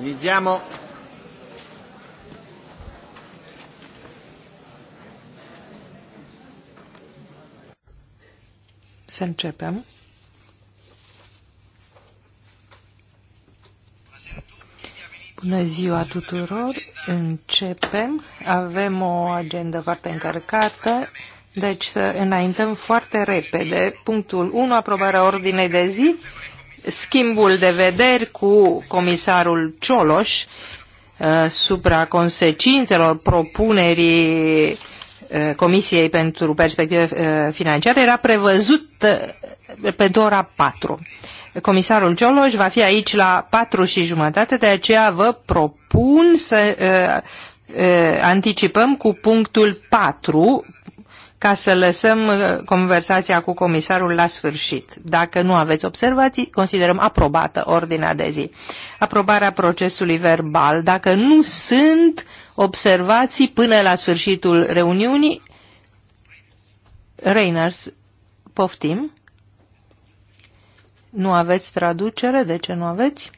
Iniziamo. Să începem. Bună ziua tuturor! Începem. Avem o agendă foarte încărcată, deci să înaintăm foarte repede. Punctul 1, aprobarea ordinei de zi schimbul de vederi cu comisarul Cioloș uh, supra consecințelor propunerii uh, Comisiei pentru Perspective uh, Financiare era prevăzut pe ora 4. Comisarul Cioloș va fi aici la 4 și jumătate, de aceea vă propun să anticipăm cu punctul 4 ca să lăsăm uh, conversația cu comisarul la sfârșit. Dacă nu aveți observații, considerăm aprobată ordinea de zi. Aprobarea procesului verbal, dacă nu sunt observații până la sfârșitul reuniunii, Reiners, poftim? Nu aveți traducere? De ce nu aveți?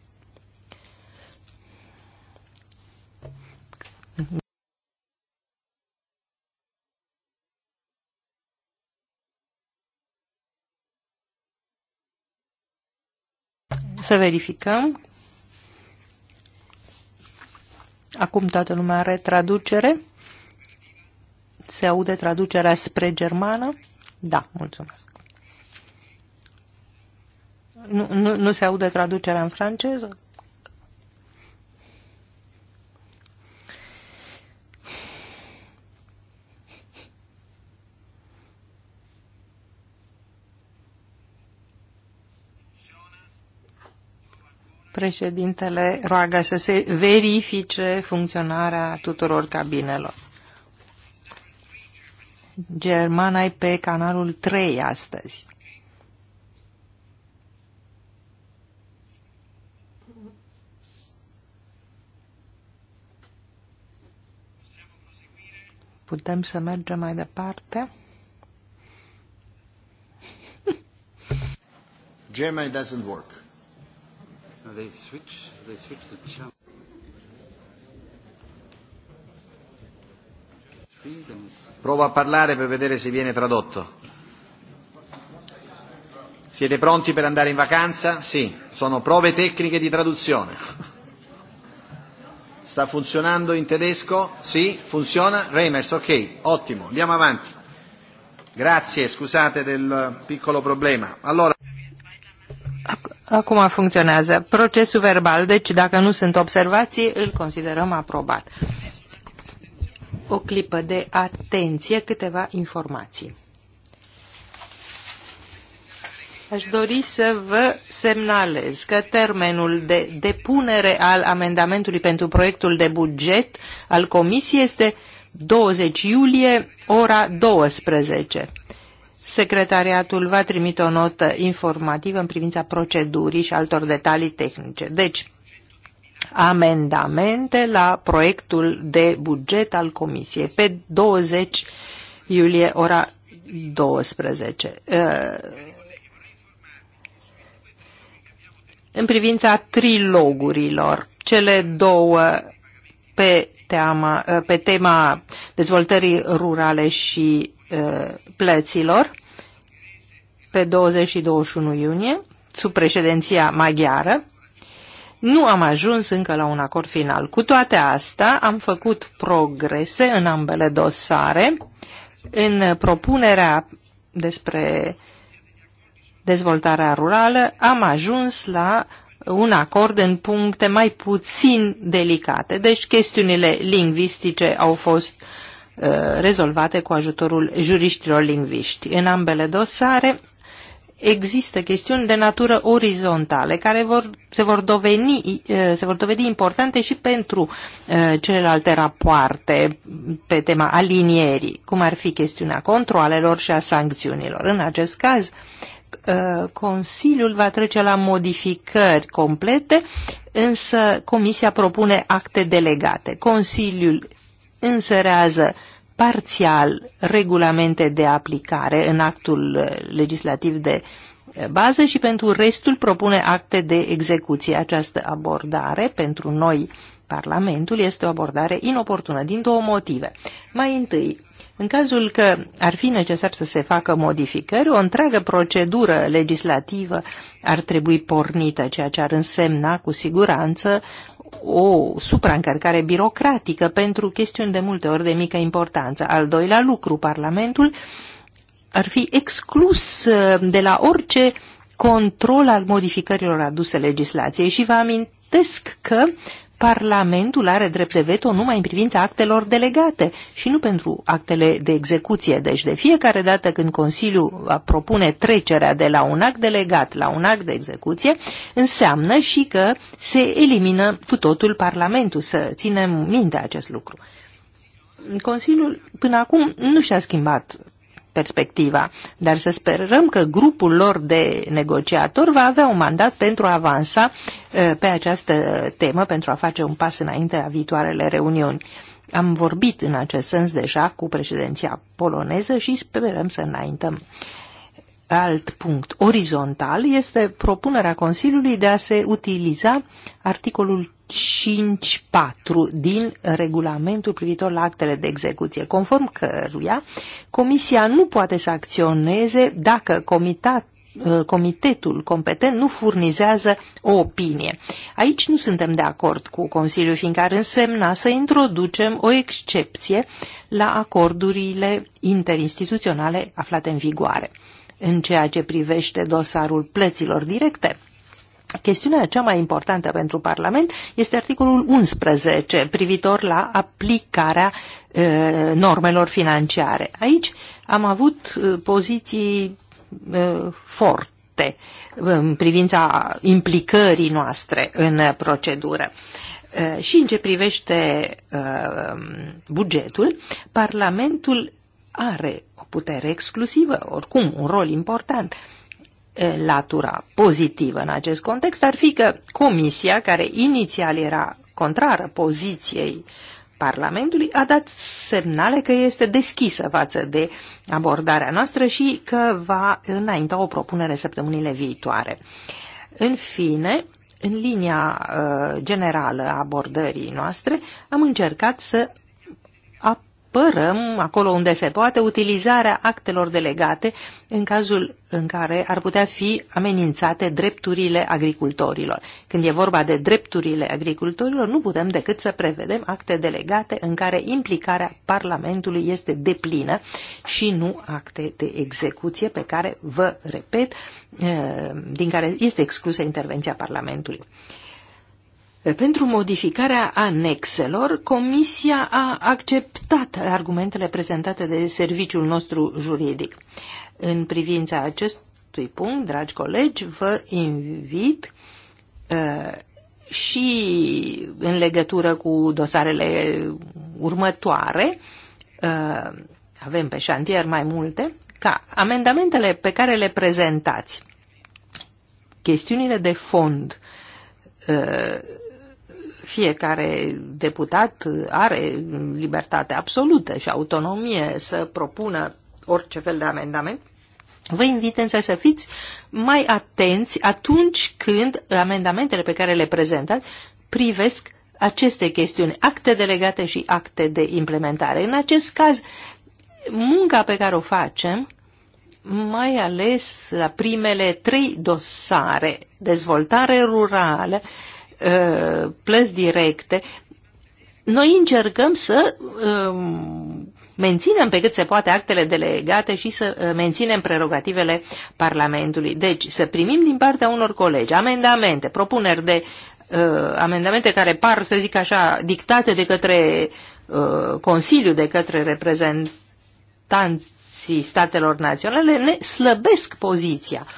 Să verificăm. Acum toată lumea are traducere. Se aude traducerea spre germană? Da, mulțumesc. Nu, nu, nu se aude traducerea în franceză? Președintele roagă să se verifice funcționarea tuturor cabinelor. Germana e pe canalul 3 astăzi. Putem să mergem mai departe? Germany doesn't work. They switch, they switch the channel. Provo a parlare per vedere se viene tradotto. Siete pronti per andare in vacanza? Sì, sono prove tecniche di traduzione. Sta funzionando in tedesco? Sì, funziona. Reimers, ok, ottimo, andiamo avanti. Grazie, scusate del piccolo problema. Allora... Acum funcționează procesul verbal, deci dacă nu sunt observații, îl considerăm aprobat. O clipă de atenție, câteva informații. Aș dori să vă semnalez că termenul de depunere al amendamentului pentru proiectul de buget al Comisiei este 20 iulie, ora 12. Secretariatul va trimite o notă informativă în privința procedurii și altor detalii tehnice. Deci, amendamente la proiectul de buget al Comisiei pe 20 iulie ora 12. Uh, în privința trilogurilor, cele două pe tema, uh, pe tema dezvoltării rurale și Uh, plăților pe 20 și 21 iunie, sub președinția maghiară. Nu am ajuns încă la un acord final. Cu toate astea, am făcut progrese în ambele dosare, în propunerea despre dezvoltarea rurală, am ajuns la un acord în puncte mai puțin delicate. Deci chestiunile lingvistice au fost uh, Uh, rezolvate cu ajutorul juriștilor lingviști. În ambele dosare există chestiuni de natură orizontale care vor, se, vor doveni, uh, se vor dovedi importante și pentru uh, celelalte rapoarte pe tema alinierii, cum ar fi chestiunea controalelor și a sancțiunilor. În acest caz, Consiliul va trece la modificări complete, însă Comisia propune acte delegate. Consiliul înserează parțial regulamente de aplicare în actul uh, legislativ de uh, bază și pentru restul propune acte de execuție. Această abordare pentru noi Parlamentul este o abordare inoportună din două motive. Mai întâi, în cazul că ar fi necesar să se facă modificări, o întreagă procedură legislativă ar trebui pornită, ceea ce ar însemna cu siguranță o supraîncărcare birocratică pentru chestiuni de multe ori de mică importanță. Al doilea lucru, Parlamentul ar fi exclus uh, de la orice control al modificărilor aduse legislației și vă amintesc că Parlamentul are drept de veto numai în privința actelor delegate și nu pentru actele de execuție. Deci de fiecare dată când Consiliul propune trecerea de la un act delegat la un act de execuție, înseamnă și că se elimină cu totul Parlamentul. Să ținem minte acest lucru. Consiliul până acum nu și-a schimbat perspectiva, dar să sperăm că grupul lor de negociatori va avea un mandat pentru a avansa uh, pe această temă, pentru a face un pas înainte a viitoarele reuniuni. Am vorbit în acest sens deja cu președinția poloneză și sperăm să înaintăm. Alt punct orizontal este propunerea Consiliului de a se utiliza articolul 54 din regulamentul privitor la actele de execuție, conform căruia Comisia nu poate să acționeze dacă comitat, uh, comitetul competent nu furnizează o opinie. Aici nu suntem de acord cu Consiliul, fiindcă ar însemna să introducem o excepție la acordurile interinstituționale aflate în vigoare. În ceea ce privește dosarul plăților directe, Chestiunea cea mai importantă pentru Parlament este articolul 11 privitor la aplicarea e, normelor financiare. Aici am avut poziții e, forte în privința implicării noastre în procedură. E, și în ce privește bugetul, Parlamentul are o putere exclusivă, oricum un rol important latura pozitivă în acest context ar fi că comisia, care inițial era contrară poziției Parlamentului, a dat semnale că este deschisă față de abordarea noastră și că va înainta o propunere săptămânile viitoare. În fine, în linia uh, generală a abordării noastre, am încercat să apărăm, acolo unde se poate, utilizarea actelor delegate în cazul în care ar putea fi amenințate drepturile agricultorilor. Când e vorba de drepturile agricultorilor, nu putem decât să prevedem acte delegate în care implicarea Parlamentului este deplină și nu acte de execuție pe care, vă repet, eh, din care este exclusă intervenția Parlamentului. Pentru modificarea anexelor, Comisia a acceptat argumentele prezentate de serviciul nostru juridic. În privința acestui punct, dragi colegi, vă invit uh, și în legătură cu dosarele următoare, uh, avem pe șantier mai multe, ca amendamentele pe care le prezentați, chestiunile de fond, uh, fiecare deputat are libertate absolută și autonomie să propună orice fel de amendament. Vă invit însă să fiți mai atenți atunci când amendamentele pe care le prezentați privesc aceste chestiuni, acte delegate și acte de implementare. În acest caz, munca pe care o facem, mai ales la primele trei dosare, dezvoltare rurală, Uh, plăți directe, noi încercăm să um, menținem pe cât se poate actele delegate și să uh, menținem prerogativele Parlamentului. Deci să primim din partea unor colegi amendamente, propuneri de uh, amendamente care par, să zic așa, dictate de către uh, Consiliu, de către reprezentanții statelor naționale, ne slăbesc poziția. Uh,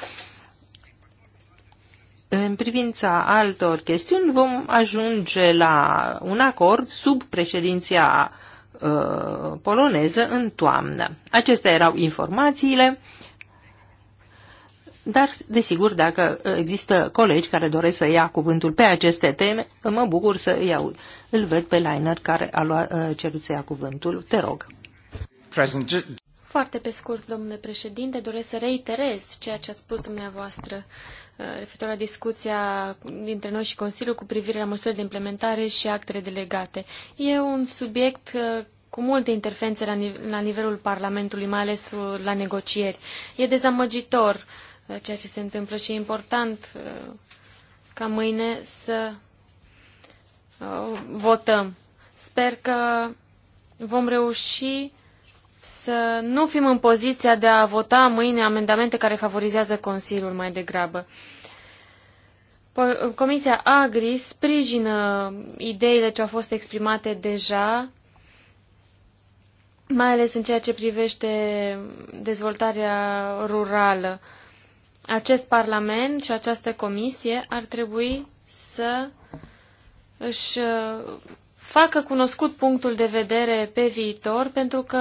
în privința altor chestiuni vom ajunge la un acord sub președinția uh, poloneză în toamnă. Acestea erau informațiile, dar desigur dacă există colegi care doresc să ia cuvântul pe aceste teme, mă bucur să îi aud. Îl văd pe Liner care a luat, uh, cerut să ia cuvântul. Te rog. Present. Foarte pe scurt, domnule președinte, doresc să reiterez ceea ce ați spus dumneavoastră. Uh, referitor la discuția dintre noi și Consiliul cu privire la măsuri de implementare și actele delegate. E un subiect uh, cu multe interfențe la, nive la nivelul Parlamentului, mai ales uh, la negocieri. E dezamăgitor ceea ce se întâmplă și e important ca mâine să votăm. Sper că vom reuși să nu fim în poziția de a vota mâine amendamente care favorizează Consiliul mai degrabă. Comisia Agri sprijină ideile ce au fost exprimate deja, mai ales în ceea ce privește dezvoltarea rurală. Acest Parlament și această comisie ar trebui să își facă cunoscut punctul de vedere pe viitor, pentru că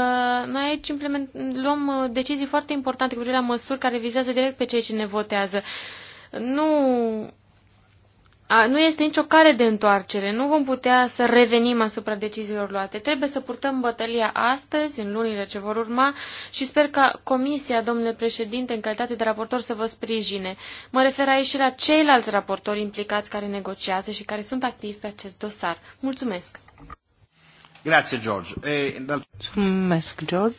noi aici implement, luăm uh, decizii foarte importante cu privire la măsuri care vizează direct pe cei ce ne votează. Nu a, nu este nicio cale de întoarcere. Nu vom putea să revenim asupra deciziilor luate. Trebuie să purtăm bătălia astăzi, în lunile ce vor urma și sper ca Comisia, domnule președinte, în calitate de raportor, să vă sprijine. Mă refer aici și la ceilalți raportori implicați care negociază și care sunt activi pe acest dosar. Mulțumesc! Grazie, George. E... Mulțumesc, George.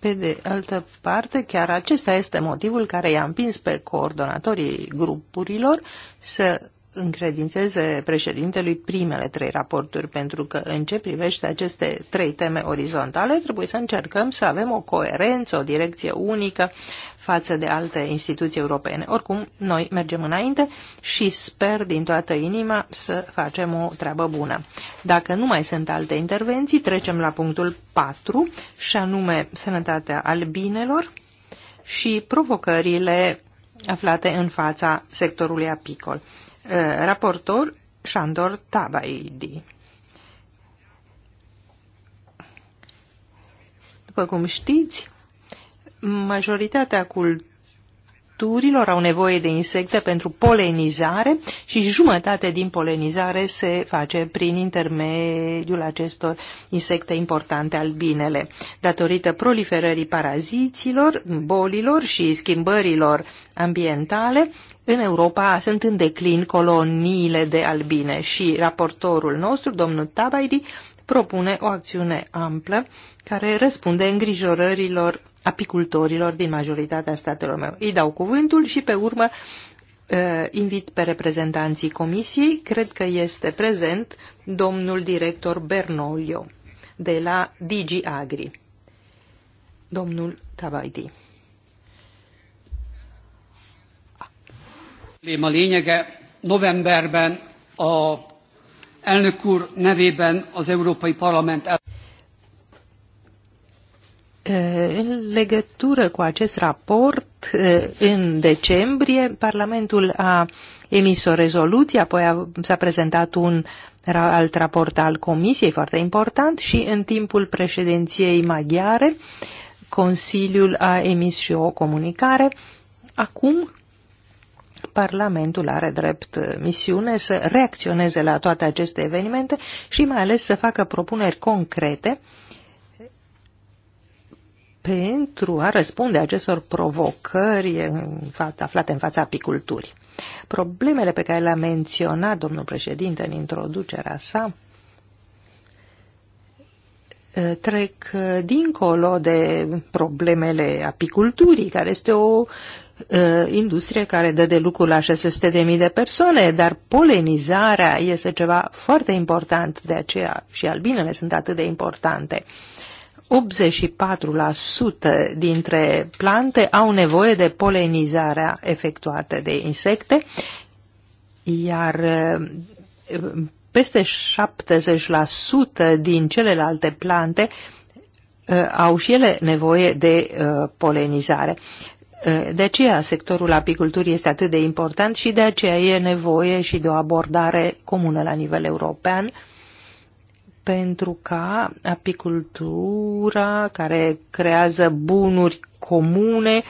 Pe de altă parte, chiar acesta este motivul care i-a împins pe coordonatorii grupurilor să încredințeze președintelui primele trei raporturi, pentru că în ce privește aceste trei teme orizontale, trebuie să încercăm să avem o coerență, o direcție unică față de alte instituții europene. Oricum, noi mergem înainte și sper din toată inima să facem o treabă bună. Dacă nu mai sunt alte intervenții, trecem la punctul 4, și anume sănătatea albinelor și provocările aflate în fața sectorului apicol. Eh, raportor Sandor Tabaidi. După cum știți, majoritatea cultură pădurilor au nevoie de insecte pentru polenizare și jumătate din polenizare se face prin intermediul acestor insecte importante albinele. Datorită proliferării paraziților, bolilor și schimbărilor ambientale, în Europa sunt în declin coloniile de albine și raportorul nostru, domnul Tabaidi, propune o acțiune amplă care răspunde îngrijorărilor apicultorilor din majoritatea statelor meu. Îi dau cuvântul și pe urmă uh, invit pe reprezentanții comisiei. Cred că este prezent domnul director Bernolio de la Digi Agri. Domnul Tabaidi. probléma lényege. Novemberben a elnök úr nevében az Európai Parlament el... În legătură cu acest raport, în decembrie, Parlamentul a emis o rezoluție, apoi s-a prezentat un alt raport al Comisiei, foarte important, și în timpul președinției maghiare, Consiliul a emis și o comunicare. Acum, Parlamentul are drept misiune să reacționeze la toate aceste evenimente și mai ales să facă propuneri concrete uh, pentru a răspunde acestor provocări în fața, aflate în fața apiculturii. Problemele pe care le-a menționat domnul președinte în introducerea sa trec dincolo de problemele apiculturii, care este o industrie care dă de lucru la 600.000 de persoane, dar polenizarea este ceva foarte important, de aceea și albinele sunt atât de importante. 84% dintre plante au nevoie de polenizarea efectuată de insecte, iar eh, peste 70% din celelalte plante eh, au și ele nevoie de eh, polenizare. De aceea sectorul apiculturii este atât de important și de aceea e nevoie și de o abordare comună la nivel european pentru ca apicultura care creează bunuri comune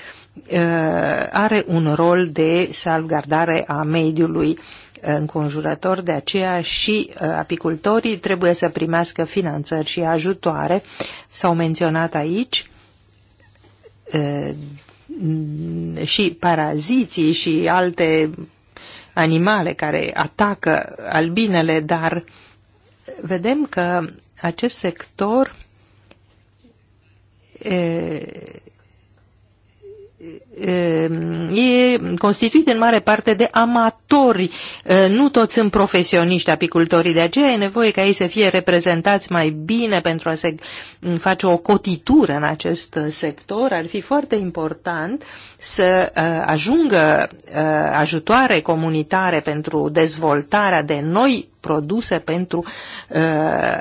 uh, are un rol de salvgardare a mediului înconjurător, de aceea și uh, apicultorii trebuie să primească finanțări și ajutoare. S-au menționat aici uh, și paraziții și alte animale care atacă albinele, dar uh, vedem că acest sector Ehm, e constituit în mare parte de amatori. Ehm, nu toți sunt profesioniști apicultorii, de aceea e nevoie ca ei să fie reprezentați mai bine pentru a se mm, face o cotitură în acest uh, sector. Ar fi foarte important să uh, ajungă uh, ajutoare comunitare pentru dezvoltarea de noi produse pentru uh,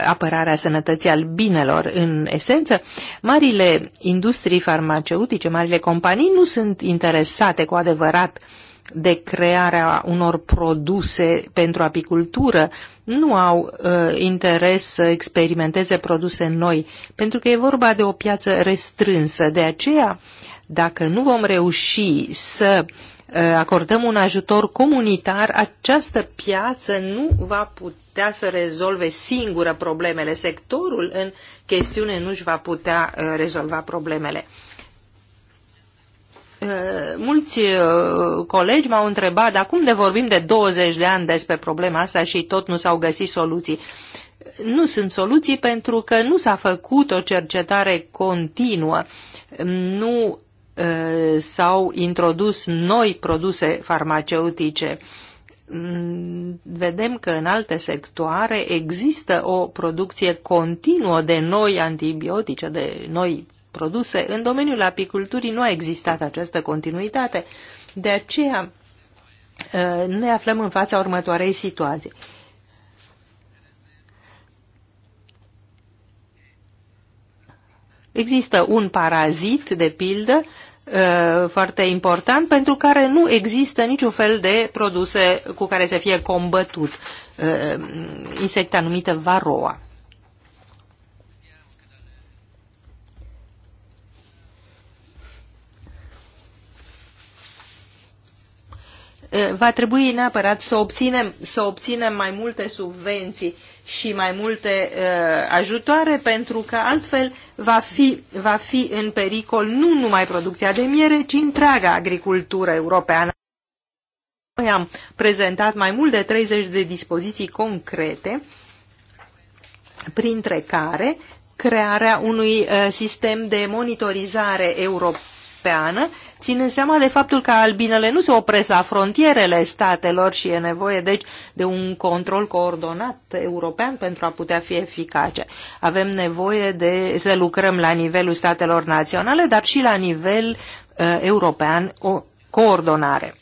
apărarea sănătății albinelor. În esență, marile industrii farmaceutice, marile companii nu sunt sunt interesate cu adevărat de crearea unor produse pentru apicultură, nu au uh, interes să experimenteze produse noi, pentru că e vorba de o piață restrânsă. De aceea, dacă nu vom reuși să uh, acordăm un ajutor comunitar, această piață nu va putea să rezolve singură problemele. Sectorul în chestiune nu își va putea uh, rezolva problemele. Eh, mulți eh, colegi m-au întrebat, dar cum de vorbim de 20 de ani despre problema asta și tot nu s-au găsit soluții? Nu sunt soluții pentru că nu s-a făcut o cercetare continuă, nu eh, s-au introdus noi produse farmaceutice. Mm, vedem că în alte sectoare există o producție continuă de noi antibiotice, de noi produse. În domeniul apiculturii nu a existat această continuitate. De aceea uh, ne aflăm în fața următoarei situații. Există un parazit, de pildă, uh, foarte important, pentru care nu există niciun fel de produse cu care să fie combătut uh, insecta numită varoa. Eh, va trebui neapărat să obținem, să obținem mai multe subvenții și mai multe uh, ajutoare, pentru că altfel va fi, va fi în pericol nu numai producția de miere, ci întreaga agricultură europeană. Noi am prezentat mai mult de 30 de dispoziții concrete, printre care crearea unui uh, sistem de monitorizare europeană ținând seama de faptul că albinele nu se opresc la frontierele statelor și e nevoie, deci, de un control coordonat european pentru a putea fi eficace. Avem nevoie de să lucrăm la nivelul statelor naționale, dar și la nivel uh, european o coordonare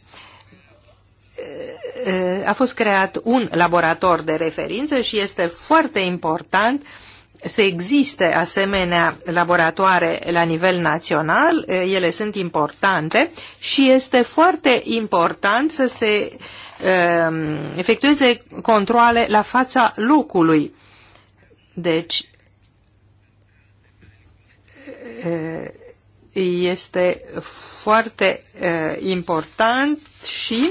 uh, uh, a fost creat un laborator de referință și este foarte important să existe asemenea laboratoare la nivel național, eh, ele sunt importante și este foarte important să se eh, efectueze controle la fața locului. Deci, eh, este foarte important și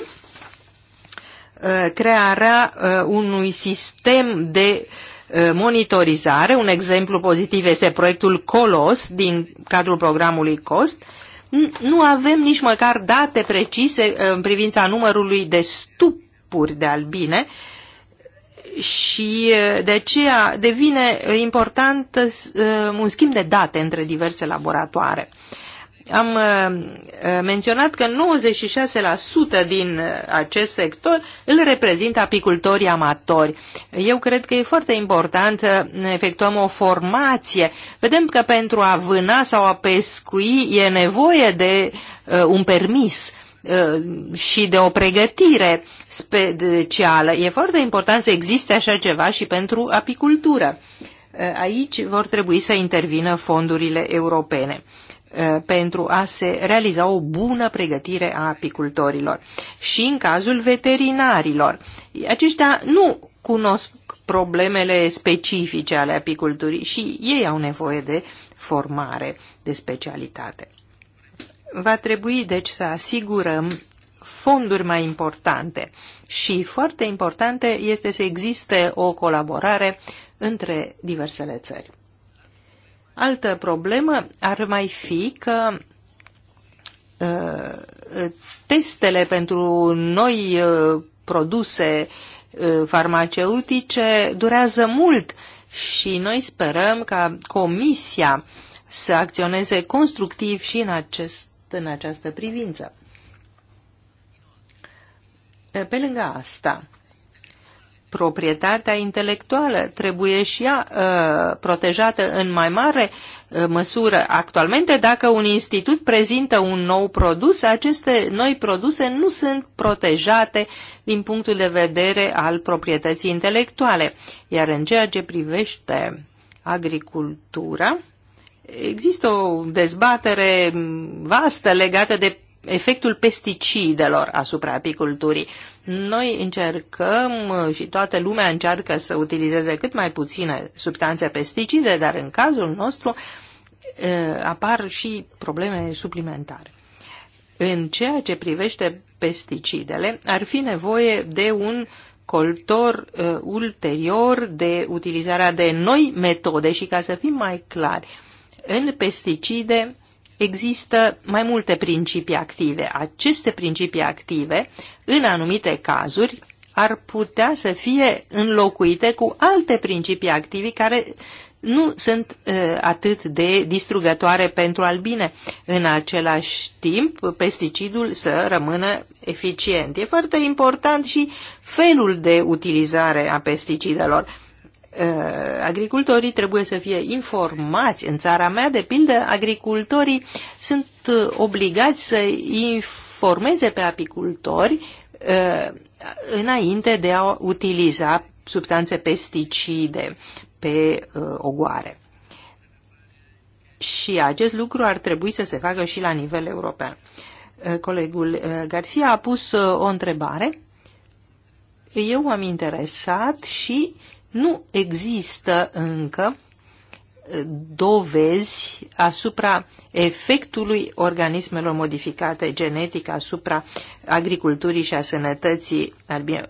crearea unui sistem de uh, Eh, monitorizare. Un exemplu pozitiv este proiectul COLOS din cadrul programului COST. Nu avem nici măcar date precise eh, în privința numărului de stupuri de albine și eh, de aceea devine important un schimb de date între diverse laboratoare. Uh, am uh, uh, menționat că 96% din uh, acest sector îl reprezintă apicultorii amatori. Eu cred că e foarte important să efectuăm o formație. Vedem că pentru a vâna sau a pescui e nevoie de un permis și de o pregătire specială. E foarte important să existe așa ceva și pentru apicultură. Aici vor trebui să intervină fondurile europene. Uh, pentru a se realiza o bună pregătire a apicultorilor și în cazul veterinarilor. Aceștia nu cunosc problemele specifice ale apiculturii și ei au nevoie de formare, de specialitate. Va trebui deci să asigurăm fonduri mai importante și foarte importante este să existe o colaborare între diversele țări. Altă problemă ar mai fi că uh, testele pentru noi uh, produse uh, farmaceutice durează mult și noi sperăm ca Comisia să acționeze constructiv și în, acest, în această privință. Pe lângă asta, proprietatea intelectuală trebuie și ea uh, protejată în mai mare uh, măsură. Actualmente, dacă un institut prezintă un nou produs, aceste noi produse nu sunt protejate din punctul de vedere al proprietății intelectuale. Iar în ceea ce privește agricultura, există o dezbatere vastă legată de efectul pesticidelor asupra apiculturii. Uh, noi încercăm și toată lumea încearcă să utilizeze cât mai puține substanțe pesticide, dar în cazul nostru apar și probleme suplimentare. În ceea ce privește pesticidele, ar fi nevoie de un coltor uh, ulterior de utilizarea de noi metode și ca să fim mai clari, în pesticide există mai multe principii active. Aceste principii active, în anumite cazuri, ar putea să fie înlocuite cu alte principii activi care nu sunt uh, atât de distrugătoare pentru albine. În același timp, pesticidul să rămână eficient. E foarte important și felul de utilizare a pesticidelor Uh, agricultorii trebuie să fie informați. În țara mea, de pildă, agricultorii sunt uh, obligați să informeze pe apicultori uh, înainte de a utiliza substanțe pesticide pe ogoare. Și acest lucru ar trebui să se facă și la nivel european. Colegul Garcia a pus o întrebare. Eu am interesat și uh, nu există încă eh, dovezi asupra efectului organismelor modificate genetic asupra agriculturii și a sănătății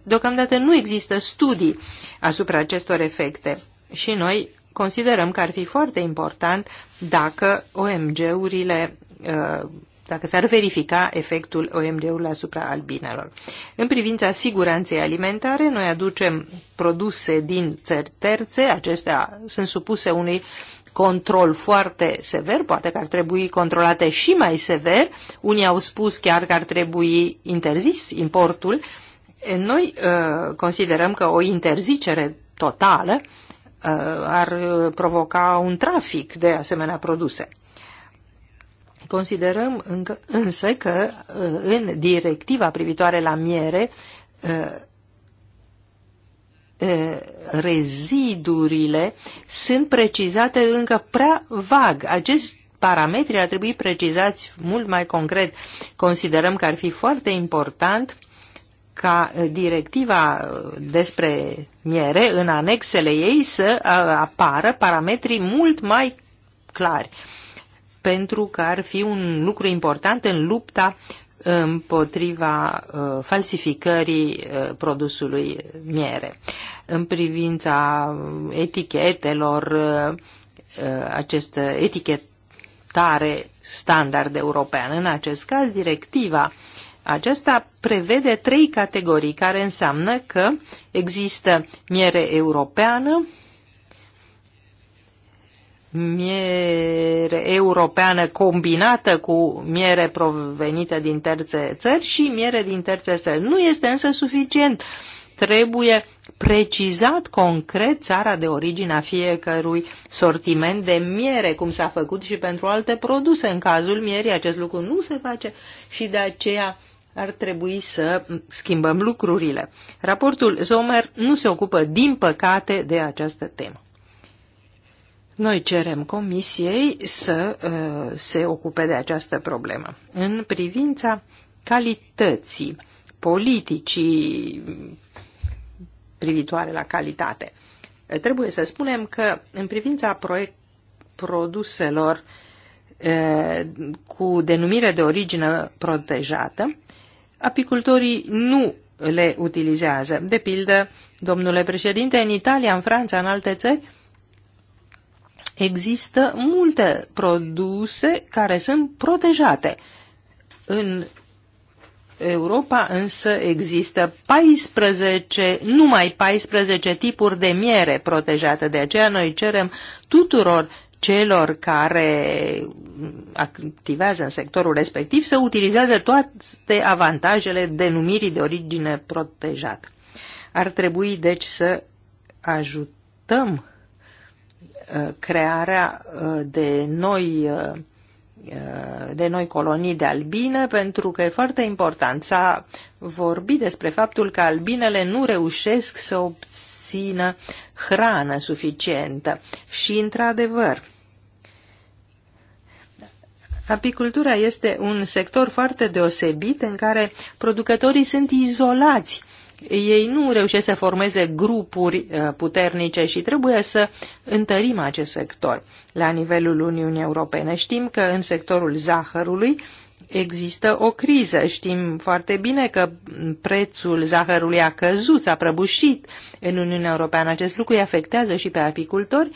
Deocamdată nu există studii asupra acestor efecte și noi considerăm că ar fi foarte important dacă OMG-urile eh, dacă s-ar verifica efectul omd ului asupra albinelor. În privința siguranței alimentare, noi aducem produse din țări terțe, acestea sunt supuse unui control foarte sever, poate că ar trebui controlate și mai sever, unii au spus chiar că ar trebui interzis importul, noi uh, considerăm că o interzicere totală uh, ar provoca un trafic de asemenea produse. Considerăm încă, însă că uh, în directiva privitoare la miere uh, uh, rezidurile sunt precizate încă prea vag. Acești parametri ar trebui precizați mult mai concret. Considerăm că ar fi foarte important ca directiva despre miere în anexele ei să apară parametrii mult mai clari pentru că ar fi un lucru important în lupta împotriva uh, falsificării uh, produsului miere. În privința etichetelor, uh, uh această etichetare standard european, în acest caz directiva aceasta prevede trei categorii, care înseamnă că există miere europeană, miere europeană combinată cu miere provenită din terțe țări și miere din terțe țări. Nu este însă suficient. Trebuie precizat concret țara de origine a fiecărui sortiment de miere, cum s-a făcut și pentru alte produse. În cazul mierii acest lucru nu se face și de aceea ar trebui să schimbăm lucrurile. Raportul Zomer nu se ocupă, din păcate, de această temă. Noi cerem Comisiei să uh, se ocupe de această problemă. În privința calității, politicii privitoare la calitate, trebuie să spunem că în privința proiect produselor uh, cu denumire de origine protejată, apicultorii nu le utilizează. De pildă, domnule președinte, în Italia, în Franța, în alte țări, Există multe produse care sunt protejate. În Europa însă există 14, numai 14 tipuri de miere protejate, De aceea noi cerem tuturor celor care activează în sectorul respectiv să utilizeze toate avantajele denumirii de origine protejată. Ar trebui deci să ajutăm crearea uh, de noi uh, uh, de noi colonii de albine, pentru că e foarte important. S-a vorbit despre faptul că albinele nu reușesc să obțină hrană suficientă. Și, într-adevăr, apicultura este un sector foarte deosebit în care producătorii sunt izolați ei nu reușesc să formeze grupuri uh, puternice și trebuie să întărim acest sector. La nivelul Uniunii Europene știm că în sectorul zahărului există o criză. Știm foarte bine că prețul zahărului a căzut, s-a prăbușit în Uniunea Europeană. Acest lucru îi afectează și pe apicultori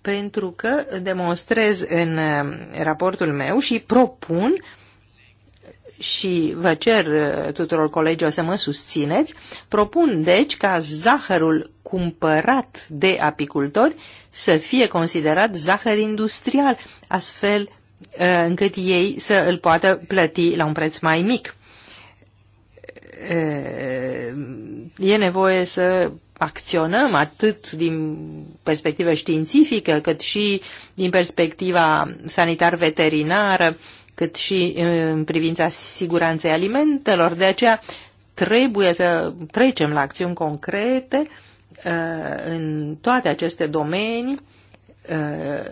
pentru că demonstrez în uh, raportul meu și propun și vă cer uh, tuturor colegilor să mă susțineți, propun deci ca zahărul cumpărat de apicultori să fie considerat zahăr industrial, astfel uh, încât ei să îl poată plăti la un preț mai mic. Uh, e nevoie să acționăm atât din perspectivă științifică cât și din perspectiva sanitar-veterinară cât și în privința siguranței alimentelor. De aceea trebuie să trecem la acțiuni concrete în toate aceste domenii,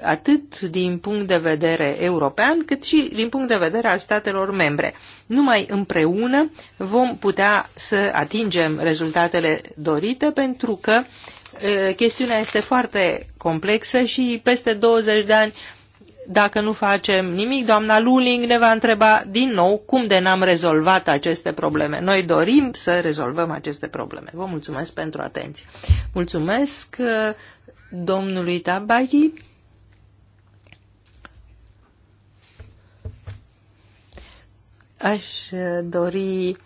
atât din punct de vedere european, cât și din punct de vedere al statelor membre. Numai împreună vom putea să atingem rezultatele dorite, pentru că chestiunea este foarte complexă și peste 20 de ani dacă nu facem nimic, doamna Luling ne va întreba din nou cum de n-am rezolvat aceste probleme. Noi dorim să rezolvăm aceste probleme. Vă mulțumesc pentru atenție. Mulțumesc uh, domnului Tabagi. Aș uh, dori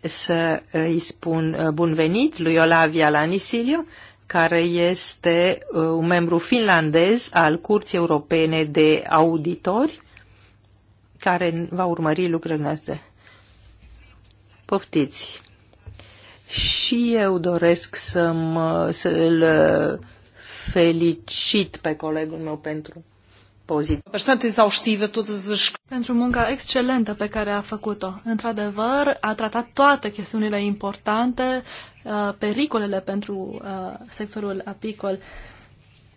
să îi spun uh, bun venit lui Olavia la Nisilio care este uh, un membru finlandez al Curții Europene de Auditori, care va urmări lucrurile noastre. Poftiți! Și eu doresc să-l să uh, felicit pe colegul meu pentru pozitiv. Pentru munca excelentă pe care a făcut-o. Într-adevăr, a tratat toate chestiunile importante, uh, pericolele pentru uh, sectorul apicol.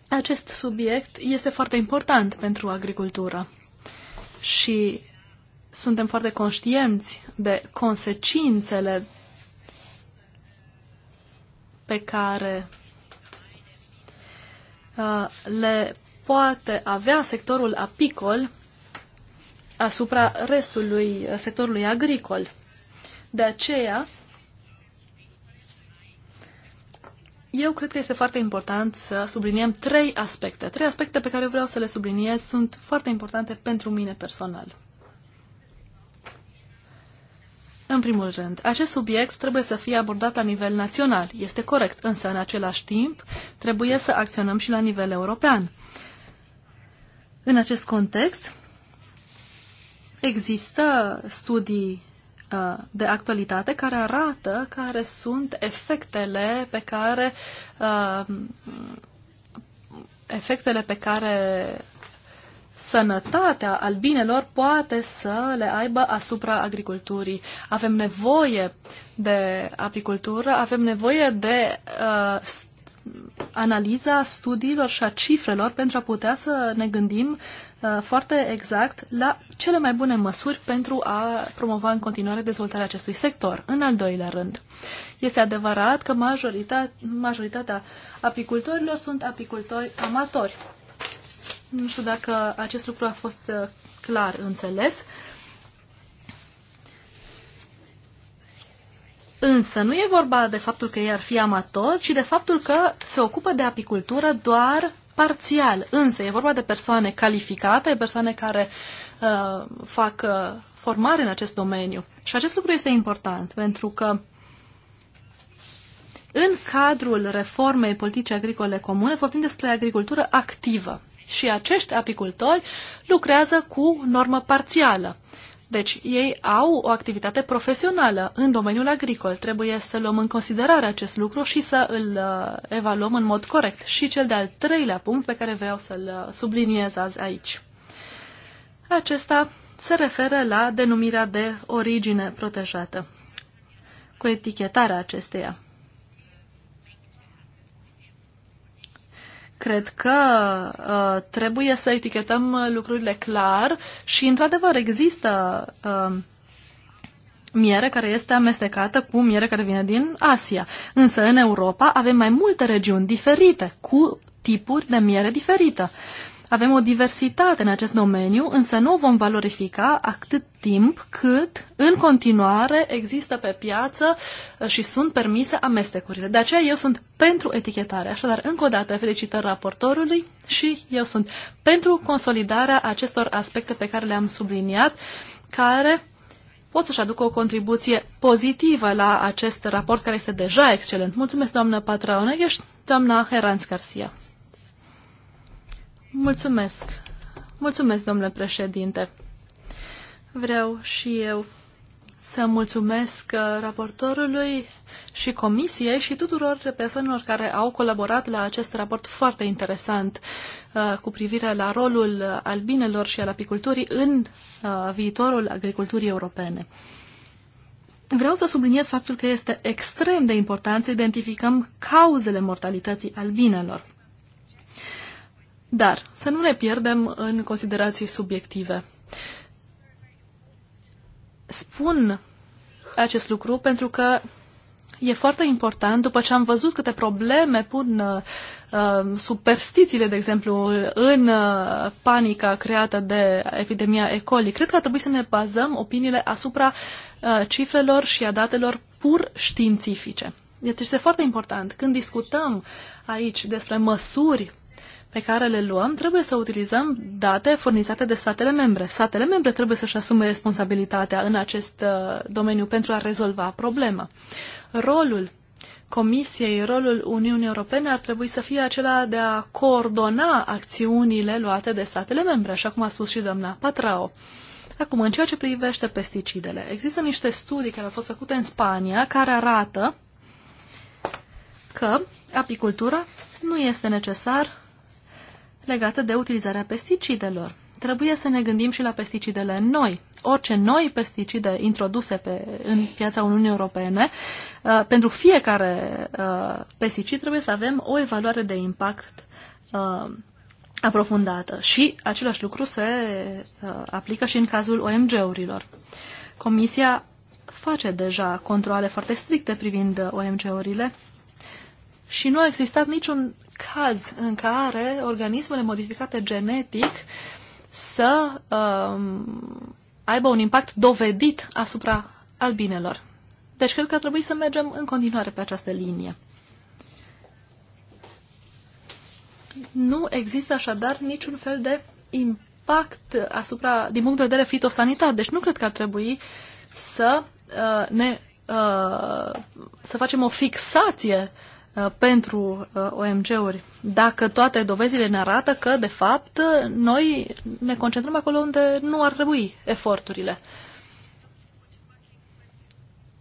Acest subiect este foarte important pentru agricultură și suntem foarte conștienți de consecințele pe care uh, le poate avea sectorul apicol asupra restului sectorului agricol. De aceea, eu cred că este foarte important să subliniem trei aspecte. Trei aspecte pe care vreau să le subliniez sunt foarte importante pentru mine personal. În primul rând, acest subiect trebuie să fie abordat la nivel național. Este corect, însă în același timp trebuie să acționăm și la nivel european. În acest context, există studii uh, de actualitate care arată care sunt efectele pe care uh, efectele pe care sănătatea albinelor poate să le aibă asupra agriculturii. Avem nevoie de apicultură, avem nevoie de uh, analiza studiilor și a cifrelor pentru a putea să ne gândim uh, foarte exact la cele mai bune măsuri pentru a promova în continuare dezvoltarea acestui sector. În al doilea rând, este adevărat că majoritatea, majoritatea apicultorilor sunt apicultori amatori. Nu știu dacă acest lucru a fost uh, clar înțeles. Uh, Însă nu e vorba de faptul că ei ar fi amatori, ci de faptul că se ocupă de apicultură doar parțial. Însă e vorba de persoane calificate, persoane care uh, fac uh, formare în acest domeniu. Și acest lucru este important, pentru că în cadrul reformei politice agricole comune vorbim despre agricultură activă. Și acești apicultori lucrează cu normă parțială. Deci, ei au o activitate profesională în domeniul agricol. Trebuie să luăm în considerare acest lucru și să îl uh, evaluăm în mod corect. Și cel de-al treilea punct pe care vreau să-l uh, subliniez azi aici. Acesta se referă la denumirea de origine protejată, cu etichetarea acesteia. Cred că uh, trebuie să etichetăm uh, lucrurile clar și, într-adevăr, există uh, miere care este amestecată cu miere care vine din Asia. Însă, în Europa avem mai multe regiuni diferite, cu tipuri de miere diferită. Avem o diversitate în acest domeniu, însă nu o vom valorifica atât timp cât în continuare există pe piață uh, și sunt permise amestecurile. De aceea eu sunt pentru etichetare. Așadar, încă o dată, felicitări raportorului și eu sunt pentru consolidarea acestor aspecte pe care le-am subliniat, care pot să-și aducă o contribuție pozitivă la acest raport care este deja excelent. Mulțumesc, doamnă Patraonă, ești doamna Heranz Garcia. Mulțumesc. Mulțumesc, domnule președinte. Vreau și eu să mulțumesc uh, raportorului și comisiei și tuturor persoanelor care au colaborat la acest raport foarte interesant uh, cu privire la rolul albinelor și al apiculturii în uh, viitorul agriculturii europene. Vreau să subliniez faptul că este extrem de important să identificăm cauzele mortalității albinelor. Dar să nu ne pierdem în considerații subiective. Spun acest lucru pentru că e foarte important, după ce am văzut câte probleme pun uh, uh, superstițiile, de exemplu, în uh, panica creată de epidemia E. coli, cred că ar trebui să ne bazăm opiniile asupra uh, cifrelor și a datelor pur științifice. Deci este foarte important. Când discutăm aici despre măsuri pe care le luăm, trebuie să utilizăm date furnizate de statele membre. Statele membre trebuie să-și asume responsabilitatea în acest uh, domeniu pentru a rezolva problema. Rolul Comisiei, rolul Uniunii Europene ar trebui să fie acela de a coordona acțiunile luate de statele membre, așa cum a spus și doamna Patrao. Acum, în ceea ce privește pesticidele, există niște studii care au fost făcute în Spania care arată că apicultura nu este necesar legată de utilizarea pesticidelor. Trebuie să ne gândim și la pesticidele noi. Orice noi pesticide introduse pe, în piața Uniunii Europene, uh, pentru fiecare uh, pesticid trebuie să avem o evaluare de impact uh, aprofundată. Și același lucru se uh, aplică și în cazul OMG-urilor. Comisia face deja controle foarte stricte privind OMG-urile și nu a existat niciun caz în care organismele modificate genetic să um, aibă un impact dovedit asupra albinelor. Deci cred că ar trebui să mergem în continuare pe această linie. Nu există așadar niciun fel de impact asupra, din punct de vedere fitosanitar. Deci nu cred că ar trebui să uh, ne uh, să facem o fixație Uh, pentru uh, OMG-uri, dacă toate dovezile ne arată că, de fapt, noi ne concentrăm acolo unde nu ar trebui eforturile.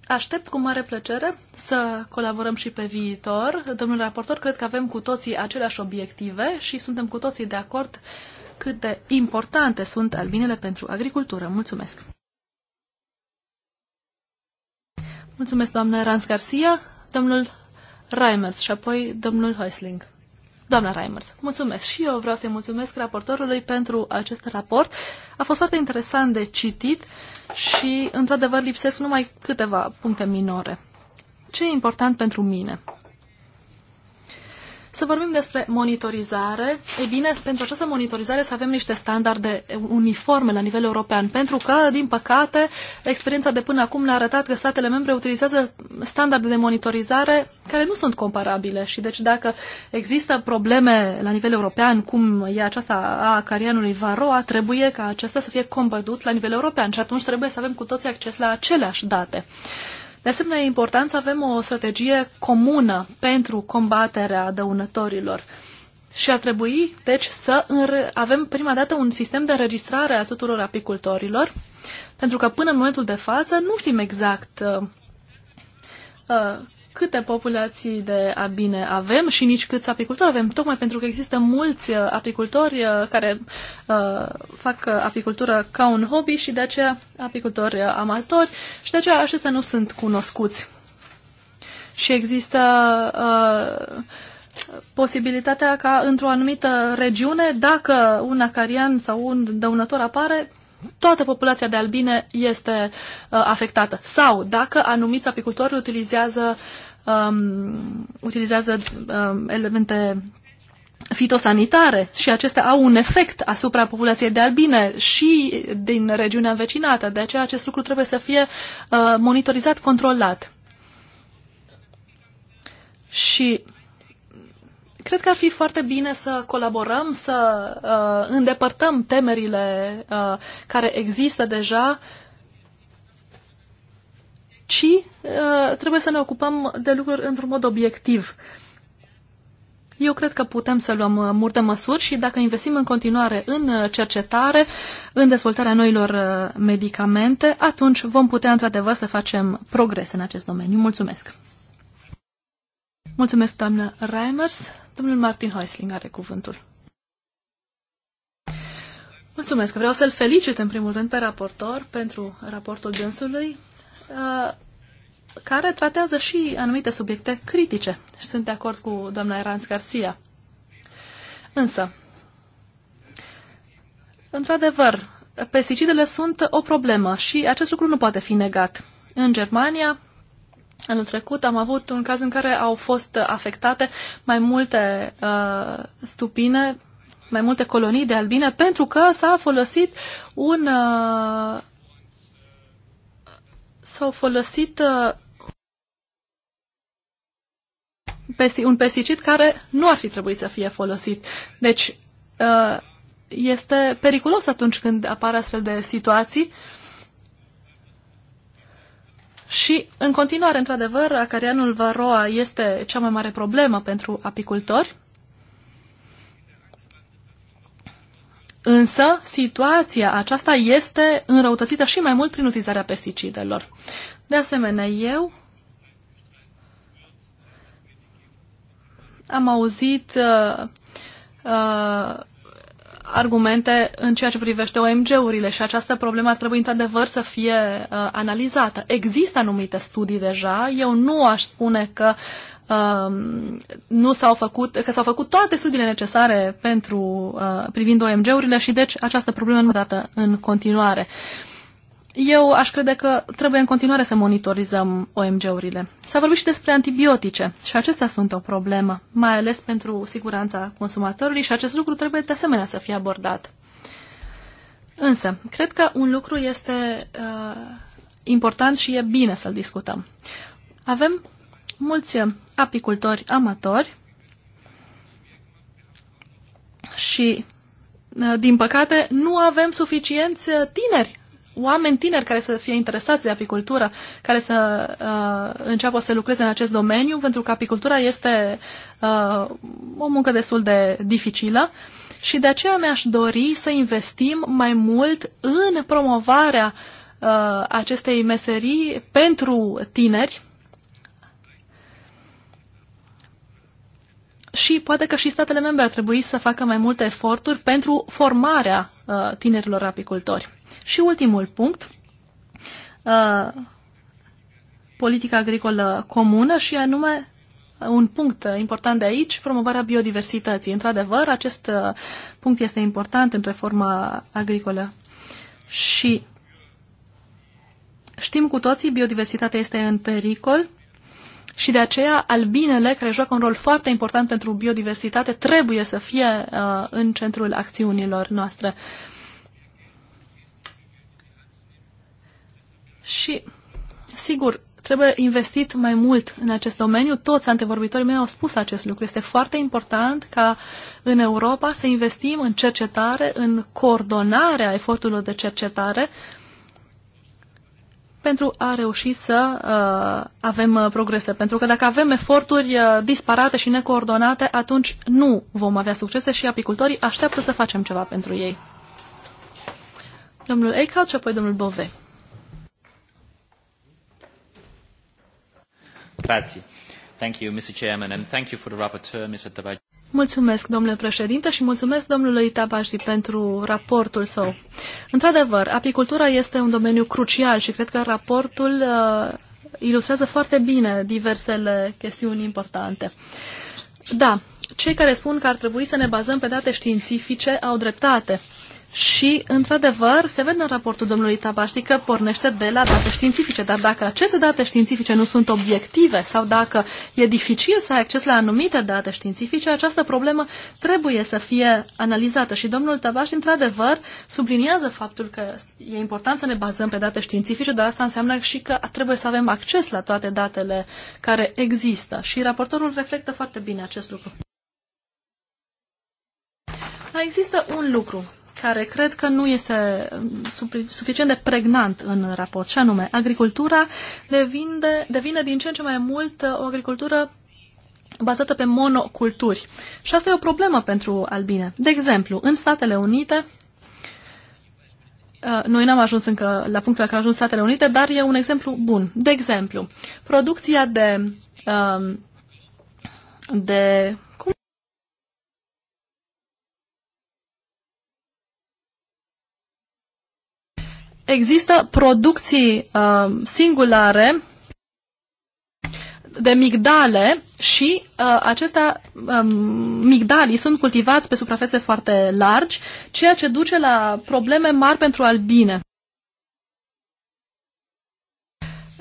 Aștept cu mare plăcere să colaborăm și pe viitor. Domnule raportor, cred că avem cu toții aceleași obiective și suntem cu toții de acord cât de importante sunt albinele pentru agricultură. Mulțumesc! Mulțumesc, doamnă Rans Garcia. Domnul Reimers și apoi domnul Heusling. Doamna Reimers, mulțumesc și eu vreau să-i mulțumesc raportorului pentru acest raport. A fost foarte interesant de citit și, într-adevăr, lipsesc numai câteva puncte minore. Ce e important pentru mine? Să vorbim despre monitorizare. Ei bine, pentru această monitorizare să avem niște standarde uniforme la nivel european, pentru că, din păcate, experiența de până acum ne-a arătat că statele membre utilizează standarde de monitorizare care nu sunt comparabile și deci dacă există probleme la nivel european, cum e aceasta a carianului Varoa, trebuie ca acesta să fie combătut la nivel european și atunci trebuie să avem cu toții acces la aceleași date. De asemenea, e important să avem o strategie comună pentru combaterea dăunătorilor. Și ar trebui, deci, să avem prima dată un sistem de înregistrare a tuturor apicultorilor, pentru că până în momentul de față nu știm exact uh, uh câte populații de abine avem și nici câți apicultori avem, tocmai pentru că există mulți uh, apicultori uh, care uh, fac uh, apicultură ca un hobby și de aceea apicultori amatori și de aceea aceștia nu sunt cunoscuți. Și există uh, posibilitatea ca într-o anumită regiune, dacă un acarian sau un dăunător apare, toată populația de albine este uh, afectată. Sau dacă anumiți apicultori utilizează um, utilizează um, elemente fitosanitare și acestea au un efect asupra populației de albine și din regiunea vecinată. De aceea acest lucru trebuie să fie uh, monitorizat, controlat. Și cred că ar fi foarte bine să colaborăm, să uh, îndepărtăm temerile uh, care există deja ci uh, trebuie să ne ocupăm de lucruri într-un mod obiectiv. Eu cred că putem să luăm uh, multe măsuri și dacă investim în continuare în uh, cercetare, în dezvoltarea noilor medicamente, atunci vom putea într-adevăr să facem progres în acest domeniu. Mulțumesc! Mulțumesc, doamnă Reimers. Domnul Martin Heusling are cuvântul. Mulțumesc! Vreau să-l felicit în primul rând pe raportor pentru raportul dânsului. Uh, care tratează și anumite subiecte critice. Și sunt de acord cu doamna Eranz Garcia. Însă, într-adevăr, pesticidele sunt o problemă și acest lucru nu poate fi negat. În Germania, anul trecut, am avut un caz în care au fost afectate mai multe uh, stupine, mai multe colonii de albine, pentru că s-a folosit un uh, s-au folosit uh, un pesticid care nu ar fi trebuit să fie folosit. Deci, uh, este periculos atunci când apar astfel de situații. Și, în continuare, într-adevăr, acarianul varroa este cea mai mare problemă pentru apicultori. Însă, situația aceasta este înrăutățită și mai mult prin utilizarea pesticidelor. De asemenea, eu am auzit uh, uh, argumente în ceea ce privește OMG-urile și această problemă ar trebui într-adevăr să fie uh, analizată. Există anumite studii deja, eu nu aș spune că Um, nu s-au făcut, că s-au făcut toate studiile necesare pentru uh, privind OMG-urile și deci această problemă nu dată în continuare. Eu aș crede că trebuie în continuare să monitorizăm OMG-urile. S-a vorbit și despre antibiotice și acestea sunt o problemă, mai ales pentru siguranța consumatorului și acest lucru trebuie de asemenea să fie abordat. Însă, cred că un lucru este uh, important și e bine să-l discutăm. Avem mulți apicultori amatori și, uh, din păcate, nu avem suficienți uh, tineri, oameni tineri care să fie interesați de apicultură, care să uh, înceapă să lucreze în acest domeniu, pentru că apicultura este uh, o muncă destul de dificilă și de aceea mi-aș dori să investim mai mult în promovarea uh, acestei meserii pentru tineri, și poate că și statele membre ar trebui să facă mai multe eforturi pentru formarea uh, tinerilor apicultori. Și ultimul punct, uh, politica agricolă comună și anume uh, un punct important de aici, promovarea biodiversității. Într-adevăr, acest uh, punct este important în reforma agricolă. Și știm cu toții, biodiversitatea este în pericol și de aceea albinele, care joacă un rol foarte important pentru biodiversitate, trebuie să fie uh, în centrul acțiunilor noastre. Și, sigur, trebuie investit mai mult în acest domeniu. Toți antevorbitorii mei au spus acest lucru. Este foarte important ca în Europa să investim în cercetare, în coordonarea eforturilor de cercetare uh, pentru a reuși să uh, avem uh, progrese. Pentru că dacă avem eforturi uh, disparate și necoordonate, atunci nu vom avea succese și apicultorii așteaptă să facem ceva pentru ei. Domnul Eichhout și apoi domnul Bove. Grazie. Thank you, Mr. Chairman, and thank you for the rapporteur, Mr. Tabaj. Mulțumesc, domnule președinte, și mulțumesc domnului Tabaji pentru raportul său. Într-adevăr, apicultura este un domeniu crucial și cred că raportul uh, ilustrează foarte bine diversele chestiuni importante. Da, cei care spun că ar trebui să ne bazăm pe date științifice au dreptate. Și, într-adevăr, se vede în raportul domnului Tabaști că pornește de la date științifice, dar dacă aceste date științifice nu sunt obiective sau dacă e dificil să ai acces la anumite date științifice, această problemă trebuie să fie analizată. Și domnul Tabaști, într-adevăr, subliniază faptul că e important să ne bazăm pe date științifice, dar asta înseamnă și că trebuie să avem acces la toate datele care există. Și raportorul reflectă foarte bine acest lucru. Există un lucru care cred că nu este um, suficient de pregnant în raport, și anume, agricultura devine, devine din ce în ce mai mult uh, o agricultură bazată pe monoculturi. Și asta e o problemă pentru albine. De exemplu, în Statele Unite, uh, noi n-am ajuns încă la punctul la care au ajuns Statele Unite, dar e un exemplu bun. De exemplu, producția de, um, de există producții uh, singulare de migdale și uh, acestea, um, migdalii sunt cultivați pe suprafețe foarte largi, ceea ce duce la probleme mari pentru albine.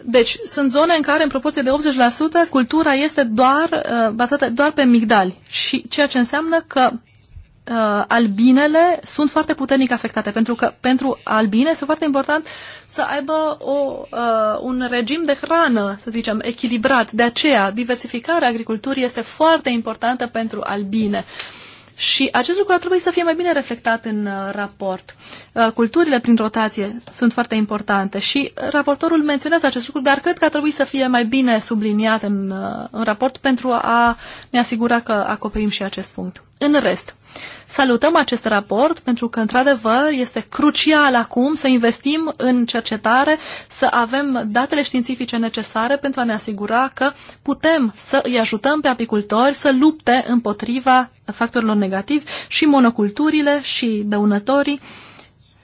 Deci, sunt zone în care, în proporție de 80%, cultura este doar uh, bazată doar pe migdali, și ceea ce înseamnă că uh, albinele sunt foarte puternic afectate, pentru că pentru albine este foarte important să aibă o, uh, un regim de hrană, să zicem, echilibrat. De aceea, diversificarea agriculturii este foarte importantă pentru albine. Și acest lucru ar trebui să fie mai bine reflectat în uh, raport. Uh, culturile prin rotație sunt foarte importante și raportorul menționează acest lucru, dar cred că ar trebui să fie mai bine subliniat în, uh, în raport pentru a ne asigura că acoperim și acest punct. În rest, salutăm acest raport pentru că, într-adevăr, este crucial acum să investim în cercetare, să avem datele științifice necesare pentru a ne asigura că putem să îi ajutăm pe apicultori să lupte împotriva factorilor negativi și monoculturile și dăunătorii uh,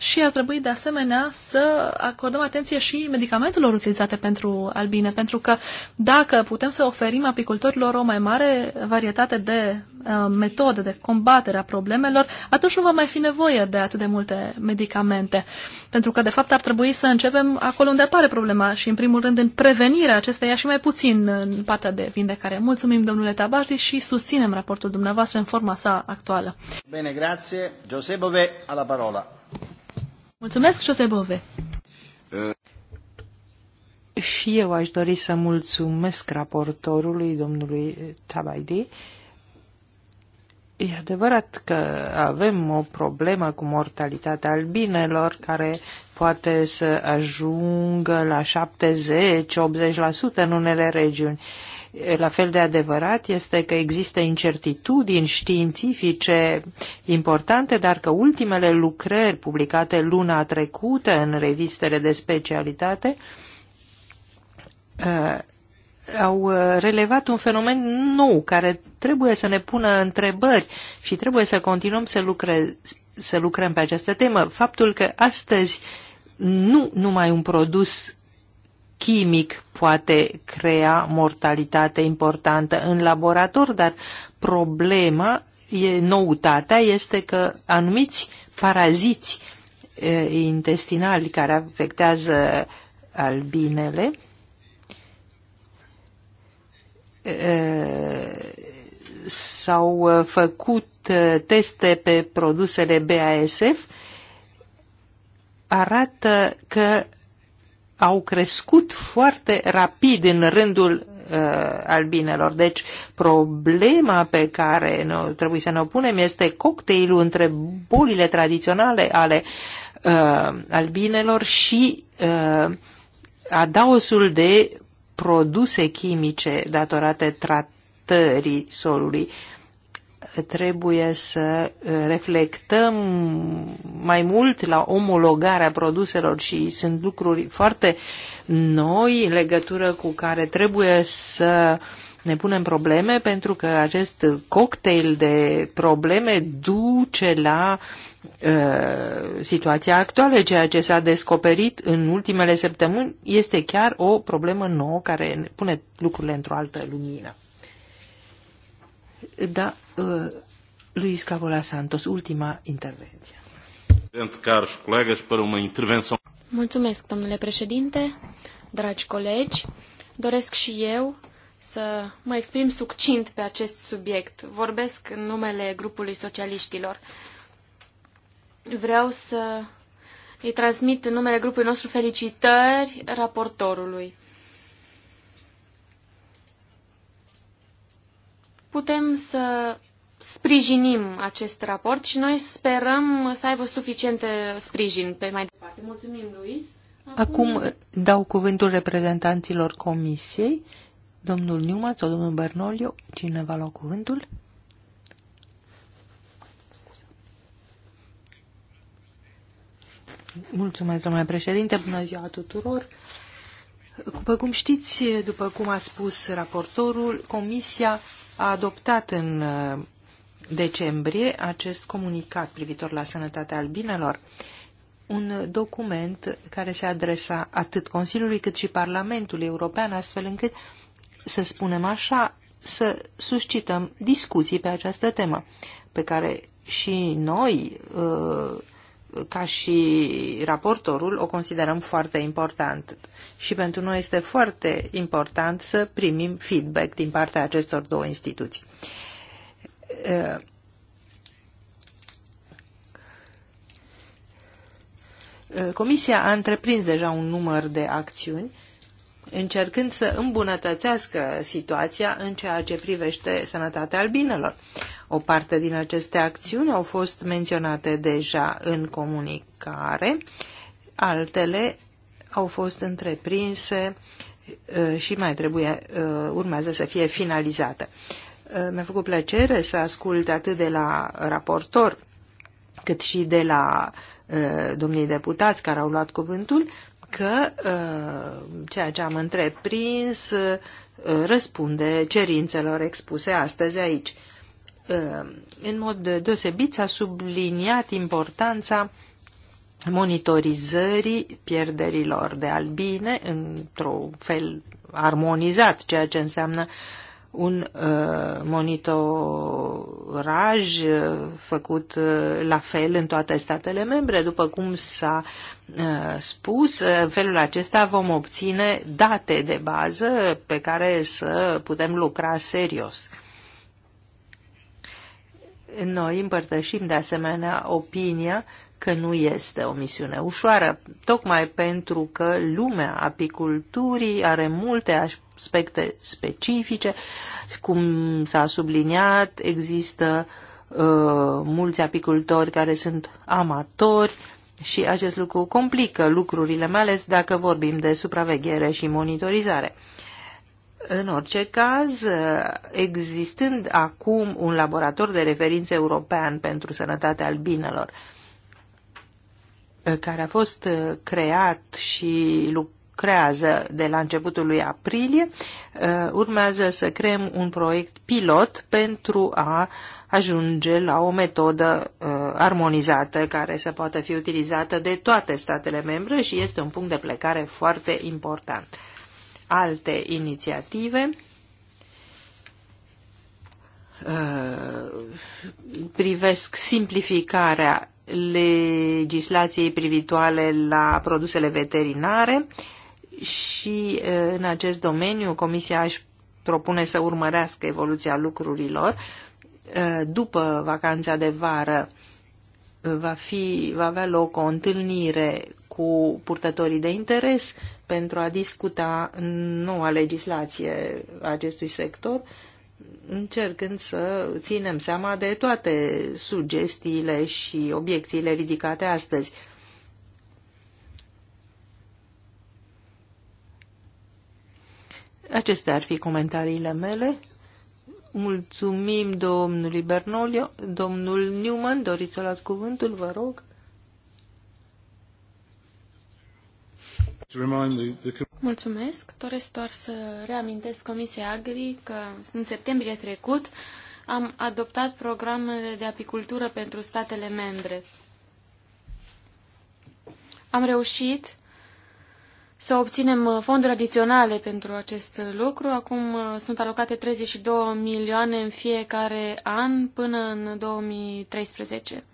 și ar trebui de asemenea să acordăm atenție și medicamentelor utilizate pentru albine, pentru că dacă putem să oferim apicultorilor o mai mare varietate de uh, metode de combatere a problemelor, atunci nu va mai fi nevoie de atât de multe medicamente. Pentru că, de fapt, ar trebui să începem acolo unde apare problema și, în primul rând, în prevenirea acesteia și mai puțin în partea de vindecare. Mulțumim, domnule Tabardi, și susținem raportul dumneavoastră în forma sa actuală. Bine, grație. Josebove, la parola. Mulțumesc, Jose Bove. Și eu aș dori să mulțumesc raportorului, domnului Tabaidi. E adevărat că avem o problemă cu mortalitatea albinelor care poate să ajungă la 70-80% în unele regiuni. Uh, la fel de adevărat este că există incertitudini științifice importante, dar că ultimele lucrări publicate luna trecută în revistele de specialitate uh, au uh, relevat un fenomen nou care trebuie să ne pună întrebări și trebuie să continuăm să, lucre, să lucrăm pe această temă. Faptul că astăzi nu numai un produs chimic poate crea mortalitate importantă în laborator, dar problema, e, noutatea este că anumiți paraziți e, intestinali care afectează albinele s-au făcut teste pe produsele BASF arată că au crescut foarte rapid în rândul uh, albinelor. Deci problema pe care ne, trebuie să ne opunem este cocktailul între bolile tradiționale ale uh, albinelor și uh, adaosul de produse chimice datorate tratării solului. Uh, trebuie să uh, reflectăm mai mult la omologarea produselor și sunt lucruri foarte noi în legătură cu care trebuie să ne punem probleme pentru că acest cocktail de probleme duce la uh, situația actuală. Ceea ce s-a descoperit în ultimele săptămâni este chiar o problemă nouă care pune lucrurile într-o altă lumină. Da, Luis Cavola Santos, ultima intervenție. Caros colegas, pentru o intervenção. Mulțumesc, domnule președinte, dragi colegi. Doresc și eu să mă exprim succint pe acest subiect. Vorbesc în numele grupului socialiștilor. Vreau să îi transmit în numele grupului nostru felicitări raportorului. Putem să sprijinim acest raport și noi sperăm să aibă suficiente sprijin pe mai departe. Mulțumim, Luis. Acum, Acum uh, dau cuvântul reprezentanților comisiei. Domnul Niumaț sau domnul Bernoliu, cine va lua cuvântul? Mulțumesc, domnule președinte, bună ziua tuturor. După cum știți, după cum a spus raportorul, Comisia a adoptat în uh, decembrie acest comunicat privitor la sănătatea albinelor, un document care se adresa atât Consiliului cât și Parlamentului European, astfel încât, să spunem așa, să suscităm discuții pe această temă, pe care și noi, uh, ca și raportorul, o considerăm foarte important. Și pentru noi este foarte important să primim feedback din partea acestor două instituții. Comisia a întreprins deja un număr de acțiuni încercând să îmbunătățească situația în ceea ce privește sănătatea albinelor. O parte din aceste acțiuni au fost menționate deja în comunicare, altele au fost întreprinse și mai trebuie, urmează să fie finalizate. Mi-a făcut plăcere să ascult atât de la raportor cât și de la uh, domnii deputați care au luat cuvântul că uh, ceea ce am întreprins uh, răspunde cerințelor expuse astăzi aici. În mod deosebit s-a subliniat importanța monitorizării pierderilor de albine într-un fel armonizat, ceea ce înseamnă uh, un uh, monitoraj uh, făcut uh, la fel în toate statele membre. După cum s-a uh, spus, uh, în felul acesta vom obține date de bază pe care să putem lucra serios. Noi împărtășim de asemenea opinia că nu este o misiune ușoară, tocmai pentru că lumea apiculturii are multe aspecte specifice. Cum s-a subliniat, există uh, mulți apicultori care sunt amatori și acest lucru complică lucrurile, mai ales dacă vorbim de supraveghere și monitorizare. În orice caz, existând acum un laborator de referință european pentru sănătatea albinelor, care a fost uh, creat și lucrează de la începutul lui aprilie, uh, urmează să creăm un proiect pilot pentru a ajunge la o metodă uh, armonizată care să poată fi utilizată de toate statele membre și este un punct de plecare foarte important. Alte inițiative privesc simplificarea legislației privitoare la produsele veterinare și în acest domeniu Comisia își propune să urmărească evoluția lucrurilor. După vacanța de vară va, fi, va avea loc o întâlnire cu purtătorii de interes pentru a discuta noua legislație acestui sector încercând să ținem seama de toate sugestiile și obiecțiile ridicate astăzi. Acestea ar fi comentariile mele. Mulțumim domnului Bernolio, domnul Newman, doriți să luați cuvântul, vă rog. Mulțumesc. Doresc doar să reamintesc Comisia Agri că în septembrie trecut am adoptat programele de apicultură pentru statele membre. Am reușit să obținem fonduri adiționale pentru acest lucru. Acum uh, sunt alocate 32 milioane în fiecare an până în 2013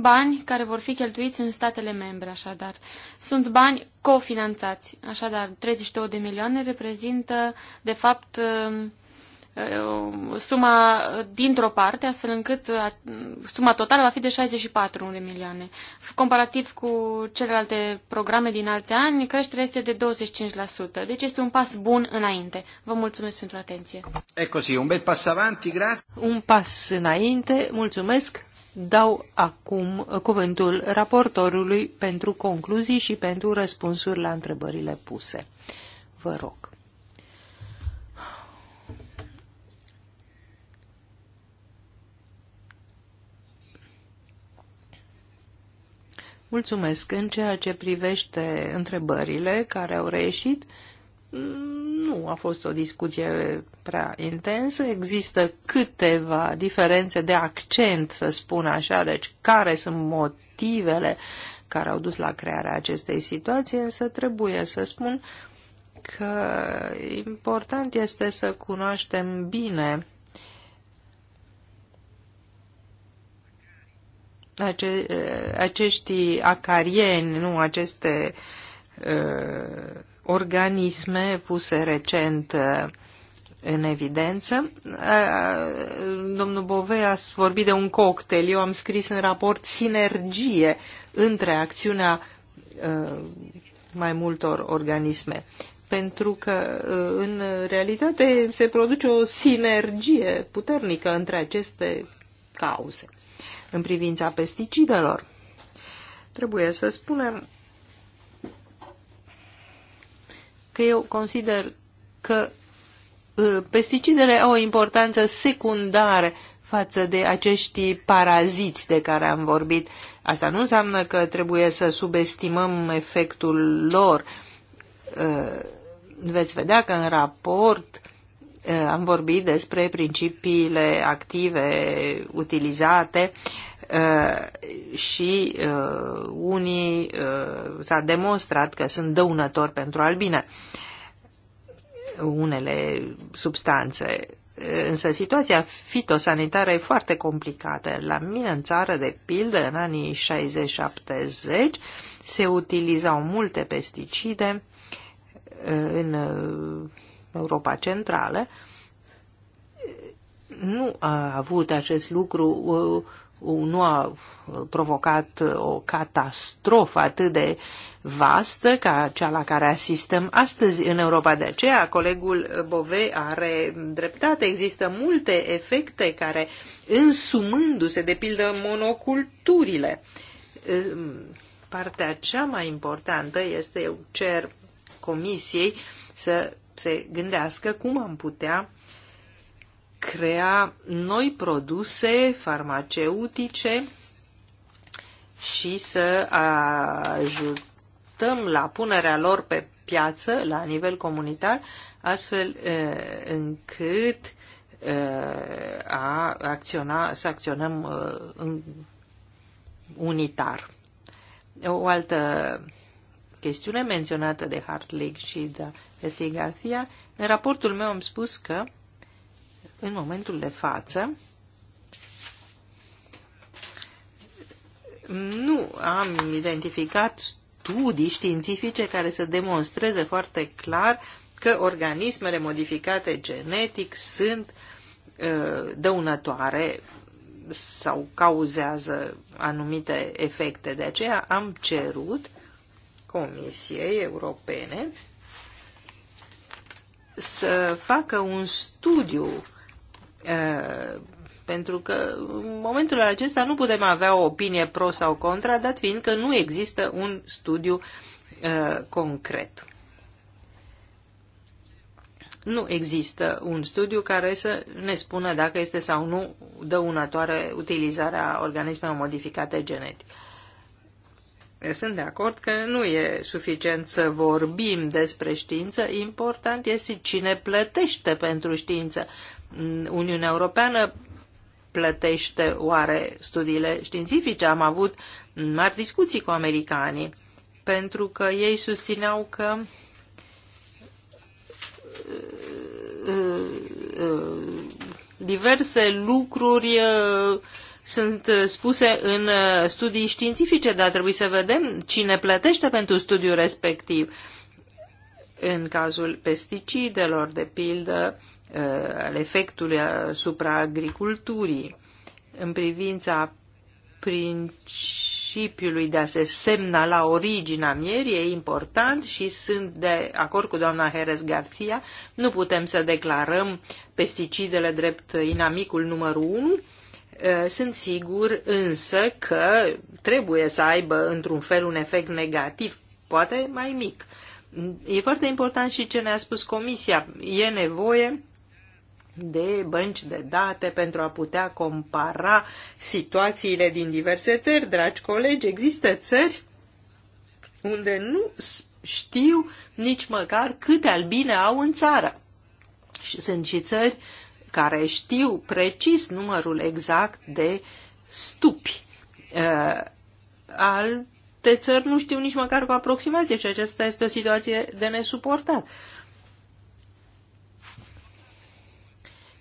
bani care vor fi cheltuiți în statele membre, așadar. Sunt bani cofinanțați, așadar 32 de milioane reprezintă, de fapt, um, um, suma dintr-o parte, astfel încât uh, suma totală va fi de 64 de milioane. Comparativ cu celelalte programe din alți ani, creșterea este de 25%. Deci este un pas bun înainte. Vă mulțumesc pentru atenție. E così, un bel pas avanti, grazie. Un pas înainte, mulțumesc. Dau acum cuvântul raportorului pentru concluzii și pentru răspunsuri la întrebările puse. Vă rog. Mulțumesc. În ceea ce privește întrebările care au reieșit, uh, nu a fost o discuție prea intensă. Există câteva diferențe de accent, să spun așa, deci care sunt motivele care au dus la crearea acestei situații, însă trebuie să spun că important este să cunoaștem bine ace eh, acești acarieni, nu aceste uh, organisme puse recent uh, în evidență. Uh, domnul Bove a vorbit de un cocktail. Eu am scris în raport sinergie între acțiunea uh, mai multor organisme. Pentru că în realitate se produce o sinergie puternică între aceste cauze. În privința pesticidelor, trebuie să spunem că eu consider că uh, pesticidele au o importanță secundară față de acești paraziți de care am vorbit. Asta nu înseamnă că trebuie să subestimăm efectul lor. Uh, veți vedea că în raport uh, am vorbit despre principiile active utilizate uh, Uh, și uh, unii uh, s-a demonstrat că sunt dăunători pentru albine unele substanțe. Însă situația fitosanitară e foarte complicată. La mine în țară, de pildă, în anii 60-70, se utilizau multe pesticide în Europa Centrală. Nu a avut acest lucru nu a uh, provocat uh, o catastrofă atât de vastă ca cea la care asistăm astăzi în Europa. De aceea, colegul Bove are dreptate. Există multe efecte care, însumându-se, de pildă, monoculturile. Partea cea mai importantă este, eu cer comisiei să se gândească cum am putea crea noi produse farmaceutice și să ajutăm la punerea lor pe piață la nivel comunitar, astfel încât a acționa, să acționăm în unitar. O altă chestiune menționată de Hartley și de Leslie Garcia, în raportul meu am spus că în momentul de față nu am identificat studii științifice care să demonstreze foarte clar că organismele modificate genetic sunt uh, dăunătoare sau cauzează anumite efecte. De aceea am cerut Comisiei Europene să facă un studiu pentru că în momentul acesta nu putem avea o opinie pro sau contra, dat fiind că nu există un studiu concret. Nu există un studiu care să ne spună dacă este sau nu dăunătoare utilizarea organismelor modificate genetic. Sunt de acord că nu e suficient să vorbim despre știință, important este cine plătește pentru știință. Uniunea Europeană plătește oare studiile științifice? Am avut mari discuții cu americanii pentru că ei susțineau că uh, uh, uh, diverse lucruri sunt spuse în studii științifice, dar trebuie să vedem cine plătește pentru studiul respectiv. În cazul pesticidelor, de pildă, Uh, al efectului asupra agriculturii în privința principiului de a se semna la originea mierii e important și sunt de acord cu doamna Heres Garcia. Nu putem să declarăm pesticidele drept inamicul numărul 1. Uh, sunt sigur însă că trebuie să aibă într-un fel un efect negativ, poate mai mic. E foarte important și ce ne-a spus Comisia. E nevoie de bănci de date pentru a putea compara situațiile din diverse țări. Dragi colegi, există țări unde nu știu nici măcar câte albine au în țară. Și sunt și țări care știu precis numărul exact de stupi. Uh, alte țări nu știu nici măcar cu aproximație și aceasta este o situație de nesuportat. Uh,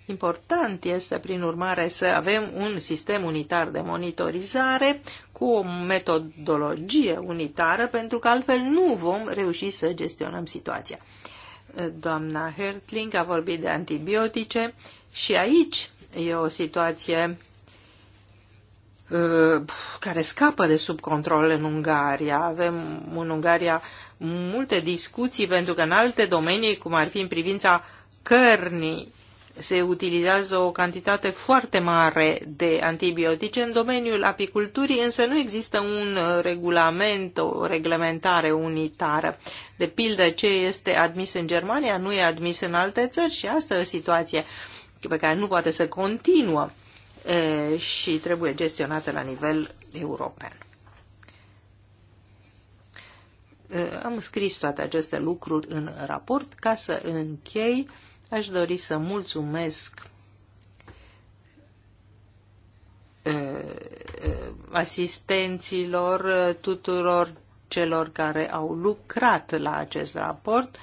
Important este, prin urmare, să avem un sistem unitar de monitorizare cu o metodologie unitară, pentru că altfel nu vom reuși să gestionăm situația. Doamna Hertling a vorbit de antibiotice și aici e o situație uh, care scapă de sub control în Ungaria. Avem în Ungaria multe discuții pentru că în alte domenii, cum ar fi în privința cărnii, se utilizează o cantitate foarte mare de antibiotice. În domeniul apiculturii însă nu există un uh, regulament, o reglementare unitară. De pildă, ce este admis în Germania nu e admis în alte țări și asta e o situație pe care nu poate să continuă e, uh, și trebuie gestionată la nivel european. Uh, am scris toate aceste lucruri în raport ca să închei uh, Aș dori să mulțumesc uh, uh, asistenților uh, tuturor celor care au lucrat la acest raport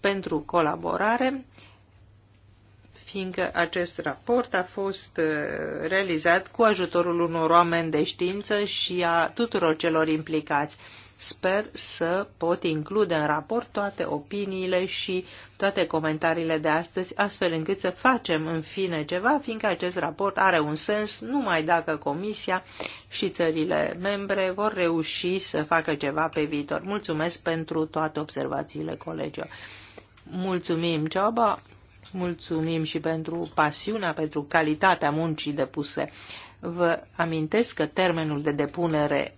pentru colaborare, fiindcă acest raport a fost realizat cu ajutorul unor oameni de știință și a tuturor celor implicați. Sper să pot include în raport toate opiniile și toate comentariile de astăzi, astfel încât să facem în fine ceva, fiindcă acest raport are un sens numai dacă Comisia și țările membre vor reuși să facă ceva pe viitor. Mulțumesc pentru toate observațiile, colegilor. Mulțumim, Ceaba, mulțumim și pentru pasiunea, pentru calitatea muncii depuse. Vă amintesc că termenul de depunere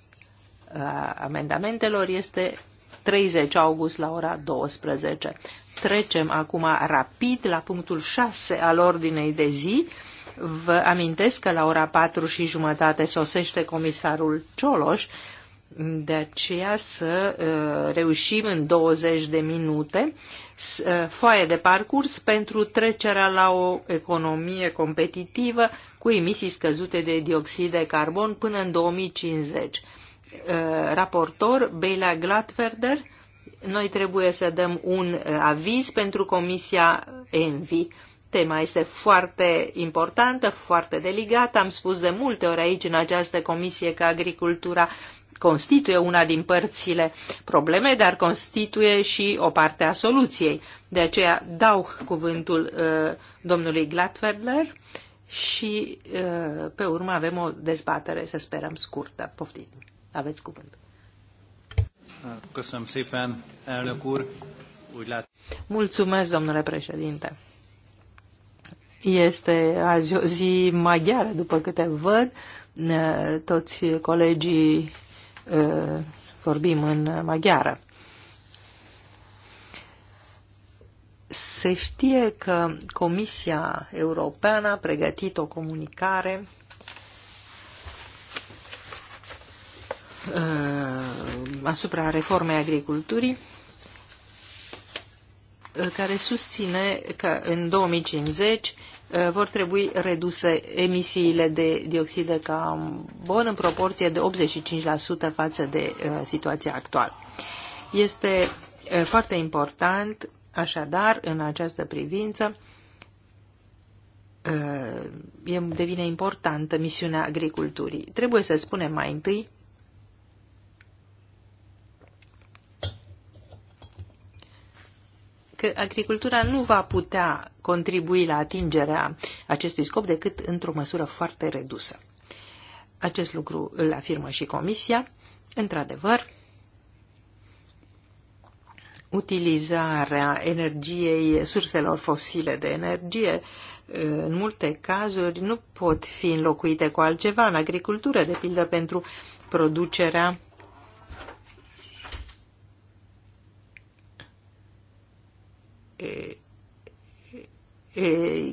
amendamentelor este 30 august la ora 12. Trecem acum rapid la punctul 6 al ordinei de zi. Vă amintesc că la ora 4 și jumătate sosește comisarul Cioloș, de aceea să uh, reușim în 20 de minute uh, foaie de parcurs pentru trecerea la o economie competitivă cu emisii scăzute de dioxid de carbon până în 2050. Uh, raportor, Bela Glatverder, noi trebuie să dăm un uh, aviz pentru Comisia ENVI. Tema este foarte importantă, foarte delicată. Am spus de multe ori aici în această comisie că agricultura constituie una din părțile probleme, dar constituie și o parte a soluției. De aceea dau cuvântul uh, domnului Glatfeller și uh, pe urmă avem o dezbatere, să sperăm, scurtă. Poftim! Aveți cuvânt. Köszönöm szépen, elnök úr. Úgy lát... Mulțumesc, domnule președinte. Este azi o zi maghiară, după câte văd. Toți colegii vorbim în maghiară. Se știe că Comisia Europeană a pregătit o comunicare Uh, asupra reformei agriculturii uh, care susține că în 2050 uh, vor trebui reduse emisiile de dioxid de carbon în proporție de 85% față de situația actuală. Este foarte important, așadar, în această privință, devine importantă misiunea agriculturii. Trebuie să spunem mai întâi că agricultura nu va putea contribui la atingerea acestui scop decât într-o măsură foarte redusă. Acest lucru îl afirmă și Comisia. Într-adevăr, utilizarea energiei, surselor fosile de energie, în multe cazuri nu pot fi înlocuite cu altceva în agricultură, de pildă pentru producerea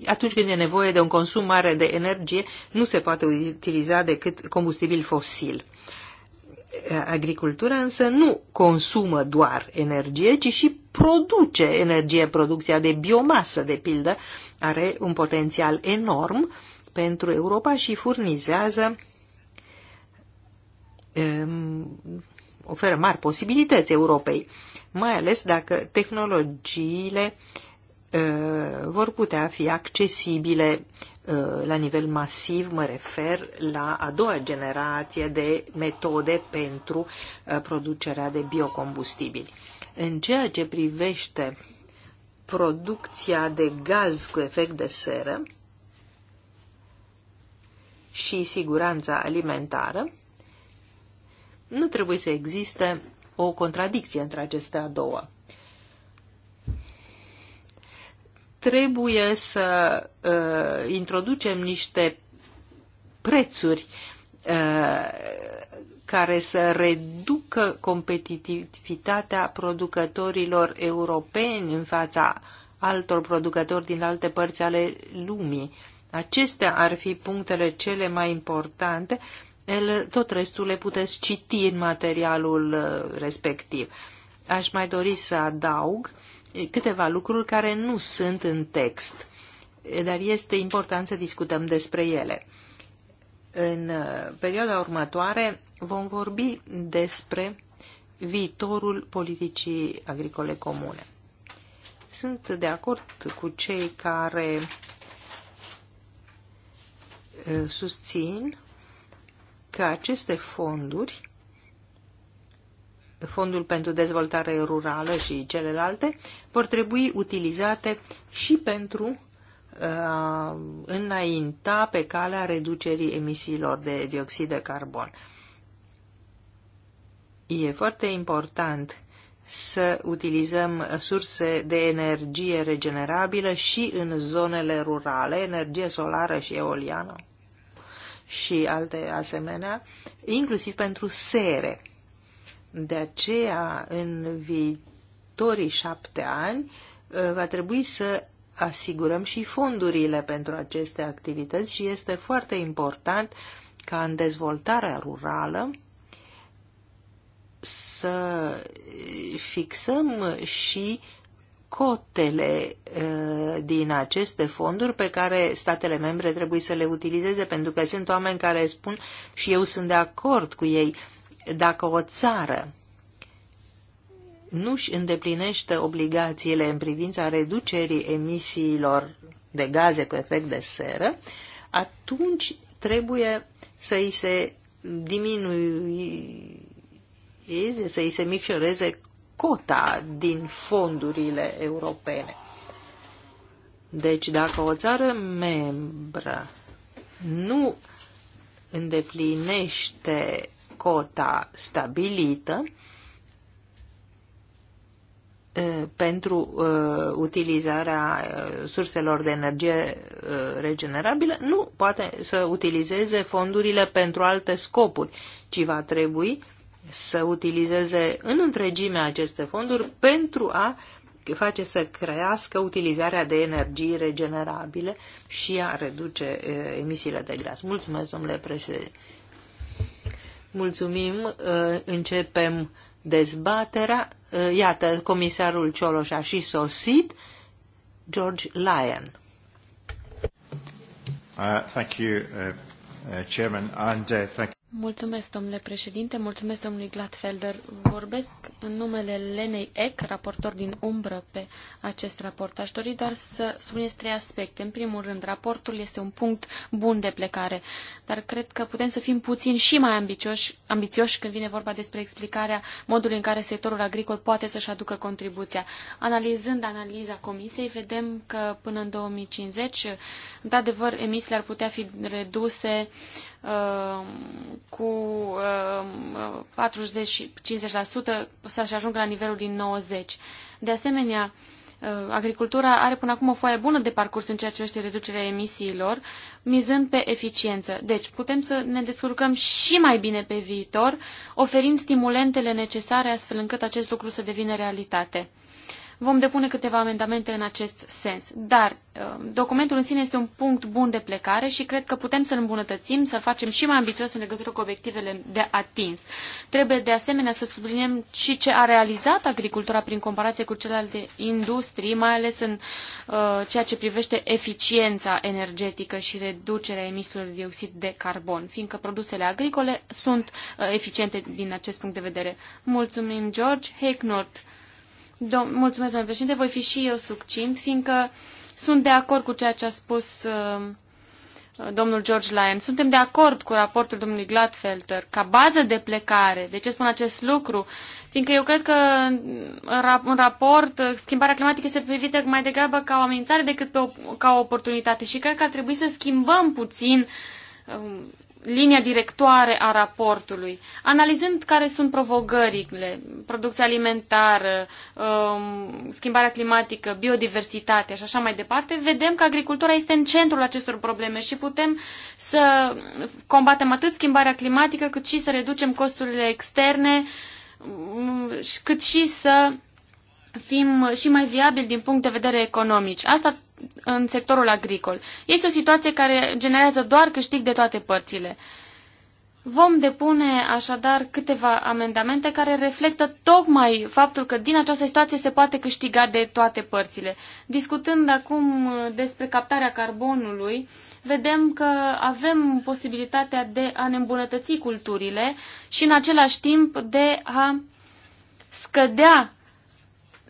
atunci când e nevoie de un consum mare de energie, nu se poate utiliza decât combustibil fosil. Agricultura însă nu consumă doar energie, ci și produce energie. Producția de biomasă, de pildă, are un potențial enorm pentru Europa și furnizează oferă mari posibilități Europei mai ales dacă tehnologiile uh, vor putea fi accesibile uh, la nivel masiv, mă refer la a doua generație de metode pentru uh, producerea de biocombustibili. În ceea ce privește producția de gaz cu efect de seră și siguranța alimentară, nu trebuie să existe o contradicție între acestea două. Trebuie să uh, introducem niște prețuri uh, care să reducă competitivitatea producătorilor europeni în fața altor producători din alte părți ale lumii. Acestea ar fi punctele cele mai importante uh, ele, tot restul le puteți citi în materialul uh, respectiv. Aș mai dori să adaug câteva lucruri care nu sunt în text, dar este important să discutăm despre ele. În uh, perioada următoare vom vorbi despre viitorul politicii agricole comune. Sunt de acord cu cei care uh, susțin că aceste fonduri, Fondul pentru Dezvoltare Rurală și celelalte, vor trebui utilizate și pentru uh, înainta pe calea reducerii emisiilor de dioxid de carbon. E foarte important să utilizăm surse de energie regenerabilă și în zonele rurale, energie solară și eoliană și alte asemenea, inclusiv pentru sere. De aceea, în viitorii șapte ani, ă, va trebui să asigurăm și fondurile pentru aceste activități și este foarte important ca în dezvoltarea rurală să fixăm și uh, cotele ă, din aceste fonduri pe care statele membre trebuie să le utilizeze, pentru că sunt oameni care spun și eu sunt de acord cu ei, dacă o țară nu își îndeplinește obligațiile în privința reducerii emisiilor de gaze cu efect de seră, atunci trebuie să îi se diminueze, să îi se micșoreze cota din fondurile europene. Deci dacă o țară membră nu îndeplinește cota stabilită pentru utilizarea surselor de energie regenerabilă, nu poate să utilizeze fondurile pentru alte scopuri, ci va trebui să utilizeze în întregime aceste fonduri pentru a face să crească utilizarea de energii regenerabile și a reduce emisiile de gaz. Mulțumesc, domnule președinte. Mulțumim. Începem dezbaterea. Iată, comisarul Cioloș a și sosit. George Lyon. Uh, thank you, uh, uh, Chairman, and uh, thank Mulțumesc, domnule președinte, mulțumesc domnului Gladfelder. Vorbesc în numele Lenei Eck, raportor din umbră pe acest raport. Aș dori doar să subliniez trei aspecte. În primul rând, raportul este un punct bun de plecare, dar cred că putem să fim puțin și mai ambițioși, ambițioși când vine vorba despre explicarea modului în care sectorul agricol poate să-și aducă contribuția. Analizând analiza comisiei, vedem că până în 2050, într-adevăr, emisiile ar putea fi reduse Um, cu 40-50% um, să-și ajungă la nivelul din 90%. De asemenea, uh, agricultura are până acum o foaie bună de parcurs în ceea ce privește reducerea emisiilor, mizând pe eficiență. Deci, putem să ne descurcăm și mai bine pe viitor, oferind stimulentele necesare astfel încât acest lucru să devină realitate. Vom depune câteva amendamente în acest sens. Dar uh, documentul în sine este un punct bun de plecare și cred că putem să-l îmbunătățim, să-l facem și mai ambițios în legătură cu obiectivele de atins. Trebuie de asemenea să subliniem și ce a realizat agricultura prin comparație cu celelalte industrii, mai ales în uh, ceea ce privește eficiența energetică și reducerea emisiilor de dioxid de carbon, fiindcă produsele agricole sunt uh, eficiente din acest punct de vedere. Mulțumim, George Hecknort. Mulțumesc, domnule președinte, voi fi și eu succint, fiindcă sunt de acord cu ceea ce a spus uh, domnul George Lyon. Suntem de acord cu raportul domnului Gladfelter ca bază de plecare. De ce spun acest lucru? Fiindcă eu cred că în raport uh, schimbarea climatică este privită mai degrabă ca o amenințare decât pe o, ca o oportunitate și cred că ar trebui să schimbăm puțin um, linia directoare a raportului, analizând care sunt provocările, producția alimentară, um, schimbarea climatică, biodiversitatea și așa mai departe, vedem că agricultura este în centrul acestor probleme și putem să combatem atât schimbarea climatică cât și să reducem costurile externe, um, cât și să fim și mai viabili din punct de vedere economic. Asta în sectorul agricol. Este o situație care generează doar câștig de toate părțile. Vom depune așadar câteva amendamente care reflectă tocmai faptul că din această situație se poate câștiga de toate părțile. Discutând acum despre captarea carbonului, vedem că avem posibilitatea de a ne îmbunătăți culturile și în același timp de a scădea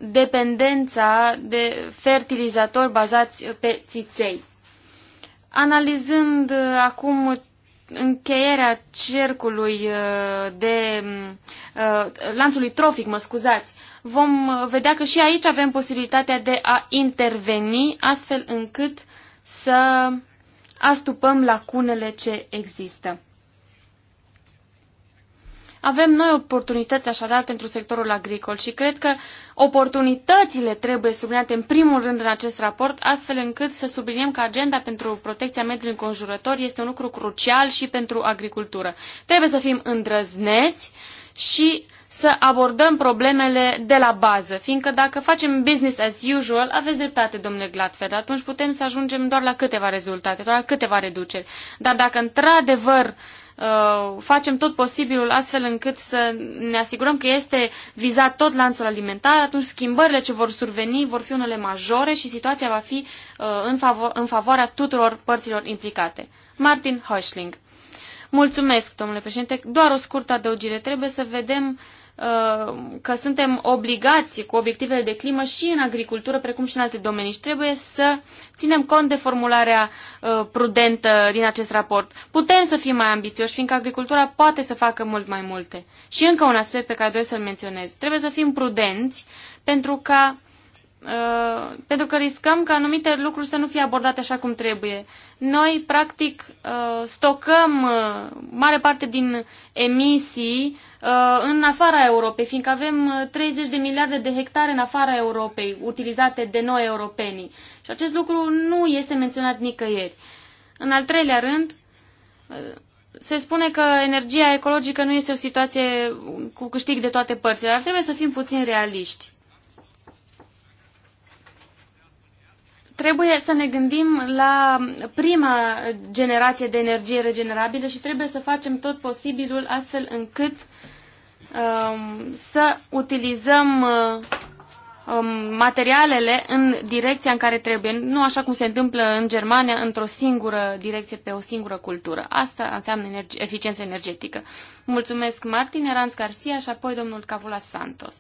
dependența de fertilizatori bazați pe țiței. Analizând uh, acum încheierea cercului uh, de uh, lanțului trofic, mă scuzați, vom vedea că și aici avem posibilitatea de a interveni astfel încât să astupăm lacunele ce există. Avem noi oportunități așadar pentru sectorul agricol și cred că oportunitățile trebuie subliniate în primul rând în acest raport, astfel încât să subliniem că agenda pentru protecția mediului înconjurător este un lucru crucial și pentru agricultură. Trebuie să fim îndrăzneți și să abordăm problemele de la bază, fiindcă dacă facem business as usual, aveți dreptate, domnule Glatfeld, atunci putem să ajungem doar la câteva rezultate, doar la câteva reduceri. Dar dacă într-adevăr Uh, facem tot posibilul astfel încât să ne asigurăm că este vizat tot lanțul alimentar, atunci schimbările ce vor surveni vor fi unele majore și situația va fi uh, în, favo- în favoarea tuturor părților implicate. Martin Hoschling Mulțumesc, domnule președinte. Doar o scurtă adăugire. Trebuie să vedem uh, Uh, că suntem obligați cu obiectivele de climă și în agricultură, precum și în alte domenii. Și trebuie să ținem cont de formularea uh, prudentă din acest raport. Putem să fim mai ambițioși, fiindcă agricultura poate să facă mult mai multe. Și încă un aspect pe care doresc să-l menționez. Trebuie să fim prudenți pentru ca Uh, pentru că riscăm ca anumite lucruri să nu fie abordate așa cum trebuie. Noi, practic, uh, stocăm uh, mare parte din emisii uh, în afara Europei, fiindcă avem 30 uh, de miliarde de hectare în afara Europei, utilizate de noi europenii. Și acest lucru nu este menționat nicăieri. În al treilea rând, se spune că energia ecologică nu este o situație cu câștig de toate părțile, dar trebuie să fim puțin realiști. trebuie să ne gândim la prima generație de energie regenerabilă și trebuie să facem tot posibilul astfel încât um, să utilizăm uh, um, materialele în direcția în care trebuie, nu așa cum se întâmplă în Germania, într-o singură direcție, pe o singură cultură. Asta înseamnă energi- eficiență energetică. Mulțumesc, Martin Eranz Garcia și apoi domnul Cavula Santos.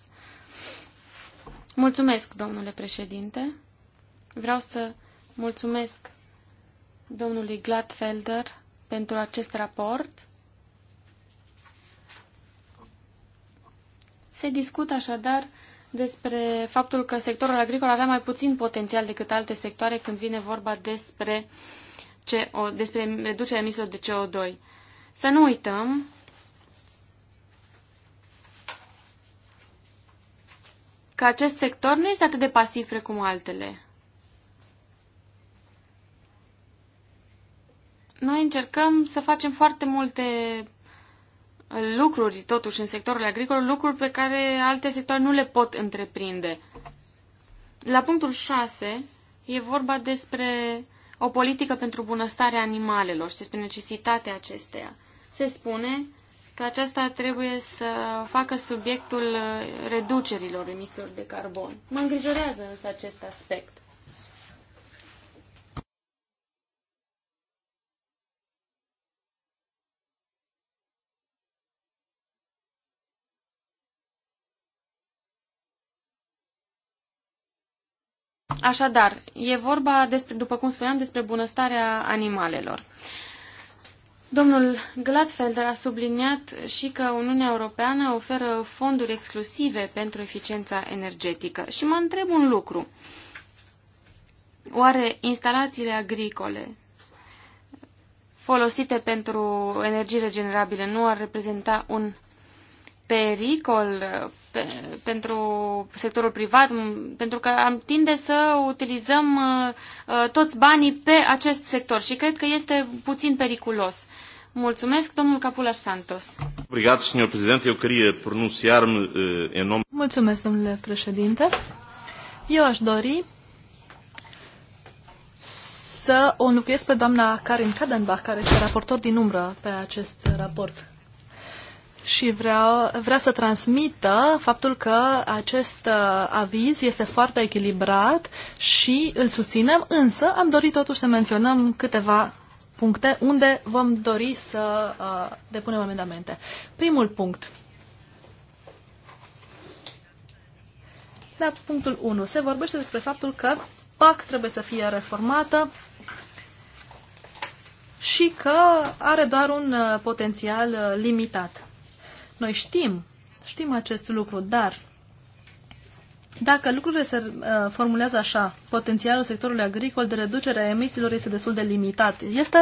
Mulțumesc, domnule președinte. Vreau să mulțumesc domnului Gladfelder pentru acest raport. Se discută așadar despre faptul că sectorul agricol avea mai puțin potențial decât alte sectoare când vine vorba despre, CO, despre reducerea emisiilor de CO2. Să nu uităm că acest sector nu este atât de pasiv precum altele. Noi încercăm să facem foarte multe lucruri, totuși, în sectorul agricol, lucruri pe care alte sectoare nu le pot întreprinde. La punctul 6 e vorba despre o politică pentru bunăstarea animalelor și despre necesitatea acesteia. Se spune că aceasta trebuie să facă subiectul reducerilor emisiilor de carbon. Mă îngrijorează însă acest aspect. Așadar, e vorba, despre, după cum spuneam, despre bunăstarea animalelor. Domnul Gladfelder a subliniat și că Uniunea Europeană oferă fonduri exclusive pentru eficiența energetică. Și mă întreb un lucru. Oare instalațiile agricole folosite pentru energii regenerabile nu ar reprezenta un pericol uh, pe, pentru sectorul privat, pentru că am tinde să utilizăm uh, uh, toți banii pe acest sector și cred că este puțin periculos. Mulțumesc, domnul Capulas Santos. Obrigat, domnul președinte. Eu queria pronunciar în uh, Mulțumesc, domnule președinte. Eu aș dori să o înlocuiesc pe doamna Karin Kadenbach, care este raportor din umbră pe acest raport și vreau, vrea să transmită faptul că acest uh, aviz este foarte echilibrat și îl susținem, însă am dorit totuși să menționăm câteva puncte unde vom dori să uh, depunem amendamente. Primul punct. La punctul 1 se vorbește despre faptul că PAC trebuie să fie reformată și că are doar un uh, potențial uh, limitat. Noi știm, știm acest lucru, dar dacă lucrurile se uh, formulează așa, potențialul sectorului agricol de reducere a emisiilor este destul de limitat, este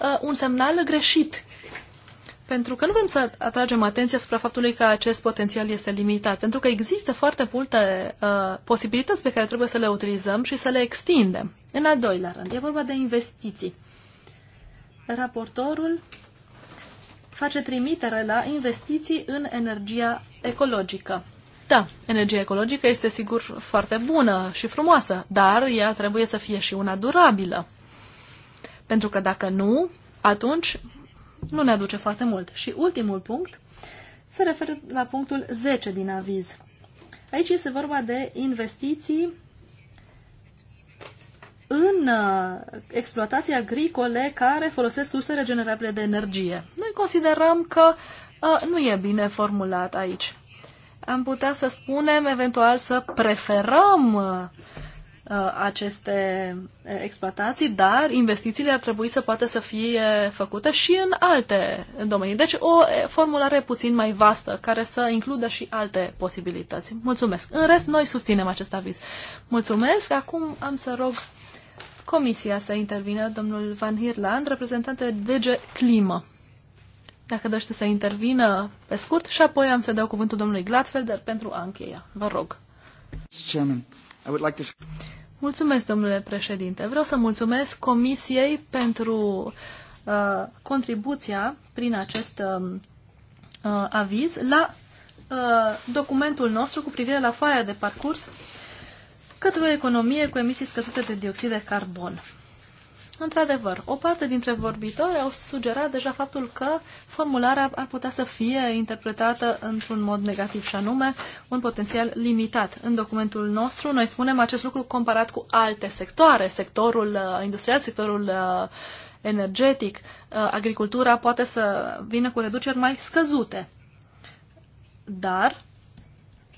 uh, un semnal greșit. Pentru că nu vrem să atragem atenția asupra faptului că acest potențial este limitat, pentru că există foarte multe uh, posibilități pe care trebuie să le utilizăm și să le extindem. În al doilea rând, e vorba de investiții. Raportorul face trimitere la investiții în energia ecologică. Da, energia ecologică este sigur foarte bună și frumoasă, dar ea trebuie să fie și una durabilă. Pentru că dacă nu, atunci nu ne aduce foarte mult. Și ultimul punct se referă la punctul 10 din aviz. Aici este vorba de investiții în uh, exploatații agricole care folosesc surse regenerabile de energie. Noi considerăm că uh, nu e bine formulat aici. Am putea să spunem, eventual, să preferăm uh, aceste exploatații, dar investițiile ar trebui să poată să fie făcute și în alte domenii. Deci o formulare puțin mai vastă, care să includă și alte posibilități. Mulțumesc. În rest, noi susținem acest aviz. Mulțumesc. Acum am să rog Comisia să intervină, domnul Van Hirland, reprezentant de DG Climă. Dacă dorește să intervină pe scurt și apoi am să dau cuvântul domnului Gladfelder pentru a încheia. Vă rog. Mulțumesc, domnule președinte. Vreau să mulțumesc Comisiei pentru uh, contribuția prin acest um, uh, aviz la uh, documentul nostru cu privire la foaia de parcurs către o economie cu emisii scăzute de dioxid de carbon. Într-adevăr, o parte dintre vorbitori au sugerat deja faptul că formularea ar putea să fie interpretată într-un mod negativ, și anume un potențial limitat. În documentul nostru, noi spunem acest lucru comparat cu alte sectoare, sectorul uh, industrial, sectorul uh, energetic, uh, agricultura poate să vină cu reduceri mai scăzute. Dar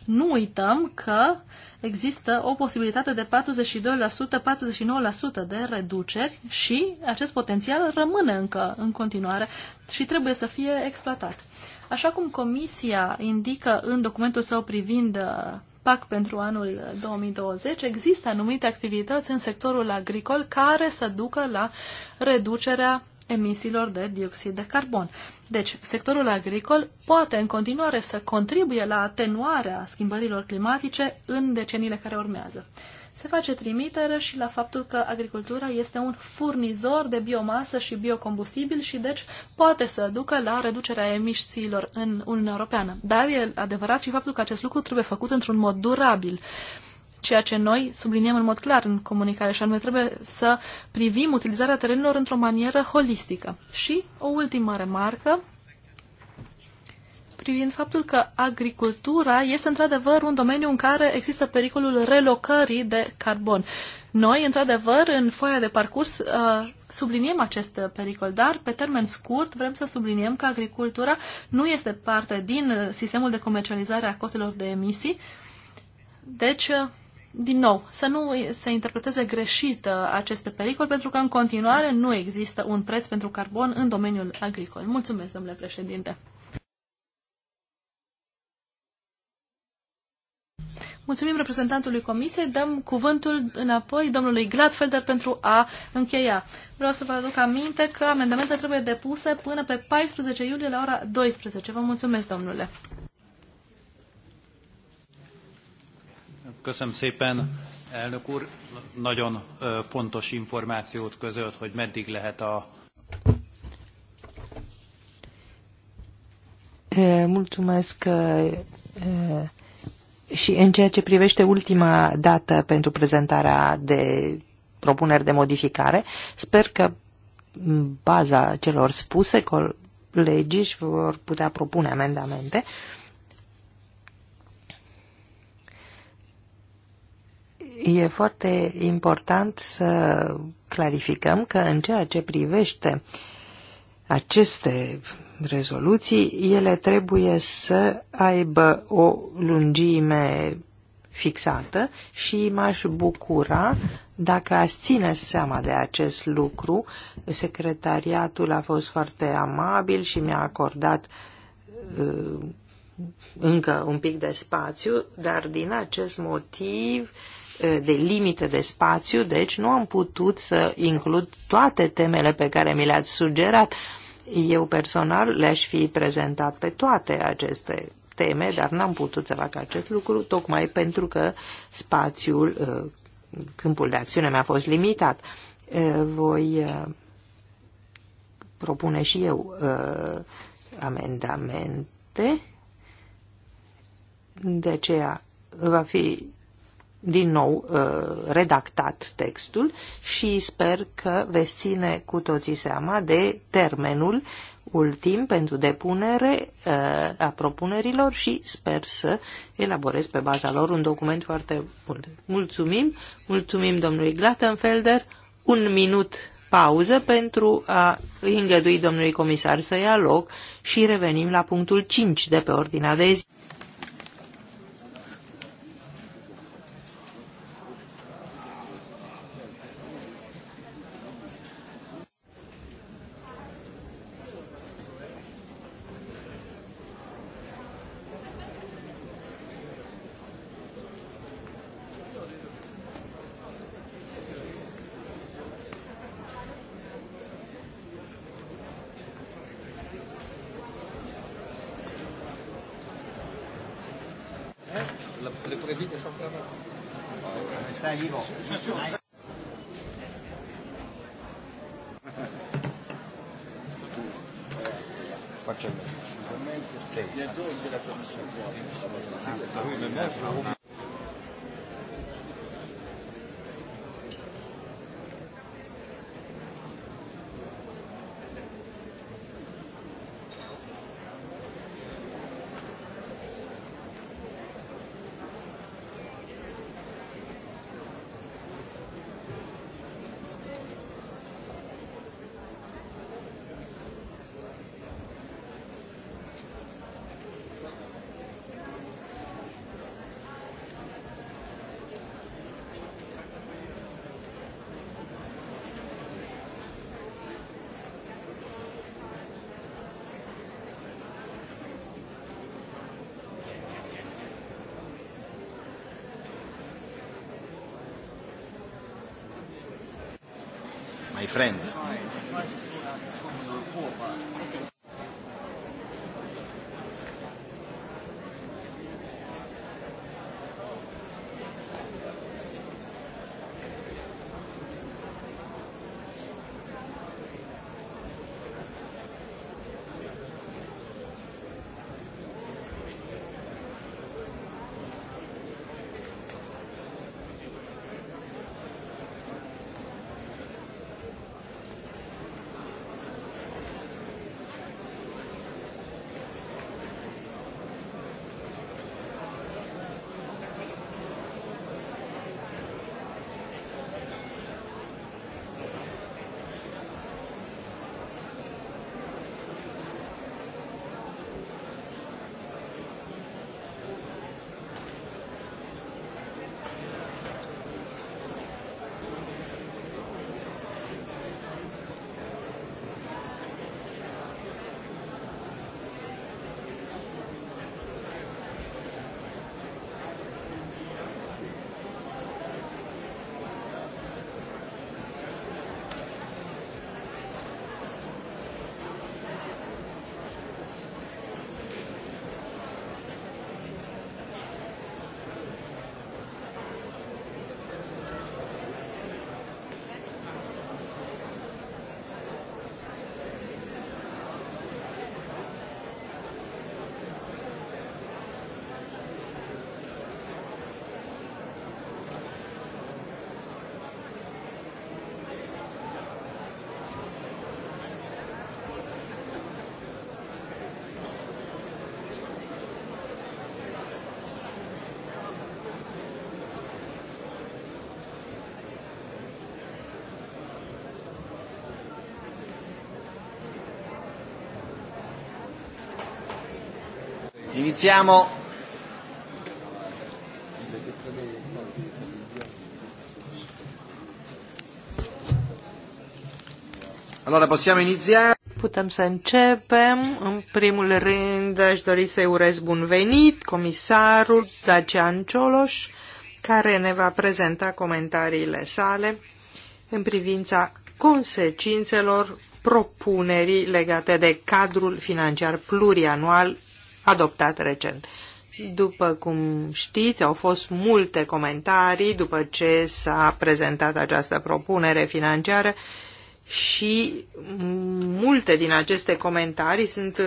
nu uităm că uh, există o posibilitate de 42%, 49% de reduceri și acest potențial rămâne încă în continuare și trebuie să fie exploatat. Așa cum Comisia indică în documentul său privind uh, PAC pentru anul 2020, există anumite activități în sectorul agricol care să ducă la reducerea emisiilor de dioxid de carbon. Deci, sectorul agricol poate în continuare să contribuie la atenuarea schimbărilor climatice în deceniile care urmează. Se face trimitere și la faptul că agricultura este un furnizor de biomasă și biocombustibil și deci poate să ducă la reducerea emisiilor în Uniunea Europeană. Dar e adevărat și faptul că acest lucru trebuie făcut într-un mod durabil. Uh, ceea ce noi subliniem în mod clar în comunicare și anume trebuie să privim utilizarea terenurilor într-o manieră holistică. Și o ultimă remarcă privind faptul că agricultura este într-adevăr un domeniu în care există pericolul relocării de carbon. Noi, într-adevăr, în foaia de parcurs uh, subliniem acest pericol, dar pe termen scurt vrem să subliniem că agricultura nu este parte din uh, sistemul de comercializare a cotelor de emisii, deci uh, din nou, să nu se interpreteze greșit uh, aceste pericol, pentru că în continuare nu există un preț pentru carbon în domeniul agricol. Mulțumesc, domnule președinte. Mulțumim reprezentantului Comisiei, dăm cuvântul înapoi domnului Gladfelder pentru a încheia. Vreau să vă aduc aminte că amendamentele trebuie depuse până pe 14 iulie la ora 12. Vă mulțumesc, domnule. Köszönöm szépen, elnök úr. Nagyon pontos információt közölt, hogy meddig lehet a... Mulțumesc și în ceea ce privește ultima dată pentru prezentarea de propuneri de modificare, sper că baza celor spuse, colegii își vor putea propune amendamente. Uh, E foarte important să clarificăm că în ceea ce privește aceste rezoluții, ele trebuie să aibă o lungime fixată și m-aș bucura dacă ați ține seama de acest lucru. Secretariatul a fost foarte amabil și mi-a acordat uh, încă un pic de spațiu, dar din acest motiv uh, de limite de spațiu, deci nu am putut să includ toate temele pe care mi le-ați sugerat. Eu personal le-aș fi prezentat pe toate aceste teme, dar n-am putut să fac acest lucru, tocmai pentru că spațiul, uh, câmpul de acțiune mi-a fost limitat. Uh, voi uh, propune și eu amendamente, de aceea va fi din nou uh, redactat textul și sper că veți ține cu toții seama de termenul ultim pentru depunere uh, a propunerilor și sper să elaborez pe baza lor un document foarte bun. Mulțumim, mulțumim domnului Glattenfelder, un minut pauză pentru a îngădui domnului comisar să ia loc și revenim la punctul 5 de pe ordinea de zi. friend. Iniziamo. Allora possiamo iniziare. Putem să începem. În primul rând aș dori să-i urez bun venit comisarul Dacian Cioloș, care ne va prezenta comentariile sale în privința consecințelor propunerii legate de cadrul financiar plurianual adoptat recent. După cum știți, au fost multe comentarii după ce s-a prezentat această propunere financiară și multe din aceste comentarii sunt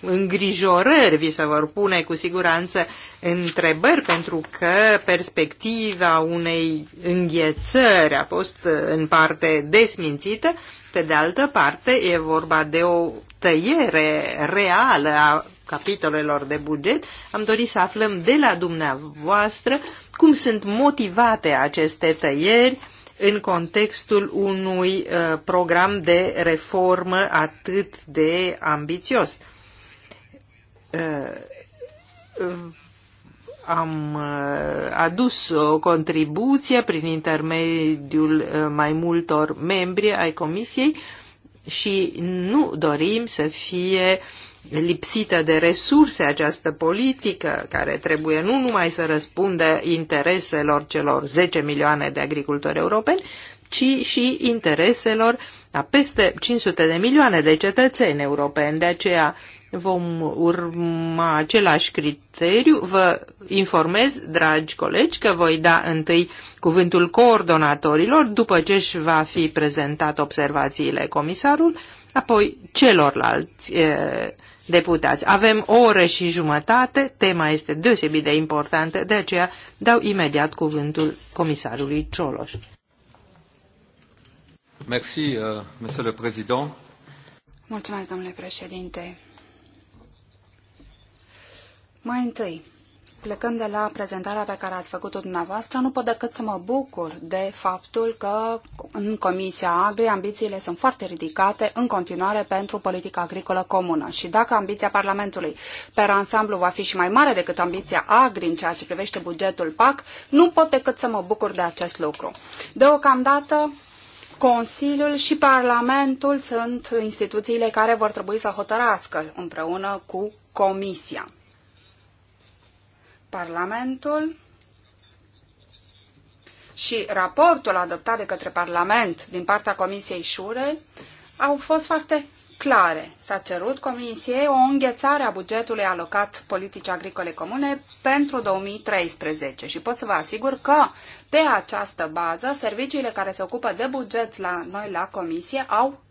îngrijorări, vi se vor pune cu siguranță întrebări, pentru că perspectiva unei înghețări a fost în parte desmințită, pe de altă parte e vorba de o tăiere reală a capitolelor de buget, am dorit să aflăm de la dumneavoastră cum sunt motivate aceste tăieri în contextul unui uh, program de reformă atât de ambițios. Uh, am uh, adus o contribuție prin intermediul uh, mai multor membri ai Comisiei și nu dorim să fie lipsită de resurse această politică, care trebuie nu numai să răspundă intereselor celor 10 milioane de agricultori europeni, ci și intereselor a peste 500 de milioane de cetățeni europeni. De aceea vom urma același criteriu. Vă informez, dragi colegi, că voi da întâi cuvântul coordonatorilor, după ce își va fi prezentat observațiile comisarul, apoi celorlalți eh, deputați. Avem o oră și jumătate, tema este deosebit de importantă, de aceea dau imediat cuvântul comisarului Cioloș. Merci, uh, monsieur le président. Mulțumesc, domnule președinte. Mai întâi, plecând de la prezentarea pe care ați făcut-o dumneavoastră, nu pot decât să mă bucur de faptul că în Comisia Agri ambițiile sunt foarte ridicate în continuare pentru politica agricolă comună. Și dacă ambiția Parlamentului per ansamblu va fi și mai mare decât ambiția Agri în ceea ce privește bugetul PAC, nu pot decât să mă bucur de acest lucru. Deocamdată, Consiliul și Parlamentul sunt instituțiile care vor trebui să hotărască împreună cu Comisia. Parlamentul și raportul adoptat de către Parlament din partea Comisiei Șure au fost foarte clare. S-a cerut Comisiei o înghețare a bugetului alocat politicii agricole comune pentru 2013 și pot să vă asigur că pe această bază serviciile care se ocupă de buget la noi la Comisie au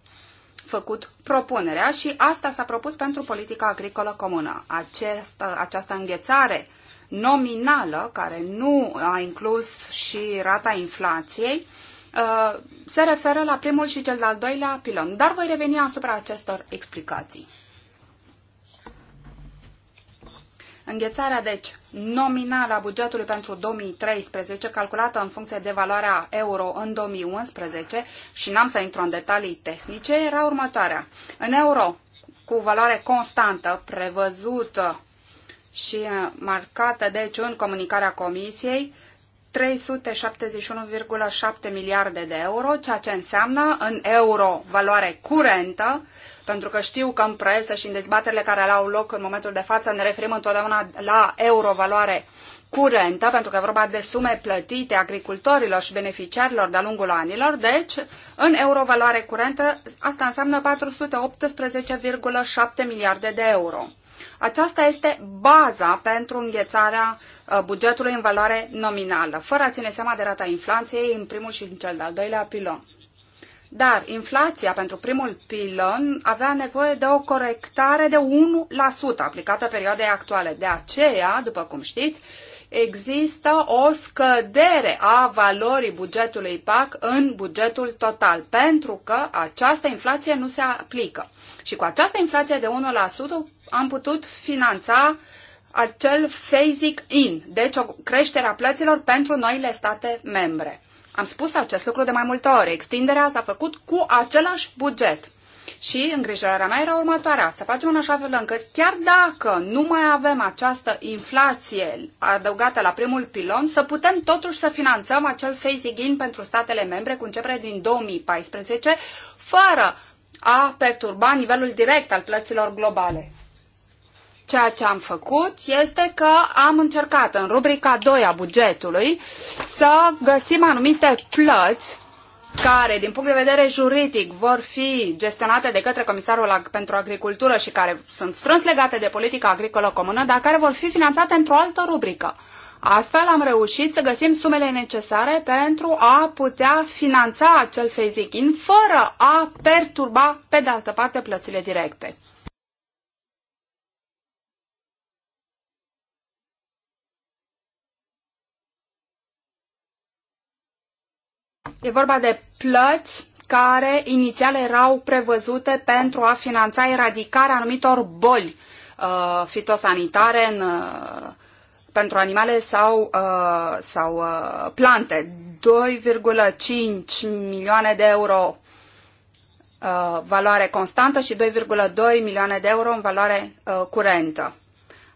făcut propunerea și asta s-a propus pentru politica agricolă comună. Această, această înghețare nominală, care nu a inclus și rata inflației, uh, se referă la primul și cel de-al doilea pilon. Dar voi reveni asupra acestor explicații. Înghețarea, deci, nominală a bugetului pentru 2013, calculată în funcție de valoarea euro în 2011, și n-am să intru în detalii tehnice, era următoarea. În euro, cu valoare constantă prevăzută și uh, marcată, deci, în comunicarea Comisiei, 371,7 miliarde de euro, ceea ce înseamnă în euro valoare curentă, pentru că știu că în presă și în dezbaterile care au loc în momentul de față ne referim întotdeauna la euro valoare curentă, pentru că e vorba de sume plătite agricultorilor și beneficiarilor de-a lungul anilor, deci în euro valoare curentă asta înseamnă 418,7 miliarde de euro. Aceasta este baza pentru înghețarea uh, bugetului în valoare nominală, fără a ține seama de rata inflației în primul și în cel de-al doilea pilon. Dar inflația pentru primul pilon avea nevoie de o corectare de 1% aplicată perioadei actuale. De aceea, după cum știți, există o scădere a valorii bugetului PAC în bugetul total, pentru că această inflație nu se aplică. Și cu această inflație de 1%, am putut finanța acel phasing in, deci o creștere a plăților pentru noile state membre. Am spus acest lucru de mai multe ori. Extinderea s-a făcut cu același buget. Și îngrijorarea mea era următoarea, să facem în așa fel încât chiar dacă nu mai avem această inflație adăugată la primul pilon, să putem totuși să finanțăm acel phasing in pentru statele membre cu începere din 2014, fără a perturba nivelul direct al plăților globale. Ceea ce am făcut este că am încercat în rubrica 2 a bugetului să găsim anumite plăți care, din punct de vedere juridic, vor fi gestionate de către Comisarul pentru Agricultură și care sunt strâns legate de politica agricolă comună, dar care vor fi finanțate într-o altă rubrică. Astfel am reușit să găsim sumele necesare pentru a putea finanța acel phasing in fără a perturba, pe de altă parte, plățile directe. E vorba de plăți care inițial erau prevăzute pentru a finanța eradicarea anumitor boli uh, fitosanitare în, uh, pentru animale sau, uh, sau uh, plante. 2,5 milioane de euro uh, valoare constantă și 2,2 milioane de euro în valoare uh, curentă.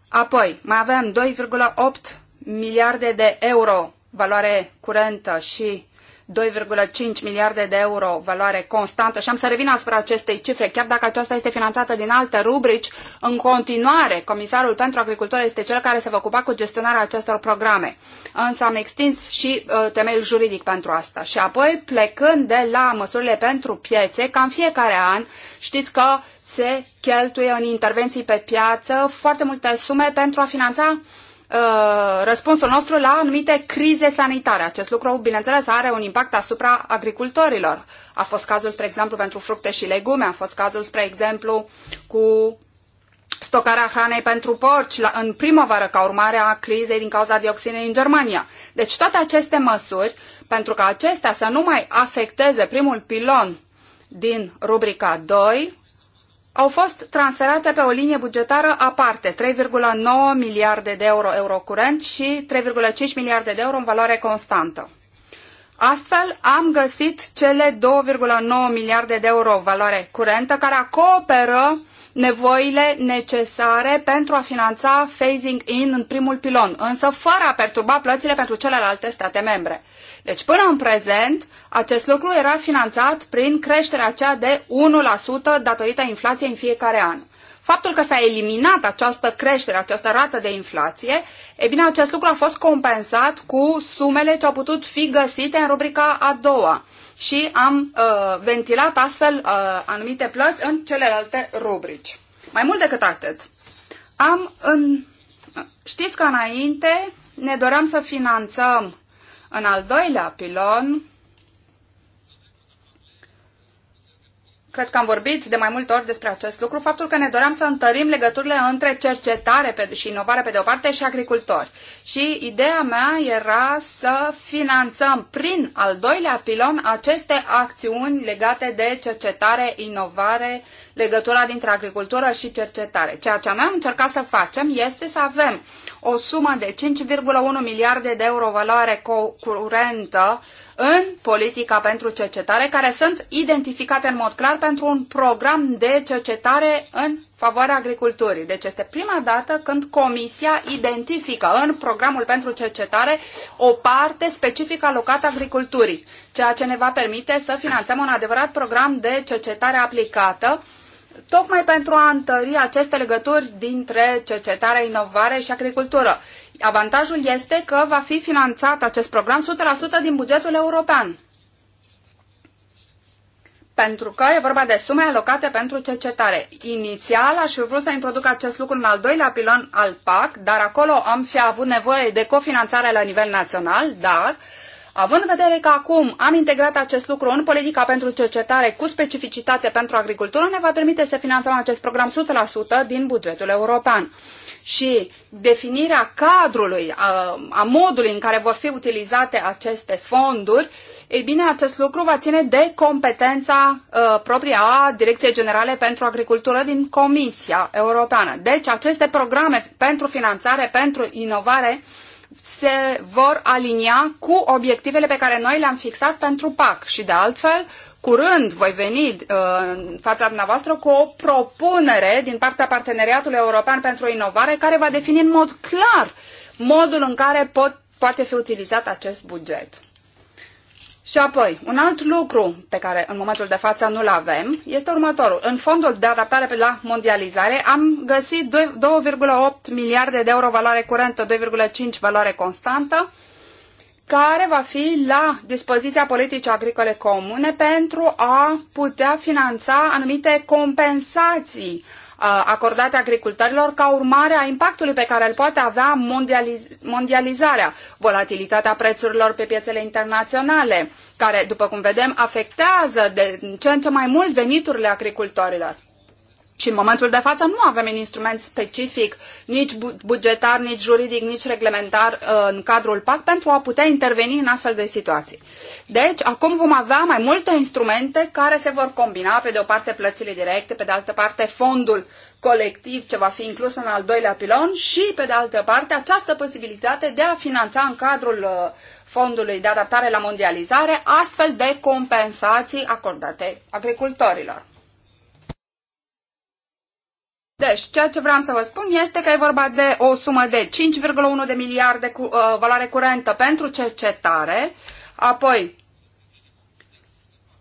Apoi, mai avem 2,8 miliarde de euro valoare curentă și 2,5 miliarde de euro valoare constantă și am să revin asupra acestei cifre, chiar dacă aceasta este finanțată din alte rubrici, în continuare Comisarul pentru Agricultură este cel care se va ocupa cu gestionarea acestor programe. Însă am extins și uh, temeiul juridic pentru asta. Și apoi, plecând de la măsurile pentru piețe, ca în fiecare an, știți că se cheltuie în intervenții pe piață foarte multe sume pentru a finanța Uh, răspunsul nostru la anumite crize sanitare. Acest lucru, bineînțeles, are un impact asupra agricultorilor. A fost cazul, spre exemplu, pentru fructe și legume, a fost cazul, spre exemplu, cu stocarea hranei pentru porci la, în primăvară ca urmare a crizei din cauza dioxinei în Germania. Deci toate aceste măsuri, pentru ca acestea să nu mai afecteze primul pilon din rubrica 2, au fost transferate pe o linie bugetară aparte, 3,9 miliarde de euro eurocurent și 3,5 miliarde de euro în valoare constantă. Astfel, am găsit cele 2,9 miliarde de euro valoare curentă care acoperă nevoile necesare pentru a finanța phasing in în primul pilon, însă fără a perturba plățile pentru celelalte state membre. Deci până în prezent, acest lucru era finanțat prin creșterea aceea de 1% datorită inflației în fiecare an. Faptul că s-a eliminat această creștere, această rată de inflație, e bine, acest lucru a fost compensat cu sumele ce au putut fi găsite în rubrica a doua și am uh, ventilat astfel uh, anumite plăți în celelalte rubrici. Mai mult decât atât, am în... știți că înainte ne doream să finanțăm în al doilea pilon, cred că am vorbit de mai multe ori despre acest lucru, faptul că ne doream să întărim legăturile între cercetare și inovare pe de o parte și agricultori. Și ideea mea era să finanțăm prin al doilea pilon aceste acțiuni legate de cercetare, inovare, legătura dintre agricultură și cercetare. Ceea ce noi am încercat să facem este să avem uh, o sumă de 5,1 miliarde de euro valoare curentă în politica pentru cercetare, care sunt identificate în mod clar pentru un program de cercetare în favoarea agriculturii. Deci este prima dată când Comisia identifică în programul pentru cercetare o parte specifică alocată agriculturii, ceea ce ne va permite să finanțăm un adevărat program de cercetare aplicată tocmai pentru a întări aceste legături dintre cercetare, inovare și agricultură. Avantajul este că va fi finanțat acest program 100% din bugetul european. Pentru că e vorba de sume alocate pentru cercetare. Inițial aș fi vrut să introduc acest lucru în al doilea pilon al PAC, dar acolo am fi avut nevoie de cofinanțare la nivel național, dar uh, Având în vedere că acum am integrat acest lucru în politica pentru cercetare cu specificitate pentru agricultură, ne va permite să finanțăm acest program 100% din bugetul european. Și definirea cadrului, a, a modului în care vor fi utilizate aceste fonduri, ei bine, acest lucru va ține de competența a, proprie a Direcției Generale pentru Agricultură din Comisia Europeană. Deci, aceste programe pentru finanțare, pentru inovare, se vor alinia cu obiectivele pe care noi le-am fixat pentru PAC și de altfel curând voi veni uh, în fața dumneavoastră cu o propunere din partea Parteneriatului European pentru Inovare care va defini în mod clar modul în care pot, poate fi utilizat acest buget. Și apoi, un alt lucru pe care în momentul de față nu-l avem este următorul. În fondul de adaptare la mondializare am găsit 2,8 miliarde de euro valoare curentă, 2,5 valoare constantă, care va fi la dispoziția politicii agricole comune pentru a putea finanța anumite compensații uh, Uh, acordate agricultorilor ca urmare a impactului pe care îl poate avea mondializ mondializarea, volatilitatea prețurilor pe piețele internaționale, care, după cum vedem, afectează de ce în ce mai mult veniturile agricultorilor. Și în momentul de față nu avem un instrument specific, nici bugetar, nici juridic, nici reglementar uh, în cadrul PAC pentru a putea interveni în astfel de situații. Deci, acum vom avea mai multe instrumente care se vor combina, pe de o parte plățile directe, pe de altă parte fondul colectiv ce va fi inclus în al doilea pilon și, pe de altă parte, această posibilitate de a finanța în cadrul uh, fondului de adaptare la mondializare astfel de compensații acordate agricultorilor. Deci, ceea ce vreau să vă spun este că e vorba de o sumă de 5,1 de miliarde cu, uh, valoare curentă pentru cercetare, apoi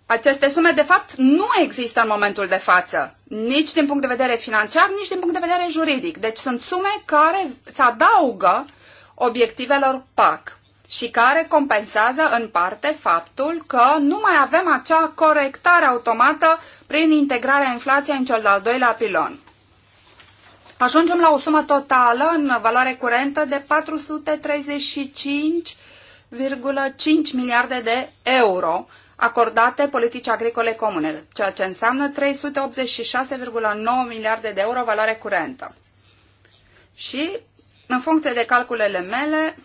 aceste sume, de fapt, nu există în momentul de față, nici din punct de vedere financiar, nici din punct de vedere juridic. Deci sunt sume care se adaugă obiectivelor PAC și care compensează în parte faptul că nu mai avem acea corectare automată prin integrarea inflației în cel de-al doilea pilon ajungem la o sumă totală în valoare curentă de 435,5 miliarde de euro acordate politicii agricole comune, ceea ce înseamnă 386,9 miliarde de euro valoare curentă. Și, în funcție de calculele mele,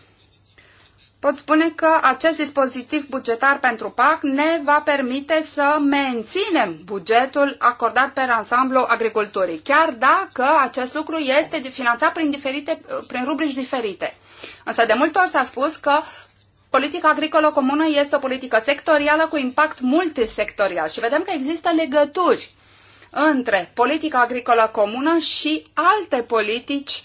pot spune că acest dispozitiv bugetar pentru PAC ne va permite să menținem bugetul acordat pe ansamblu agriculturii, chiar dacă acest lucru este finanțat prin, diferite, prin rubrici diferite. Însă de multe ori s-a spus că Politica agricolă comună este o politică sectorială cu impact multisectorial și vedem că există legături între politica agricolă comună și alte politici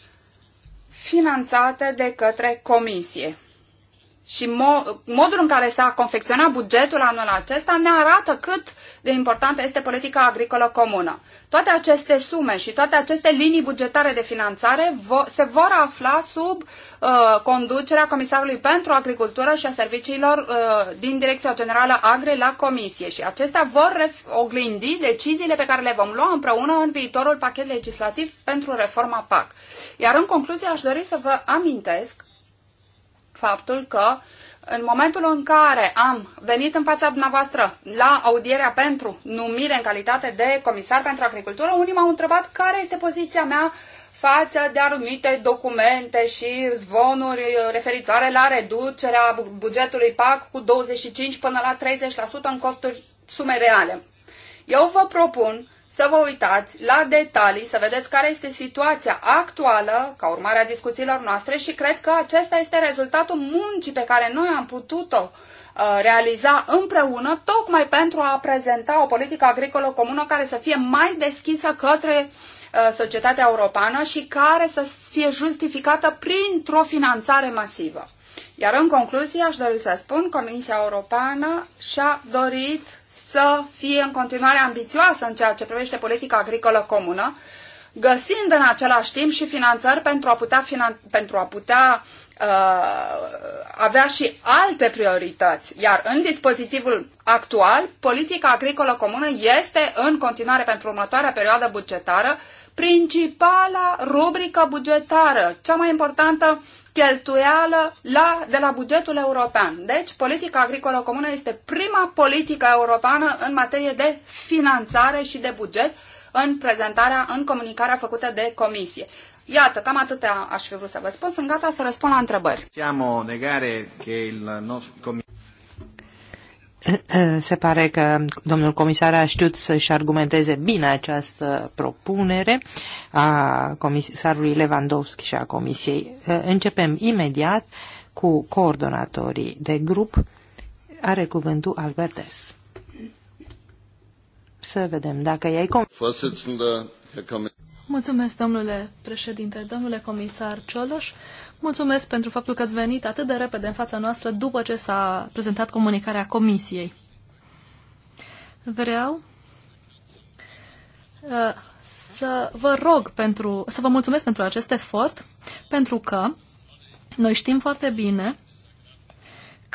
finanțate de către comisie. Și mo- modul în care s-a confecționat bugetul anul acesta ne arată cât de importantă este politica agricolă comună. Toate aceste sume și toate aceste linii bugetare de finanțare vo- se vor afla sub uh, conducerea Comisarului pentru Agricultură și a serviciilor uh, din Direcția Generală Agri la Comisie și acestea vor oglindi deciziile pe care le vom lua împreună în viitorul pachet legislativ pentru reforma PAC. Iar în concluzie aș dori să vă amintesc faptul că în momentul în care am venit în fața dumneavoastră la audierea pentru numire în calitate de comisar pentru agricultură, unii m-au întrebat care este poziția mea față de anumite documente și zvonuri referitoare la reducerea bugetului PAC cu 25 până la 30% în costuri sume reale. Eu vă propun să vă uitați la detalii, să vedeți care este situația actuală, ca urmare a discuțiilor noastre, și cred că acesta este rezultatul muncii pe care noi am putut-o uh, realiza împreună, tocmai pentru a prezenta o politică agricolă comună care să fie mai deschisă către uh, societatea europeană și care să fie justificată printr-o finanțare masivă. Iar în concluzie aș dori să spun, Comisia Europeană și-a dorit să fie în continuare ambițioasă în ceea ce privește politica agricolă comună, găsind în același timp și finanțări pentru a putea, finan- pentru a putea uh, avea și alte priorități. Iar în dispozitivul actual, politica agricolă comună este în continuare pentru următoarea perioadă bugetară principala rubrică bugetară, cea mai importantă cheltuială la, de la bugetul european. Deci, politica agricolă comună este prima politică europeană în materie de finanțare și de buget în prezentarea, în comunicarea făcută de comisie. Iată, cam atâtea aș fi vrut să vă spun. Sunt gata să răspund la întrebări. Siamo negare că il nostro... Se pare că domnul comisar a știut să-și argumenteze bine această propunere a comisarului Lewandowski și a comisiei. Începem imediat cu coordonatorii de grup. Are cuvântul Albertes. Să vedem dacă i-ai Mulțumesc, domnule președinte, domnule comisar Cioloș. Mulțumesc pentru faptul că ați venit atât de repede în fața noastră după ce s-a prezentat comunicarea Comisiei. Vreau uh, să vă rog pentru, să vă mulțumesc pentru acest efort, pentru că noi știm foarte bine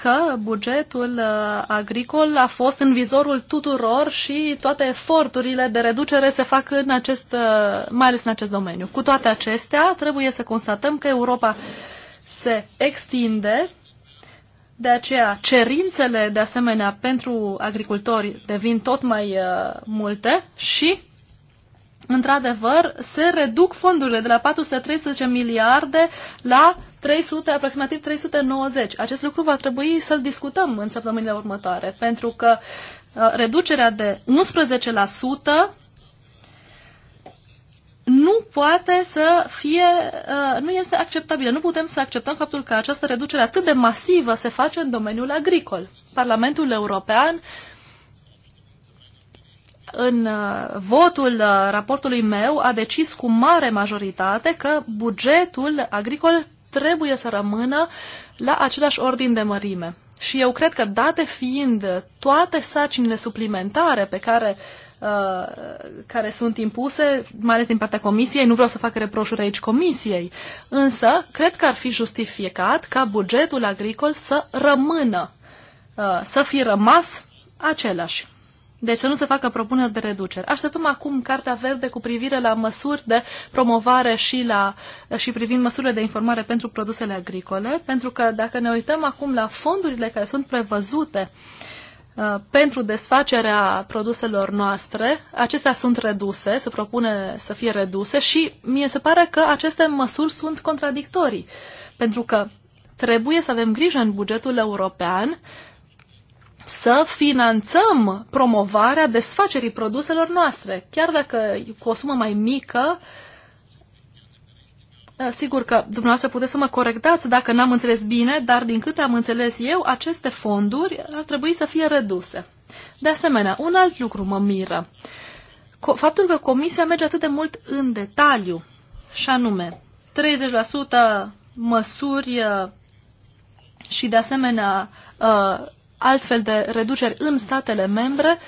că bugetul uh, agricol a fost în vizorul tuturor și toate eforturile de reducere se fac în acest, uh, mai ales în acest domeniu. Cu toate acestea, trebuie să constatăm că Europa se extinde, de aceea cerințele de asemenea pentru agricultori devin tot mai uh, multe și într-adevăr, se reduc fondurile de la 413 miliarde la 300, aproximativ 390. Acest lucru va trebui să-l discutăm în săptămânile următoare, pentru că uh, reducerea de 11% nu poate să fie, uh, nu este acceptabilă. Nu putem să acceptăm faptul că această reducere atât de masivă se face în domeniul agricol. Parlamentul European în uh, votul uh, raportului meu a decis cu mare majoritate că bugetul agricol trebuie să rămână la același ordin de mărime. Și eu cred că, date fiind toate sarcinile suplimentare pe care uh, care sunt impuse, mai ales din partea comisiei. Nu vreau să fac reproșuri aici comisiei, însă cred că ar fi justificat ca bugetul agricol să rămână, uh, să fi rămas același de ce nu se facă propuneri de reducere. Așteptăm acum Cartea Verde cu privire la măsuri de promovare și, la, și privind măsurile de informare pentru produsele agricole, pentru că dacă ne uităm acum la fondurile care sunt prevăzute uh, pentru desfacerea produselor noastre, acestea sunt reduse, se propune să fie reduse și mie se pare că aceste măsuri sunt contradictorii, pentru că trebuie să avem grijă în bugetul european să finanțăm promovarea desfacerii produselor noastre, chiar dacă cu o sumă mai mică, eh, Sigur că dumneavoastră puteți să mă corectați dacă n-am înțeles bine, dar din câte am înțeles eu, aceste fonduri ar trebui să fie reduse. De asemenea, un alt lucru mă miră. Faptul că comisia merge atât de mult în detaliu, și anume 30% măsuri eh, și de asemenea eh, altfel de reduceri în statele membre,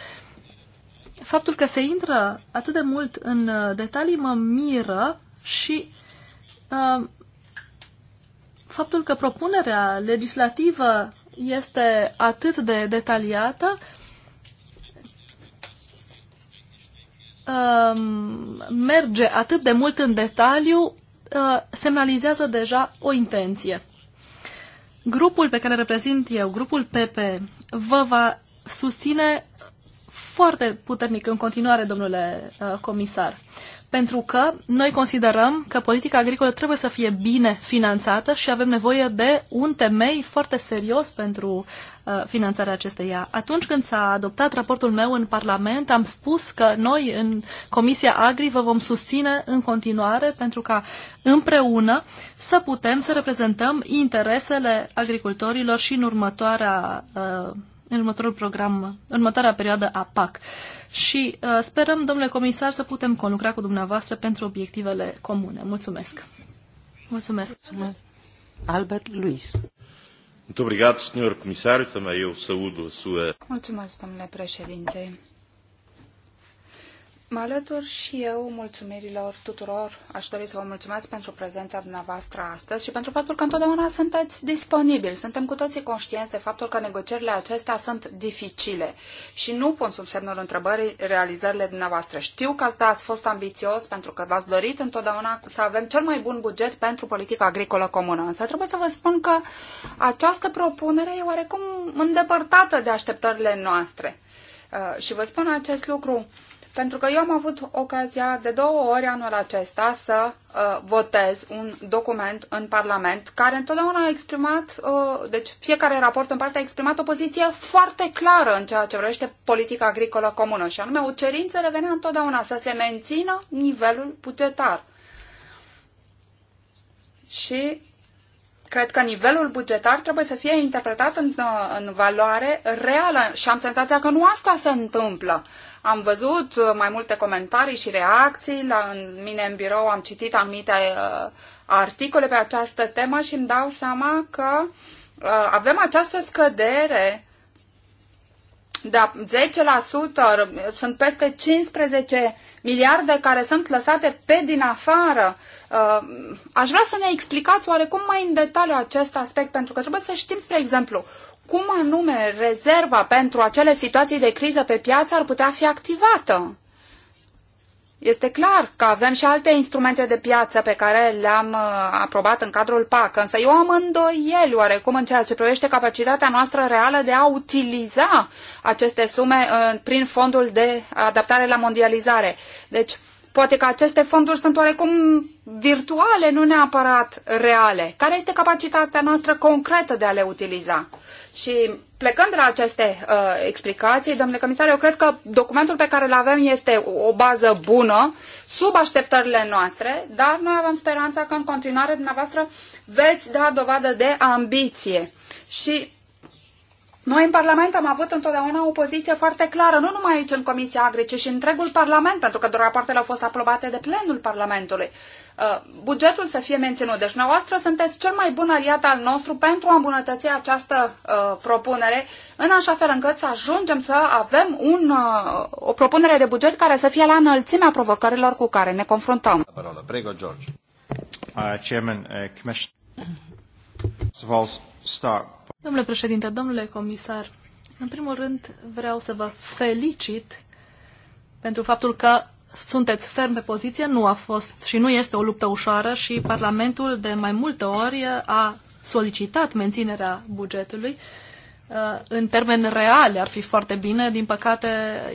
faptul că se intră atât de mult în uh, detalii mă miră și uh, faptul că propunerea legislativă este atât de detaliată um, merge atât de mult în detaliu, uh, semnalizează deja o intenție. Grupul pe care reprezint eu, grupul PP, vă va susține foarte puternic în continuare, domnule uh, comisar pentru că noi considerăm că politica agricolă trebuie să fie bine finanțată și avem nevoie de un temei foarte serios pentru uh, finanțarea acesteia. Atunci când s-a adoptat raportul meu în Parlament, am spus că noi în Comisia Agri vă vom susține în continuare pentru ca împreună să putem să reprezentăm interesele agricultorilor și în următoarea uh, în următorul program, în următoarea perioadă a PAC și uh, sperăm, domnule comisar, să putem conlucra cu dumneavoastră pentru obiectivele comune. Mulțumesc! Mulțumesc! Mulțumesc. Albert Luis. Muito obrigado, senhor comissário. Também eu saúdo a sua. Mulțumesc, domnule președinte. Mă alătur și eu mulțumirilor tuturor. Aș dori să vă mulțumesc pentru prezența dumneavoastră astăzi și pentru faptul că întotdeauna sunteți disponibili. Suntem cu toții conștienți de faptul că negocierile acestea sunt dificile și nu pun sub semnul întrebării realizările dumneavoastră. Știu că ați fost ambițios pentru că v-ați dorit întotdeauna să avem cel mai bun buget pentru politica agricolă comună. Însă trebuie să vă spun că această propunere e oarecum îndepărtată de așteptările noastre. Uh, și vă spun acest lucru pentru că eu am avut ocazia de două ori anul acesta să uh, votez un document în Parlament care întotdeauna a exprimat, uh, deci fiecare raport în parte a exprimat o poziție foarte clară în ceea ce vrește politica agricolă comună și anume o cerință revenea întotdeauna să se mențină nivelul bugetar. Și cred că nivelul bugetar trebuie să fie interpretat în, uh, în valoare reală și am senzația că nu asta se întâmplă. Am văzut uh, mai multe comentarii și reacții. La mine în birou am citit anumite uh, articole pe această temă și îmi dau seama că uh, avem această scădere da, 10% sunt peste 15 miliarde care sunt lăsate pe din afară. Aș vrea să ne explicați oarecum mai în detaliu acest aspect, pentru că trebuie să știm, spre exemplu, cum anume rezerva pentru acele situații de criză pe piață ar putea fi activată. Este clar că avem și alte instrumente de piață pe care le-am uh, aprobat în cadrul PAC, însă eu am îndoieli oarecum în ceea ce privește capacitatea noastră reală de a utiliza aceste sume uh, prin fondul de adaptare la mondializare. Deci, Poate că aceste fonduri sunt oarecum virtuale, nu neapărat reale. Care este capacitatea noastră concretă de a le utiliza? Și plecând de la aceste uh, explicații, domnule comisar, eu cred că documentul pe care îl avem este o bază bună, sub așteptările noastre, dar noi avem speranța că în continuare dumneavoastră veți da dovadă de ambiție. Și noi în Parlament am avut întotdeauna o poziție foarte clară, nu numai aici în Comisia Agri, ci și întregul Parlament, pentru că doar rapoartele au fost aprobate de plenul Parlamentului. Uh, bugetul să fie menținut. Deci, noastră sunteți cel mai bun aliat al nostru pentru a îmbunătăți această uh, propunere, în așa fel încât să ajungem să avem un, uh, o propunere de buget care să fie la înălțimea provocărilor cu care ne confruntăm. Parola. George. Uh, chairman, uh, commission... Domnule președinte, domnule comisar, în primul rând vreau să vă felicit pentru faptul că sunteți ferm pe poziție, nu a fost și nu este o luptă ușoară și Parlamentul de mai multe ori a solicitat menținerea bugetului. Uh, în termeni reale ar fi foarte bine, din păcate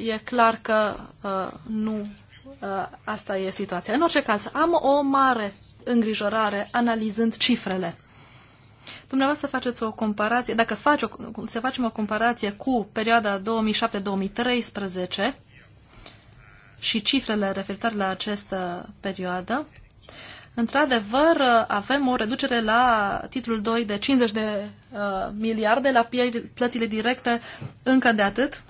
e clar că uh, nu uh, asta e situația. În orice caz, am o mare îngrijorare analizând cifrele. Dumneavoastră faceți o comparație, dacă face o, să facem o comparație cu perioada 2007-2013 și cifrele referitoare la această perioadă, Într-adevăr, avem o reducere la titlul 2 de 50 de uh, miliarde, la plățile directe încă de atât.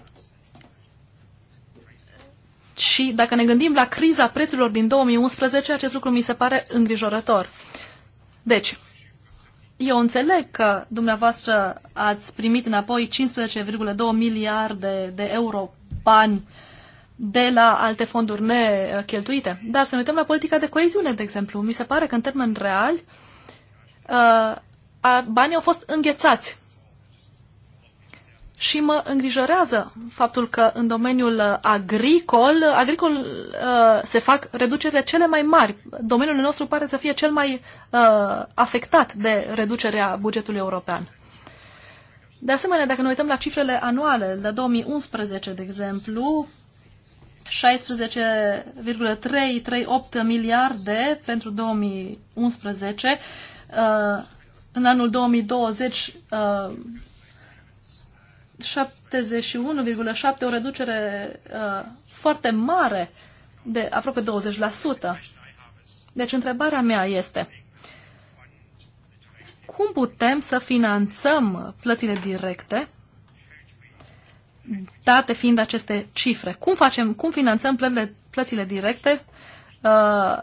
Și dacă ne gândim la criza prețurilor din 2011, acest lucru mi se pare îngrijorător. Deci, eu înțeleg că dumneavoastră ați primit înapoi 15,2 miliarde de euro bani de la alte fonduri necheltuite. Dar să ne uităm la politica de coeziune, de exemplu. Mi se pare că în termeni reali uh, banii au fost înghețați și mă îngrijorează faptul că în domeniul uh, agricol, agricol uh, se fac reducerile cele mai mari. Domeniul nostru pare să fie cel mai uh, afectat de reducerea bugetului european. De asemenea, dacă ne uităm la cifrele anuale, la 2011, de exemplu, 16,338 miliarde pentru 2011, în anul 2020 71,7, o reducere uh, foarte mare de aproape 20%. Deci întrebarea mea este, cum putem să finanțăm plățile directe, date fiind aceste cifre? Cum facem, cum finanțăm plățile, plățile directe, uh,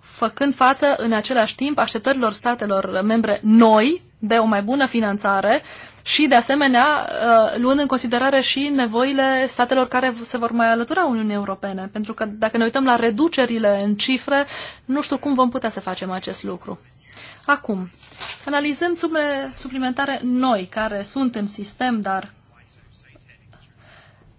făcând față în același timp așteptărilor statelor membre noi de o mai bună finanțare și, de asemenea, uh, luând în considerare și nevoile statelor care se vor mai alătura Uniunii Europene. Pentru că, dacă ne uităm la reducerile în cifre, nu știu cum vom putea să facem acest lucru. Acum, analizând sume suplimentare noi care sunt în sistem, dar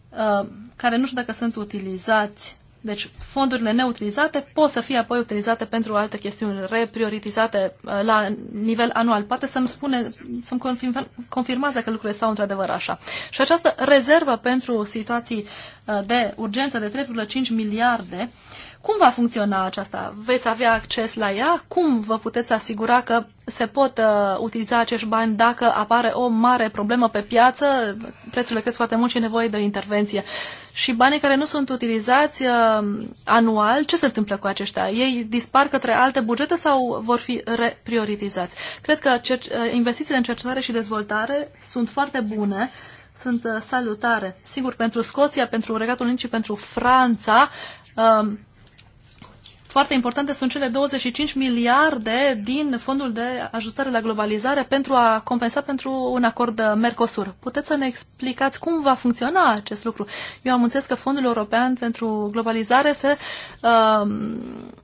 uh, care nu știu dacă sunt utilizați deci fondurile neutilizate pot să fie apoi utilizate pentru alte chestiuni reprioritizate uh, la nivel anual. Poate să-mi spune, să-mi confirmează că lucrurile stau într-adevăr așa. Și această rezervă pentru situații uh, de urgență de 3,5 miliarde, cum va funcționa aceasta? Veți avea acces la ea? Cum vă puteți asigura că se pot uh, utiliza acești bani dacă apare o mare problemă pe piață, prețurile cresc foarte mult și e nevoie de intervenție. Și banii care nu sunt utilizați uh, anual, ce se întâmplă cu aceștia? Ei dispar către alte bugete sau vor fi reprioritizați? Cred că uh, investițiile în cercetare și dezvoltare sunt foarte bune, sunt uh, salutare. Sigur, pentru Scoția, pentru Regatul Unit și pentru Franța, uh, foarte importante sunt cele 25 miliarde din fondul de ajustare la globalizare pentru a compensa pentru un acord Mercosur. Puteți să ne explicați cum va funcționa acest lucru? Eu am înțeles că fondul european pentru globalizare se uh,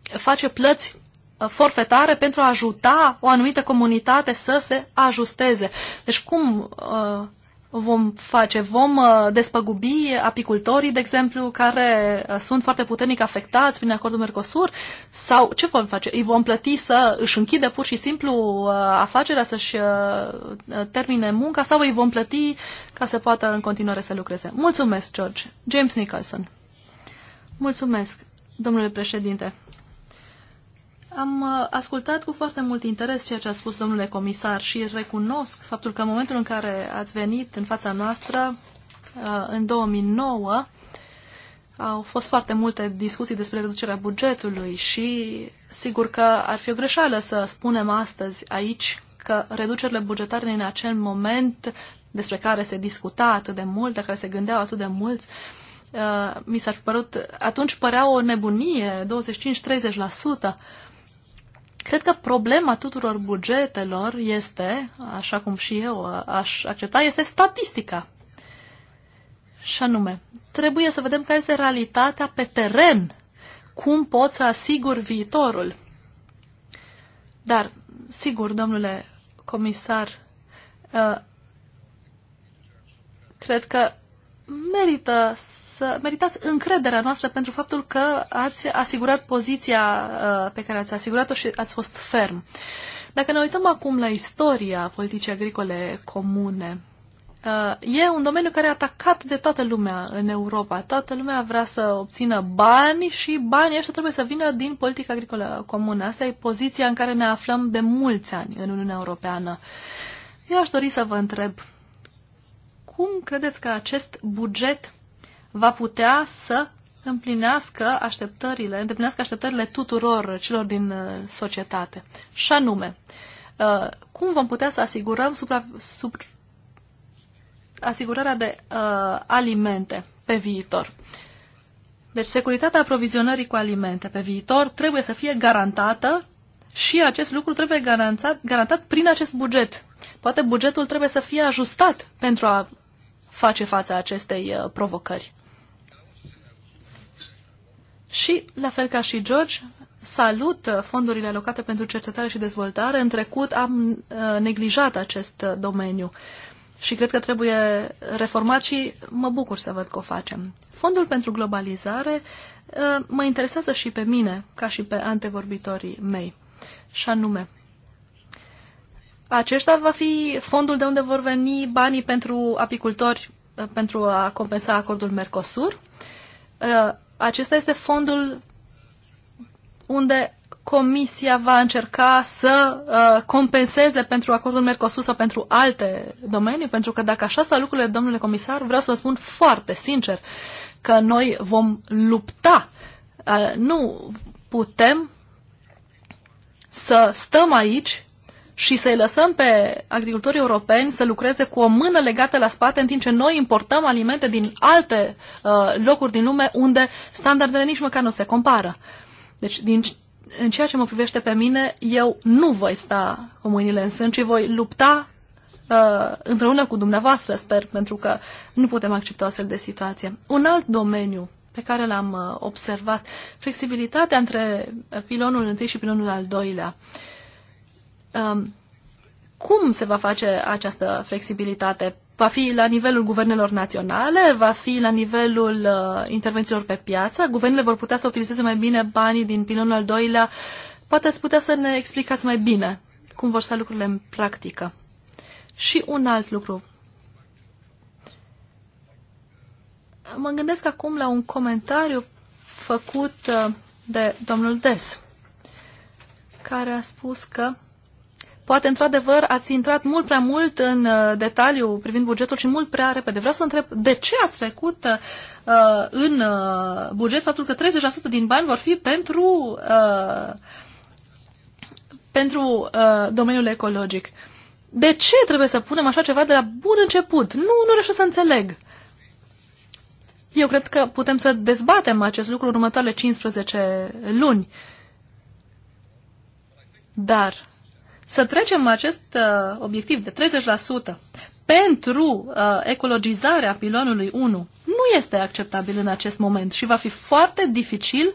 face plăți uh, forfetare pentru a ajuta o anumită comunitate să se ajusteze. Deci cum uh, vom face? Vom uh, despăgubi apicultorii, de exemplu, care uh, sunt foarte puternic afectați prin acordul Mercosur? Sau ce vom face? Îi vom plăti să își închidă pur și simplu uh, afacerea, să-și termine munca sau îi vom plăti ca să poată în continuare să lucreze? Mulțumesc, George. James Nicholson. Mulțumesc, domnule președinte. Am uh, ascultat cu foarte mult interes ceea ce a spus domnule comisar și recunosc faptul că în momentul în care ați venit în fața noastră, uh, în 2009, au fost foarte multe discuții despre reducerea bugetului și sigur că ar fi o greșeală să spunem astăzi aici că reducerile bugetare în acel moment despre care se discuta atât de mult, de care se gândeau atât de mulți, uh, mi s-ar părut, atunci părea o nebunie, 25-30%. Cred că problema tuturor bugetelor este, așa cum și eu aș accepta, este statistica. Și anume, trebuie să vedem care este realitatea pe teren, cum pot să asigur viitorul. Dar, sigur, domnule comisar, uh, cred că merită să meritați încrederea noastră pentru faptul că ați asigurat poziția uh, pe care ați asigurat-o și ați fost ferm. Dacă ne uităm acum la istoria politicii agricole comune, uh, e un domeniu care e atacat de toată lumea în Europa. Toată lumea vrea să obțină bani și banii ăștia trebuie să vină din politica agricolă comună. Asta e poziția în care ne aflăm de mulți ani în Uniunea Europeană. Eu aș dori să vă întreb cum credeți că acest buget va putea să împlinească așteptările, îndeplinească așteptările tuturor celor din uh, societate? Și anume, uh, cum vom putea să asigurăm supra, sub, asigurarea de uh, alimente pe viitor? Deci securitatea aprovizionării cu alimente pe viitor trebuie să fie garantată și acest lucru trebuie garantat, garantat prin acest buget. Poate bugetul trebuie să fie ajustat pentru a face față acestei uh, provocări. Și, la fel ca și George, salut uh, fondurile alocate pentru cercetare și dezvoltare. În trecut am uh, neglijat acest domeniu și cred că trebuie reformat și mă bucur să văd că o facem. Fondul pentru globalizare mă interesează și pe mine, ca și pe antevorbitorii mei. Și anume, aceștia va fi fondul de unde vor veni banii pentru apicultori uh, pentru a compensa acordul Mercosur. Uh, acesta este fondul unde Comisia va încerca să uh, compenseze pentru acordul Mercosur sau pentru alte domenii, pentru că dacă așa stau lucrurile, domnule comisar, vreau să vă spun foarte sincer că noi vom lupta. Uh, nu putem să stăm aici și să-i lăsăm pe agricultorii europeni să lucreze cu o mână legată la spate, în timp ce noi importăm alimente din alte uh, locuri din lume unde standardele nici măcar nu se compară. Deci, din, în ceea ce mă privește pe mine, eu nu voi sta cu mâinile în sân, ci voi lupta uh, împreună cu dumneavoastră, sper, pentru că nu putem accepta astfel de situație. Un alt domeniu pe care l-am uh, observat, flexibilitatea între pilonul întâi și pilonul al doilea. Uh, um, cum se va face această flexibilitate? Va fi la nivelul guvernelor naționale? Va fi la nivelul uh, intervențiilor pe piață? Guvernele vor putea să utilizeze mai bine banii din pilonul al doilea? Poate ați putea să ne explicați mai bine cum vor sta lucrurile în practică. Și un alt lucru. Mă gândesc acum la un comentariu făcut uh, de domnul Des, care a spus că Poate, într-adevăr, ați intrat mult prea mult în uh, detaliu privind bugetul și mult prea repede. Vreau să întreb de ce ați trecut uh, în uh, buget faptul că 30% din bani vor fi pentru, uh, pentru uh, domeniul ecologic. De ce trebuie să punem așa ceva de la bun început? Nu, nu reușesc să înțeleg. Eu cred că putem să dezbatem acest lucru în următoarele 15 luni. Dar să trecem acest uh, obiectiv de 30% pentru uh, ecologizarea pilonului 1 nu este acceptabil în acest moment și va fi foarte dificil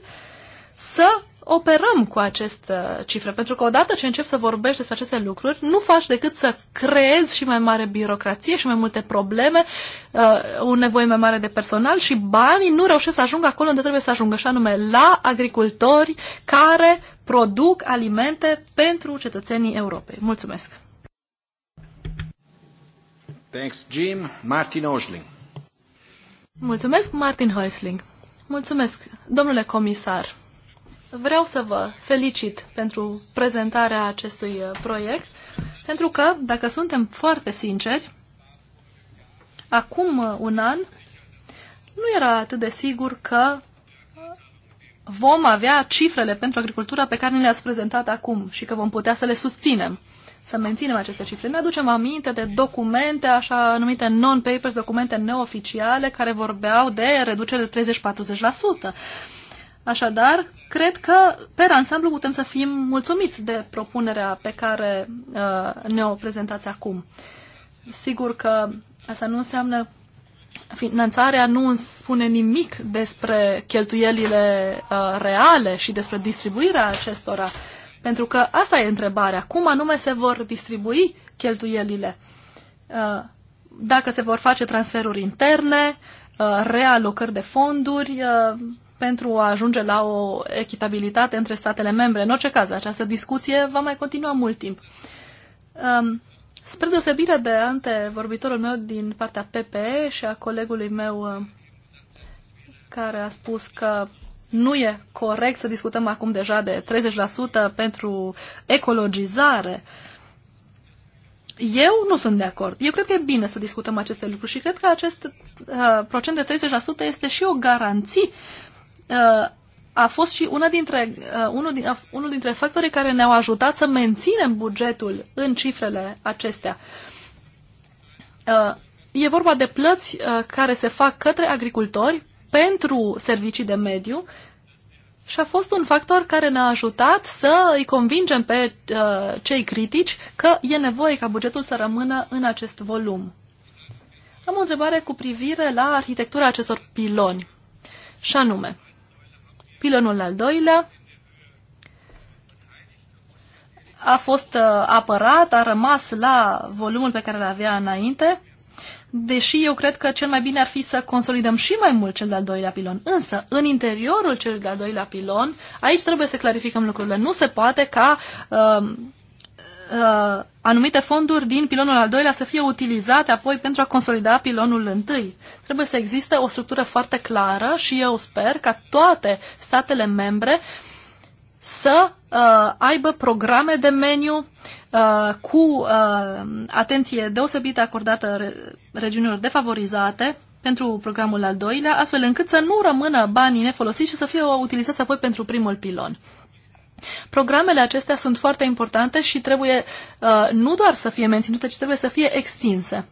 să operăm cu aceste cifre, pentru că odată ce începi să vorbești despre aceste lucruri, nu faci decât să creezi și mai mare birocrație și mai multe probleme, uh, un nevoie mai mare de personal și banii nu reușesc să ajungă acolo unde trebuie să ajungă, și anume la agricultori care produc alimente pentru cetățenii Europei. Mulțumesc! Thanks, Jim. Martin Oșling. Mulțumesc, Martin Häusling. Mulțumesc, domnule comisar vreau să vă felicit pentru prezentarea acestui uh, proiect, pentru că, dacă suntem foarte sinceri, acum uh, un an nu era atât de sigur că vom avea cifrele pentru agricultura pe care ne le-ați prezentat acum și că vom putea să le susținem, să menținem aceste cifre. Ne aducem aminte de documente, așa numite non-papers, documente neoficiale, care vorbeau de reducere de 30-40%. Așadar, cred că, pe ansamblu, putem să fim mulțumiți de propunerea pe care uh, ne-o prezentați acum. Sigur că asta nu înseamnă finanțarea nu spune nimic despre cheltuielile uh, reale și despre distribuirea acestora, pentru că asta e întrebarea. Cum anume se vor distribui cheltuielile? Uh, dacă se vor face transferuri interne, uh, realocări de fonduri, uh, pentru a ajunge la o echitabilitate între statele membre. În orice caz, această discuție va mai continua mult timp. Um, spre deosebire de vorbitorul meu din partea PPE și a colegului meu uh, care a spus că nu e corect să discutăm acum deja de 30% pentru ecologizare. Eu nu sunt de acord. Eu cred că e bine să discutăm aceste lucruri și cred că acest uh, procent de 30% este și o garanție Uh, a fost și una dintre, uh, unul, din, uh, unul dintre factorii care ne-au ajutat să menținem bugetul în cifrele acestea. Uh, e vorba de plăți uh, care se fac către agricultori pentru servicii de mediu și a fost un factor care ne-a ajutat să îi convingem pe uh, cei critici că e nevoie ca bugetul să rămână în acest volum. Am o întrebare cu privire la arhitectura acestor piloni. Și anume, Pilonul al doilea a fost uh, apărat, a rămas la volumul pe care îl avea înainte, deși eu cred că cel mai bine ar fi să consolidăm și mai mult cel de-al doilea pilon. Însă, în interiorul cel de-al doilea pilon, aici trebuie să clarificăm lucrurile. Nu se poate ca Uh, uh, anumite fonduri din pilonul al doilea să fie utilizate apoi pentru a consolida pilonul întâi. Trebuie să existe o structură foarte clară și eu sper ca toate statele membre să uh, aibă programe de meniu uh, cu uh, atenție deosebită acordată re- regiunilor defavorizate pentru programul al doilea, astfel încât să nu rămână banii nefolosiți și să fie utilizați apoi pentru primul pilon. Programele acestea sunt foarte importante și trebuie uh, nu doar să fie menținute, ci trebuie să fie extinse.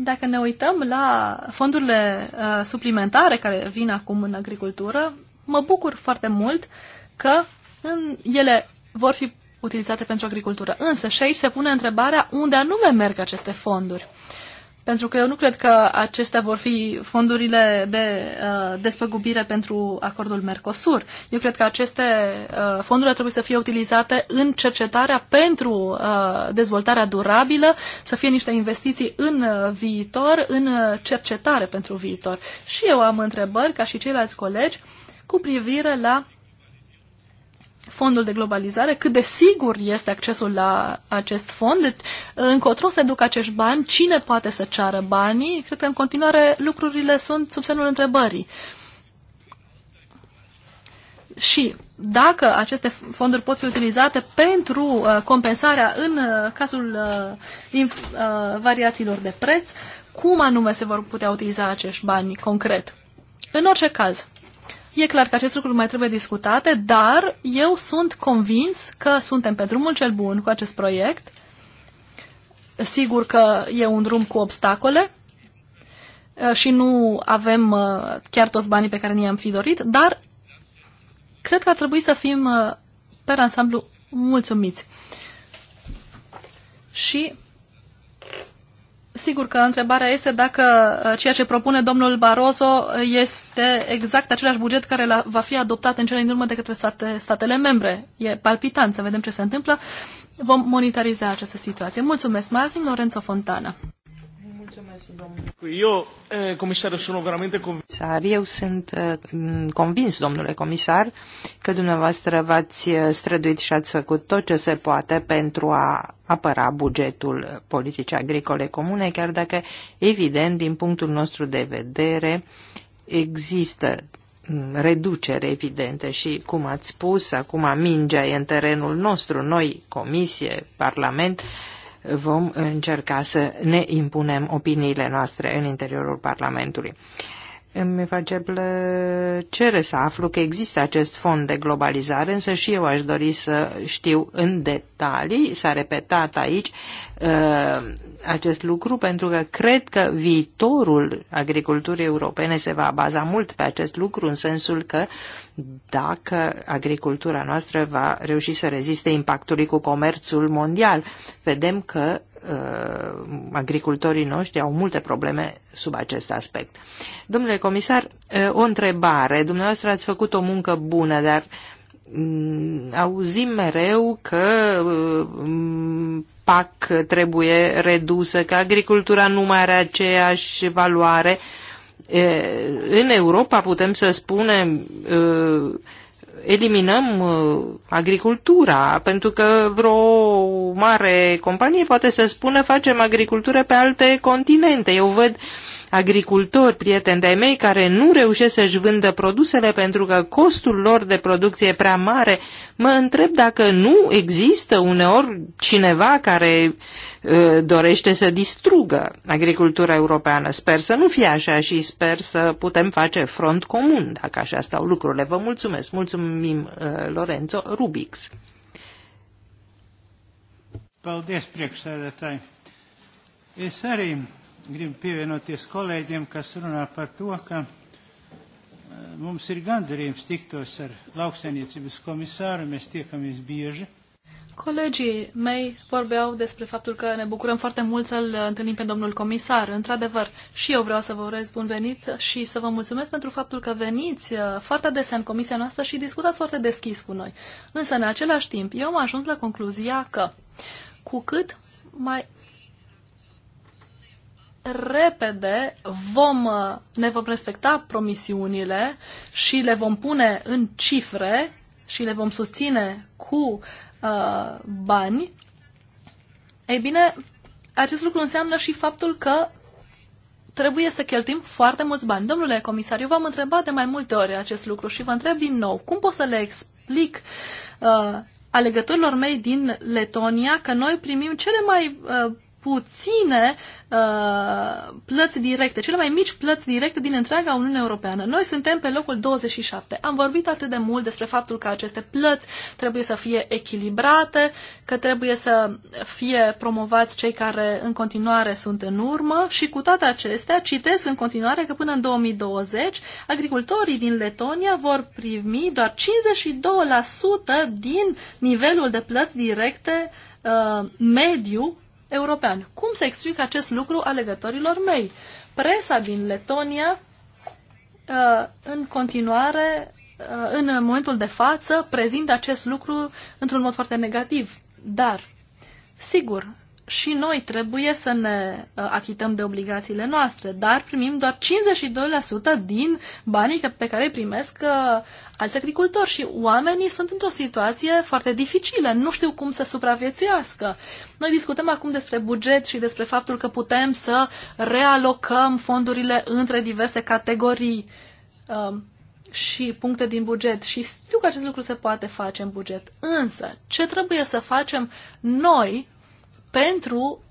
Dacă ne uităm la fondurile uh, suplimentare care vin acum în agricultură, mă bucur foarte mult că în ele vor fi utilizate pentru agricultură. Însă și aici se pune întrebarea unde anume merg aceste fonduri. Uh, pentru că eu nu cred că acestea vor fi fondurile de uh, despăgubire pentru acordul Mercosur. Eu cred că aceste uh, fonduri trebuie să fie utilizate în cercetarea pentru uh, dezvoltarea durabilă, să fie niște investiții în uh, viitor, în uh, cercetare pentru viitor. Și eu am întrebări, ca și ceilalți colegi, cu privire la fondul de globalizare, cât de sigur este accesul la acest fond, deci, încotro se duc acești bani, cine poate să ceară banii, cred că în continuare lucrurile sunt sub semnul întrebării. Și dacă aceste fonduri pot fi utilizate pentru uh, compensarea în uh, cazul uh, inf- uh, variațiilor de preț, cum anume se vor putea utiliza acești bani concret? În orice caz, E clar că acest lucru mai trebuie discutate, dar eu sunt convins că suntem pe drumul cel bun cu acest proiect. Sigur că e un drum cu obstacole uh, și nu avem uh, chiar toți banii pe care ni-am fi dorit, dar cred că ar trebui să fim uh, pe ansamblu mulțumiți. Și Sigur că întrebarea este dacă uh, ceea ce propune domnul Barroso uh, este exact același buget care va fi adoptat în cele din urmă de către state, statele membre. E palpitant să vedem ce se întâmplă. Vom monitoriza această situație. Mulțumesc, Marvin Lorenzo Fontana. Eu, eh, comisarul, sunt veramente convins. Eu sunt eh, convins, domnule comisar, că dumneavoastră v-ați eh, străduit și ați făcut tot ce se poate pentru a apăra bugetul politicii agricole comune, chiar dacă, evident, din punctul nostru de vedere, există mm, reducere evidente și, cum ați spus, acum mingea e în terenul nostru, noi, Comisie, Parlament, uh, vom încerca să ne impunem opiniile noastre în interiorul Parlamentului. Îmi face plăcere să aflu că există acest fond de globalizare, însă și eu aș dori să știu în detalii, s-a repetat aici, uh, acest lucru pentru că cred că viitorul agriculturii europene se va baza mult pe acest lucru în sensul că dacă agricultura noastră va reuși să reziste impactului cu comerțul mondial, vedem că uh, agricultorii noștri au multe probleme sub acest aspect. Domnule comisar, uh, o întrebare. Dumneavoastră ați făcut o muncă bună, dar mm, auzim mereu că uh, PAC trebuie redusă, că agricultura nu mai are aceeași valoare. În Europa putem să spunem eliminăm agricultura, pentru că vreo mare companie poate să spună facem agricultură pe alte continente. Eu văd agricultori, prieteni de-ai mei, care nu reușesc să-și vândă produsele pentru că costul lor de producție e prea mare, mă întreb dacă nu există uneori cineva care uh, dorește să distrugă agricultura europeană. Sper să nu fie așa și sper să putem face front comun, dacă așa stau lucrurile. Vă mulțumesc. Mulțumim, uh, Lorenzo Rubix. Paldies, priekšsēdētāji. Es arī gribu pievienoties kolēģiem, kas runā par to, ka mums ir gandarījums tiktos ar lauksainiecības komisāru, mēs tiekamies bieži. Colegii mei vorbeau despre faptul că ne bucurăm foarte mult să-l întâlnim pe domnul comisar. Într-adevăr, și eu vreau să vă urez bun venit și să vă mulțumesc pentru faptul că veniți foarte des în comisia noastră și discutați foarte deschis cu noi. Însă, în același timp, eu am ajuns la concluzia că cu cât mai repede vom, uh, ne vom respecta promisiunile și le vom pune în cifre și le vom susține cu uh, bani, ei bine, acest lucru înseamnă și faptul că trebuie să cheltuim foarte mulți bani. Domnule comisar, eu v-am întrebat de mai multe ori acest lucru și vă întreb din nou, cum pot să le explic uh, alegătorilor mei din Letonia că noi primim cele mai uh, puține uh, plăți directe, cele mai mici plăți directe din întreaga Uniune Europeană. Noi suntem pe locul 27. Am vorbit atât de mult despre faptul că aceste plăți trebuie să fie echilibrate, că trebuie să fie promovați cei care în continuare sunt în urmă și cu toate acestea citesc în continuare că până în 2020 agricultorii din Letonia vor primi doar 52% din nivelul de plăți directe uh, mediu european. Cum se explic acest lucru alegătorilor mei? Presa din Letonia uh, în continuare, uh, în momentul de față, prezintă acest lucru într-un mod foarte negativ. Dar, sigur, și noi trebuie să ne uh, achităm de obligațiile noastre, dar primim doar 52% din banii pe care îi primesc uh, alți agricultori și oamenii sunt într-o situație foarte dificilă, nu știu cum să supraviețuiască. Noi discutăm acum despre buget și despre faptul că putem să realocăm fondurile între diverse categorii um, și puncte din buget și știu că acest lucru se poate face în buget. Însă, ce trebuie să facem noi pentru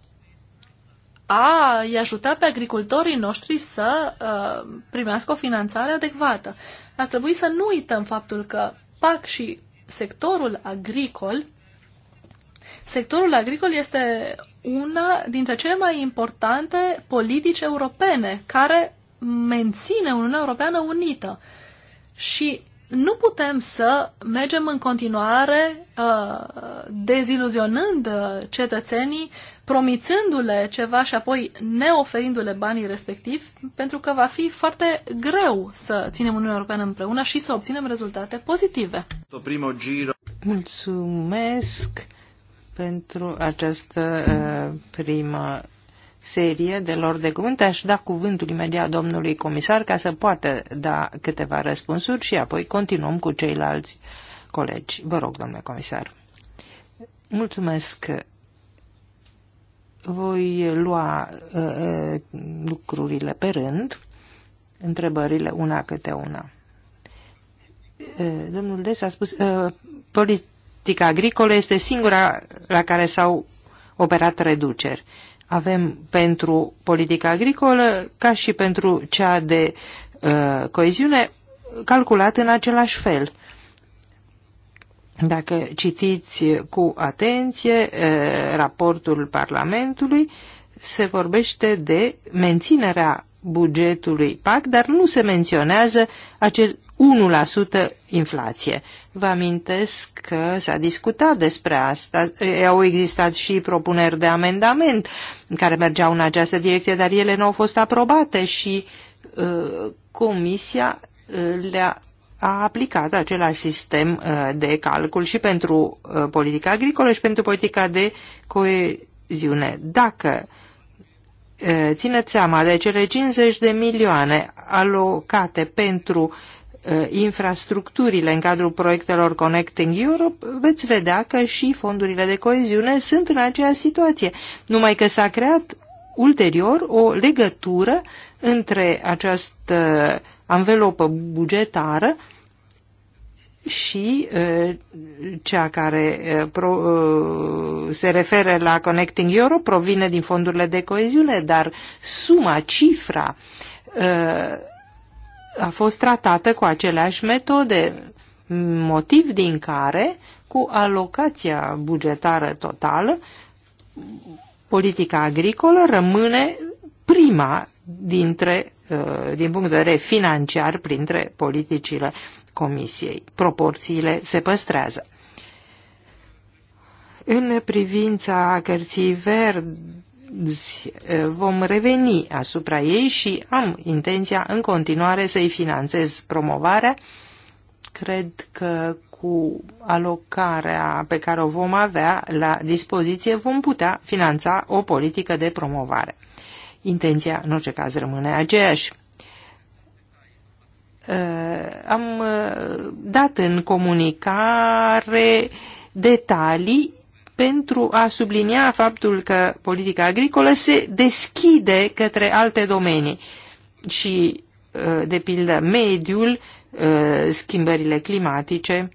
a i ajuta pe agricultorii noștri să uh, primească o finanțare adecvată. Ar trebui să nu uităm faptul că PAC și sectorul agricol, sectorul agricol este una dintre cele mai importante politici europene care menține Uniunea Europeană unită. Și nu putem să mergem în continuare uh, deziluzionând uh, cetățenii, promițându-le ceva și apoi neoferindu-le banii respectiv, pentru că va fi foarte greu să ținem Uniunea Europeană împreună și să obținem rezultate pozitive. Mulțumesc pentru această uh, primă serie de lor de cuvânt. Aș da cuvântul imediat domnului comisar ca să poată da câteva răspunsuri și apoi continuăm cu ceilalți colegi. Vă rog, domnule comisar. Mulțumesc. Voi lua uh, uh lucrurile pe rând, întrebările una câte una. Uh, domnul Des a spus, uh, politica agricolă este singura la care s-au operat reduceri avem pentru politica agricolă ca și pentru cea de uh, coeziune calculat în același fel. Dacă citiți cu atenție uh, raportul Parlamentului, se vorbește de menținerea bugetului PAC, dar nu se menționează acel 1% inflație. Vă amintesc că s-a discutat despre asta. Au existat și propuneri de amendament care mergeau în această direcție, dar ele nu au fost aprobate și uh, Comisia uh, le-a a aplicat același sistem uh, de calcul și pentru uh, politica agricolă și pentru politica de coeziune. Dacă uh, țineți seama de cele 50 de milioane alocate pentru uh, Uh, infrastructurile în cadrul proiectelor Connecting Europe, veți vedea că și fondurile de coeziune sunt în aceeași situație, numai că s-a creat ulterior o legătură între această anvelopă bugetară și uh, cea care uh, se referă la Connecting Europe provine din fondurile de coeziune, dar suma, cifra a fost tratată cu aceleași metode, motiv din care, cu alocația bugetară totală, politica agricolă rămâne prima dintre, uh, din punct de vedere financiar printre politicile Comisiei. Proporțiile se păstrează. În privința cărții verde, vom reveni asupra ei și am intenția în continuare să-i finanțez promovarea. Cred că cu alocarea pe care o vom avea la dispoziție vom putea finanța o politică de promovare. Intenția, în orice caz, rămâne aceeași. Uh, am uh, dat în comunicare detalii pentru a sublinia faptul că politica agricolă se deschide către alte domenii și, uh, de pildă, mediul, uh, schimbările climatice.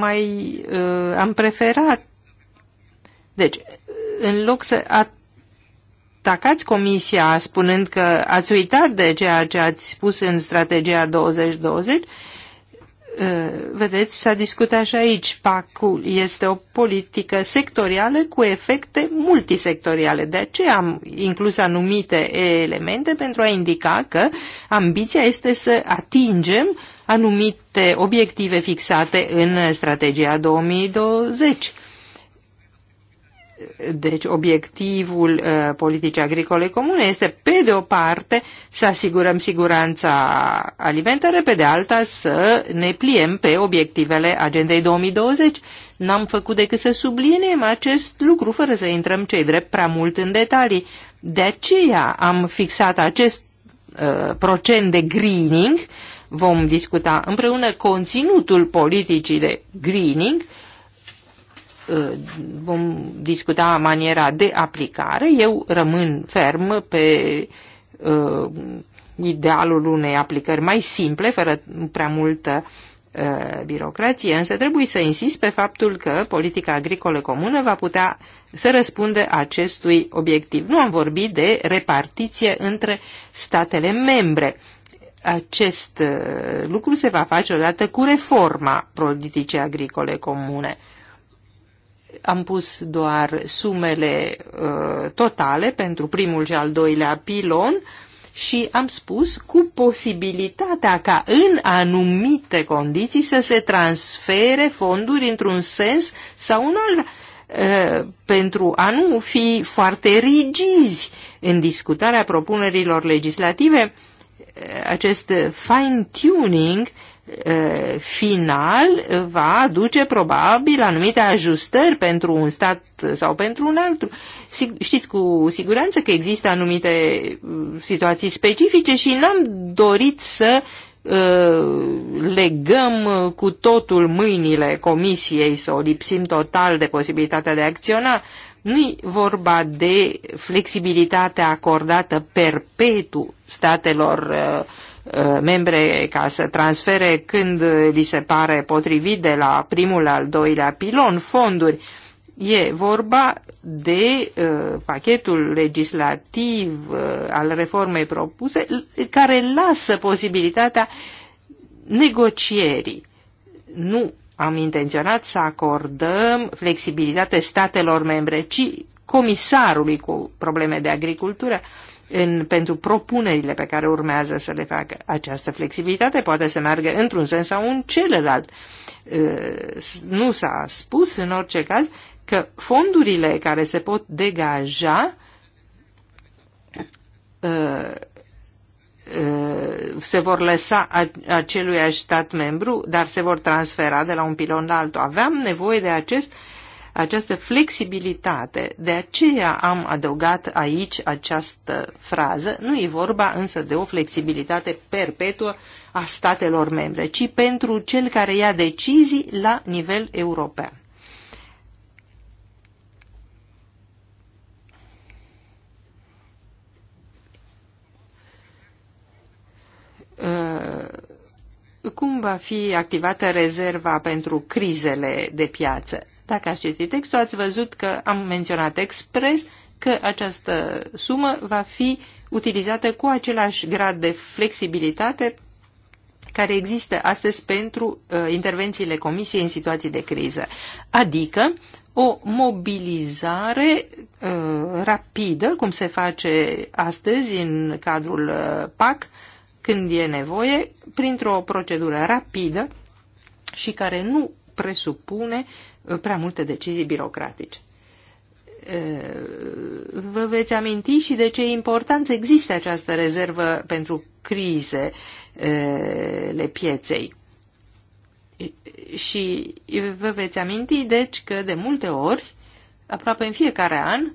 Mai uh, am preferat. Deci, în loc să atacați Comisia spunând că ați uitat de ceea ce ați spus în strategia 2020, Eh, vedeți, s-a discutat și aici. PAC-ul este o politică sectorială cu efecte multisectoriale. De aceea am inclus anumite elemente pentru a indica că ambiția este să atingem anumite obiective fixate în strategia 2020 deci obiectivul uh, politicii agricole comune este, pe de o parte, să asigurăm siguranța alimentară, pe de alta să ne pliem pe obiectivele agendei 2020. N-am făcut decât să subliniem acest lucru fără să intrăm cei drept prea mult în detalii. De aceea am fixat acest uh, procent de greening, vom discuta împreună conținutul politicii de greening, uh, Uh, vom discuta maniera de aplicare. Eu rămân ferm pe uh, idealul unei aplicări mai simple, fără prea multă uh, birocrație, însă trebuie să insist pe faptul că politica agricolă comună va putea să răspundă acestui obiectiv. Nu am vorbit de repartiție între statele membre. Acest lucru se va face odată cu reforma politicii agricole comune am pus doar sumele uh, totale pentru primul și al doilea pilon și am spus cu posibilitatea ca în anumite condiții să se transfere fonduri într-un sens sau în alt, uh, pentru a nu fi foarte rigizi în discutarea propunerilor legislative, uh, acest fine-tuning final va aduce probabil anumite ajustări pentru un stat sau pentru un altul. Știți cu siguranță că există anumite situații specifice și n-am dorit să legăm cu totul mâinile comisiei, să o lipsim total de posibilitatea de a acționa. nu e vorba de flexibilitatea acordată perpetu statelor uh, Uh, membre ca să transfere când li se pare potrivit de la primul la al doilea pilon fonduri. E vorba de uh, pachetul legislativ uh, al reformei propuse care lasă posibilitatea negocierii. Nu am intenționat să acordăm flexibilitate statelor membre, ci comisarului cu probleme de agricultură uh, în, pentru propunerile pe care urmează să le facă. Această flexibilitate poate să meargă într-un sens sau în celălalt. Uh, nu s-a spus în orice caz că fondurile care se pot degaja uh, uh, se vor lăsa acelui stat membru, dar se vor transfera de la un pilon la altul. Aveam nevoie de acest uh, această flexibilitate. De aceea am adăugat aici această frază. Nu e vorba însă de o flexibilitate perpetuă a statelor membre, ci pentru cel care ia decizii la nivel european. Uh, cum va fi activată rezerva pentru crizele de piață? Dacă ați citit textul, ați văzut că am menționat expres că această sumă va fi utilizată cu același grad de flexibilitate care există astăzi pentru uh, intervențiile Comisiei în situații de criză, adică o mobilizare uh, rapidă, cum se face astăzi în cadrul uh, PAC, când e nevoie, printr-o procedură rapidă și care nu presupune prea multe decizii birocratice. Vă veți aminti și de ce importanță există această rezervă pentru crizele pieței. Și vă veți aminti, deci, că de multe ori, aproape în fiecare an,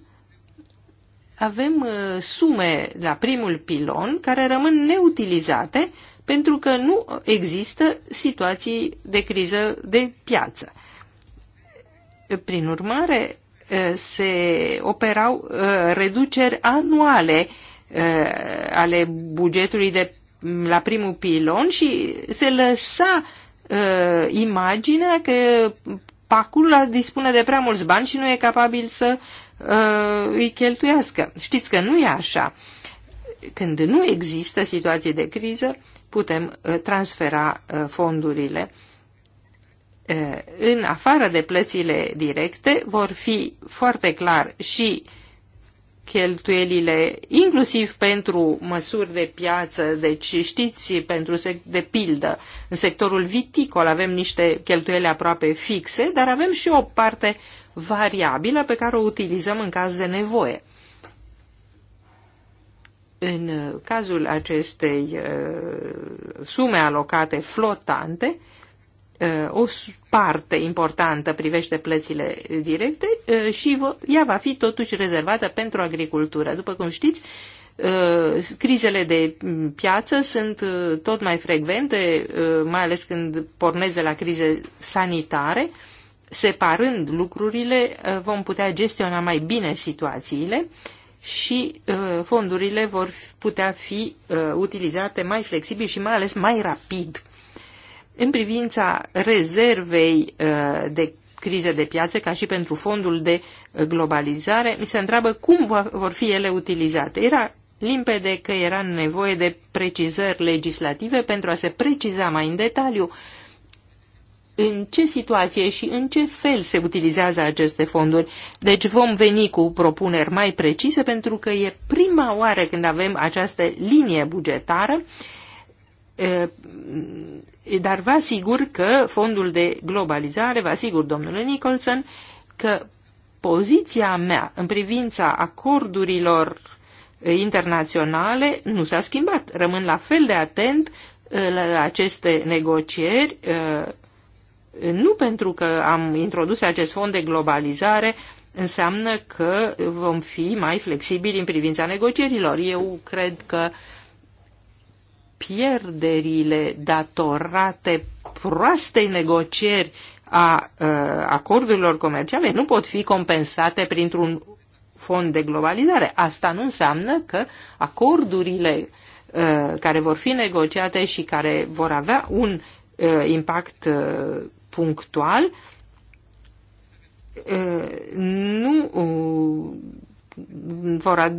avem sume la primul pilon care rămân neutilizate pentru că nu există situații de criză de piață. Prin urmare, se operau reduceri anuale ale bugetului de la primul pilon și se lăsa imaginea că pacul dispune de prea mulți bani și nu e capabil să îi cheltuiască. Știți că nu e așa. Când nu există situație de criză, putem transfera fondurile în afară de plățile directe vor fi foarte clar și cheltuielile, inclusiv pentru măsuri de piață, deci știți, pentru de pildă, în sectorul viticol avem niște cheltuieli aproape fixe, dar avem și o parte variabilă pe care o utilizăm în caz de nevoie. În cazul acestei uh, sume alocate flotante, uh, Uh, o parte importantă privește plățile directe uh, și ea va fi totuși rezervată pentru agricultură. După cum știți, uh, crizele de piață sunt tot mai frecvente, mai ales când pornesc de la crize sanitare. Separând lucrurile, vom putea gestiona mai bine situațiile și fondurile vor putea fi utilizate mai flexibil și mai ales mai rapid în privința rezervei uh, de crize de piață, ca și pentru fondul de uh, globalizare, mi se întreabă cum vor fi ele utilizate. Era limpede că era nevoie de precizări legislative pentru a se preciza mai în detaliu în ce situație și în ce fel se utilizează aceste fonduri. Deci vom veni cu propuneri mai precise pentru că e prima oară când avem această linie bugetară uh, dar vă asigur că fondul de globalizare, vă asigur, domnule Nicholson, că poziția mea în privința acordurilor internaționale nu s-a schimbat. Rămân la fel de atent la aceste negocieri, nu pentru că am introdus acest fond de globalizare, înseamnă că vom fi mai flexibili în privința negocierilor. Eu cred că uh, pierderile datorate proastei negocieri a uh, acordurilor comerciale nu pot fi compensate printr-un fond de globalizare. Asta nu înseamnă că acordurile uh, care vor fi negociate și care vor avea un uh, impact uh, punctual uh, nu uh, vor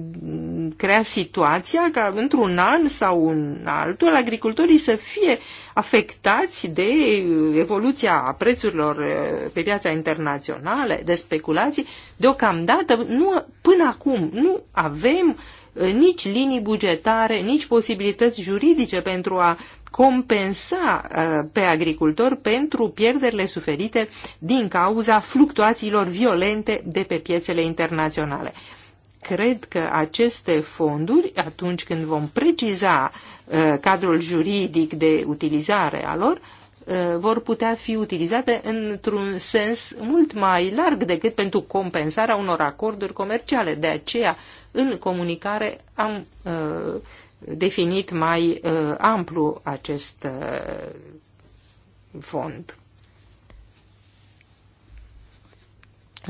crea situația ca într-un an sau în altul agricultorii să fie afectați de evoluția prețurilor eh, pe piața internațională, de speculații. Deocamdată, nu, până acum, nu avem eh, nici linii bugetare, nici posibilități juridice pentru a compensa eh, pe agricultori pentru pierderile suferite din cauza fluctuațiilor violente de pe piețele internaționale cred că aceste fonduri, atunci când vom preciza uh, cadrul juridic de utilizare a lor, uh, vor putea fi utilizate într-un sens mult mai larg decât pentru compensarea unor acorduri comerciale. De aceea, în comunicare am uh, definit mai uh, amplu acest uh, fond.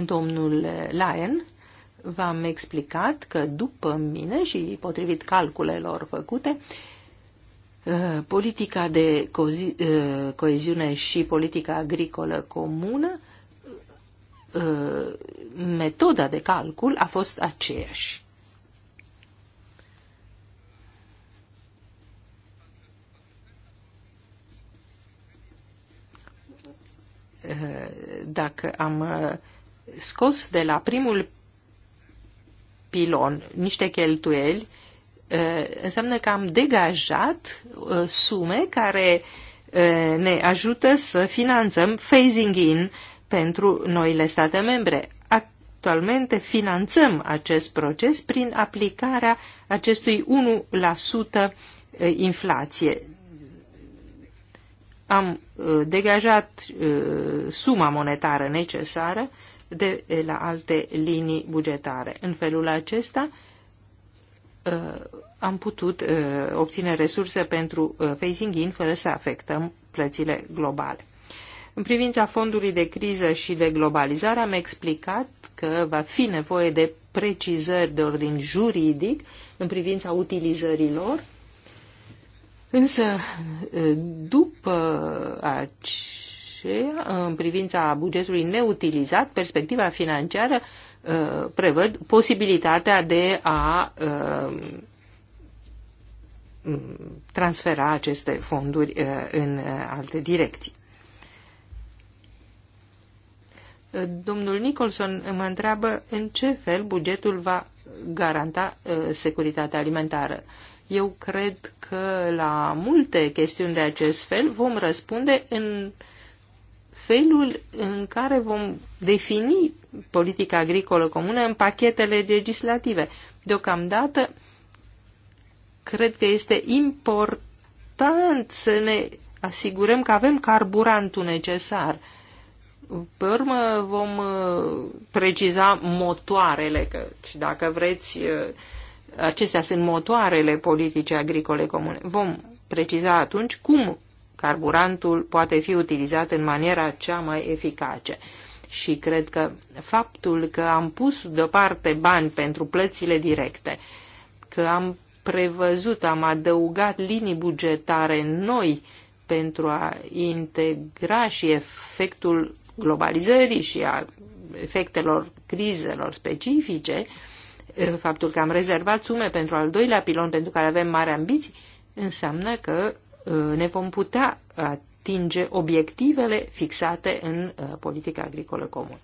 Domnul Lyon v-am explicat că după mine și potrivit calculelor făcute, uh, politica de uh, coeziune și politica agricolă comună, uh, metoda de calcul a fost aceeași. Dacă am scos de la primul pilon niște cheltuieli, uh, înseamnă că am degajat uh, sume care uh, ne ajută să finanțăm phasing in pentru noile state membre. Actualmente finanțăm acest proces prin aplicarea acestui 1% inflație. Am degajat suma monetară necesară de la alte linii bugetare. În felul acesta am putut obține resurse pentru phasing in fără să afectăm plățile globale. În privința fondului de criză și de globalizare am explicat că va fi nevoie de precizări de ordin juridic în privința utilizărilor, însă după aceea aceea, uh, în privința bugetului neutilizat, perspectiva financiară uh, prevăd posibilitatea de a uh, transfera aceste fonduri în alte direcții. Domnul Nicholson mă întreabă în ce fel bugetul va garanta securitatea alimentară. Eu cred că la multe chestiuni de acest fel vom răspunde în uh, felul în care vom defini politica agricolă comună în pachetele legislative. Deocamdată, cred că este important să ne asigurăm că avem carburantul necesar. Pe urmă vom uh, preciza motoarele, că și dacă vreți, uh, acestea sunt motoarele politice agricole comune. Vom preciza atunci cum carburantul poate fi utilizat în maniera cea mai eficace. Și cred că faptul că am pus deoparte bani pentru plățile directe, că am prevăzut, am adăugat linii bugetare noi pentru a integra și efectul globalizării și a efectelor crizelor specifice, faptul că am rezervat sume pentru al doilea pilon pentru care avem mari ambiții, înseamnă că Uh, ne vom putea atinge obiectivele fixate în uh, politica agricolă comună.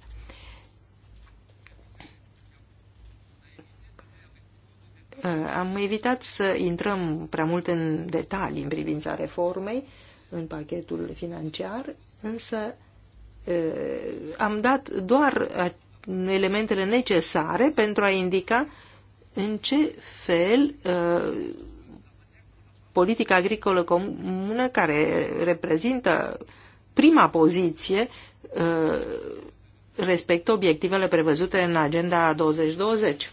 Uh, am evitat să intrăm prea mult în detalii în privința reformei în pachetul financiar, însă am dat doar elementele necesare pentru a indica în ce fel politica agricolă comună, care reprezintă prima poziție, uh, respectă obiectivele prevăzute în Agenda 2020.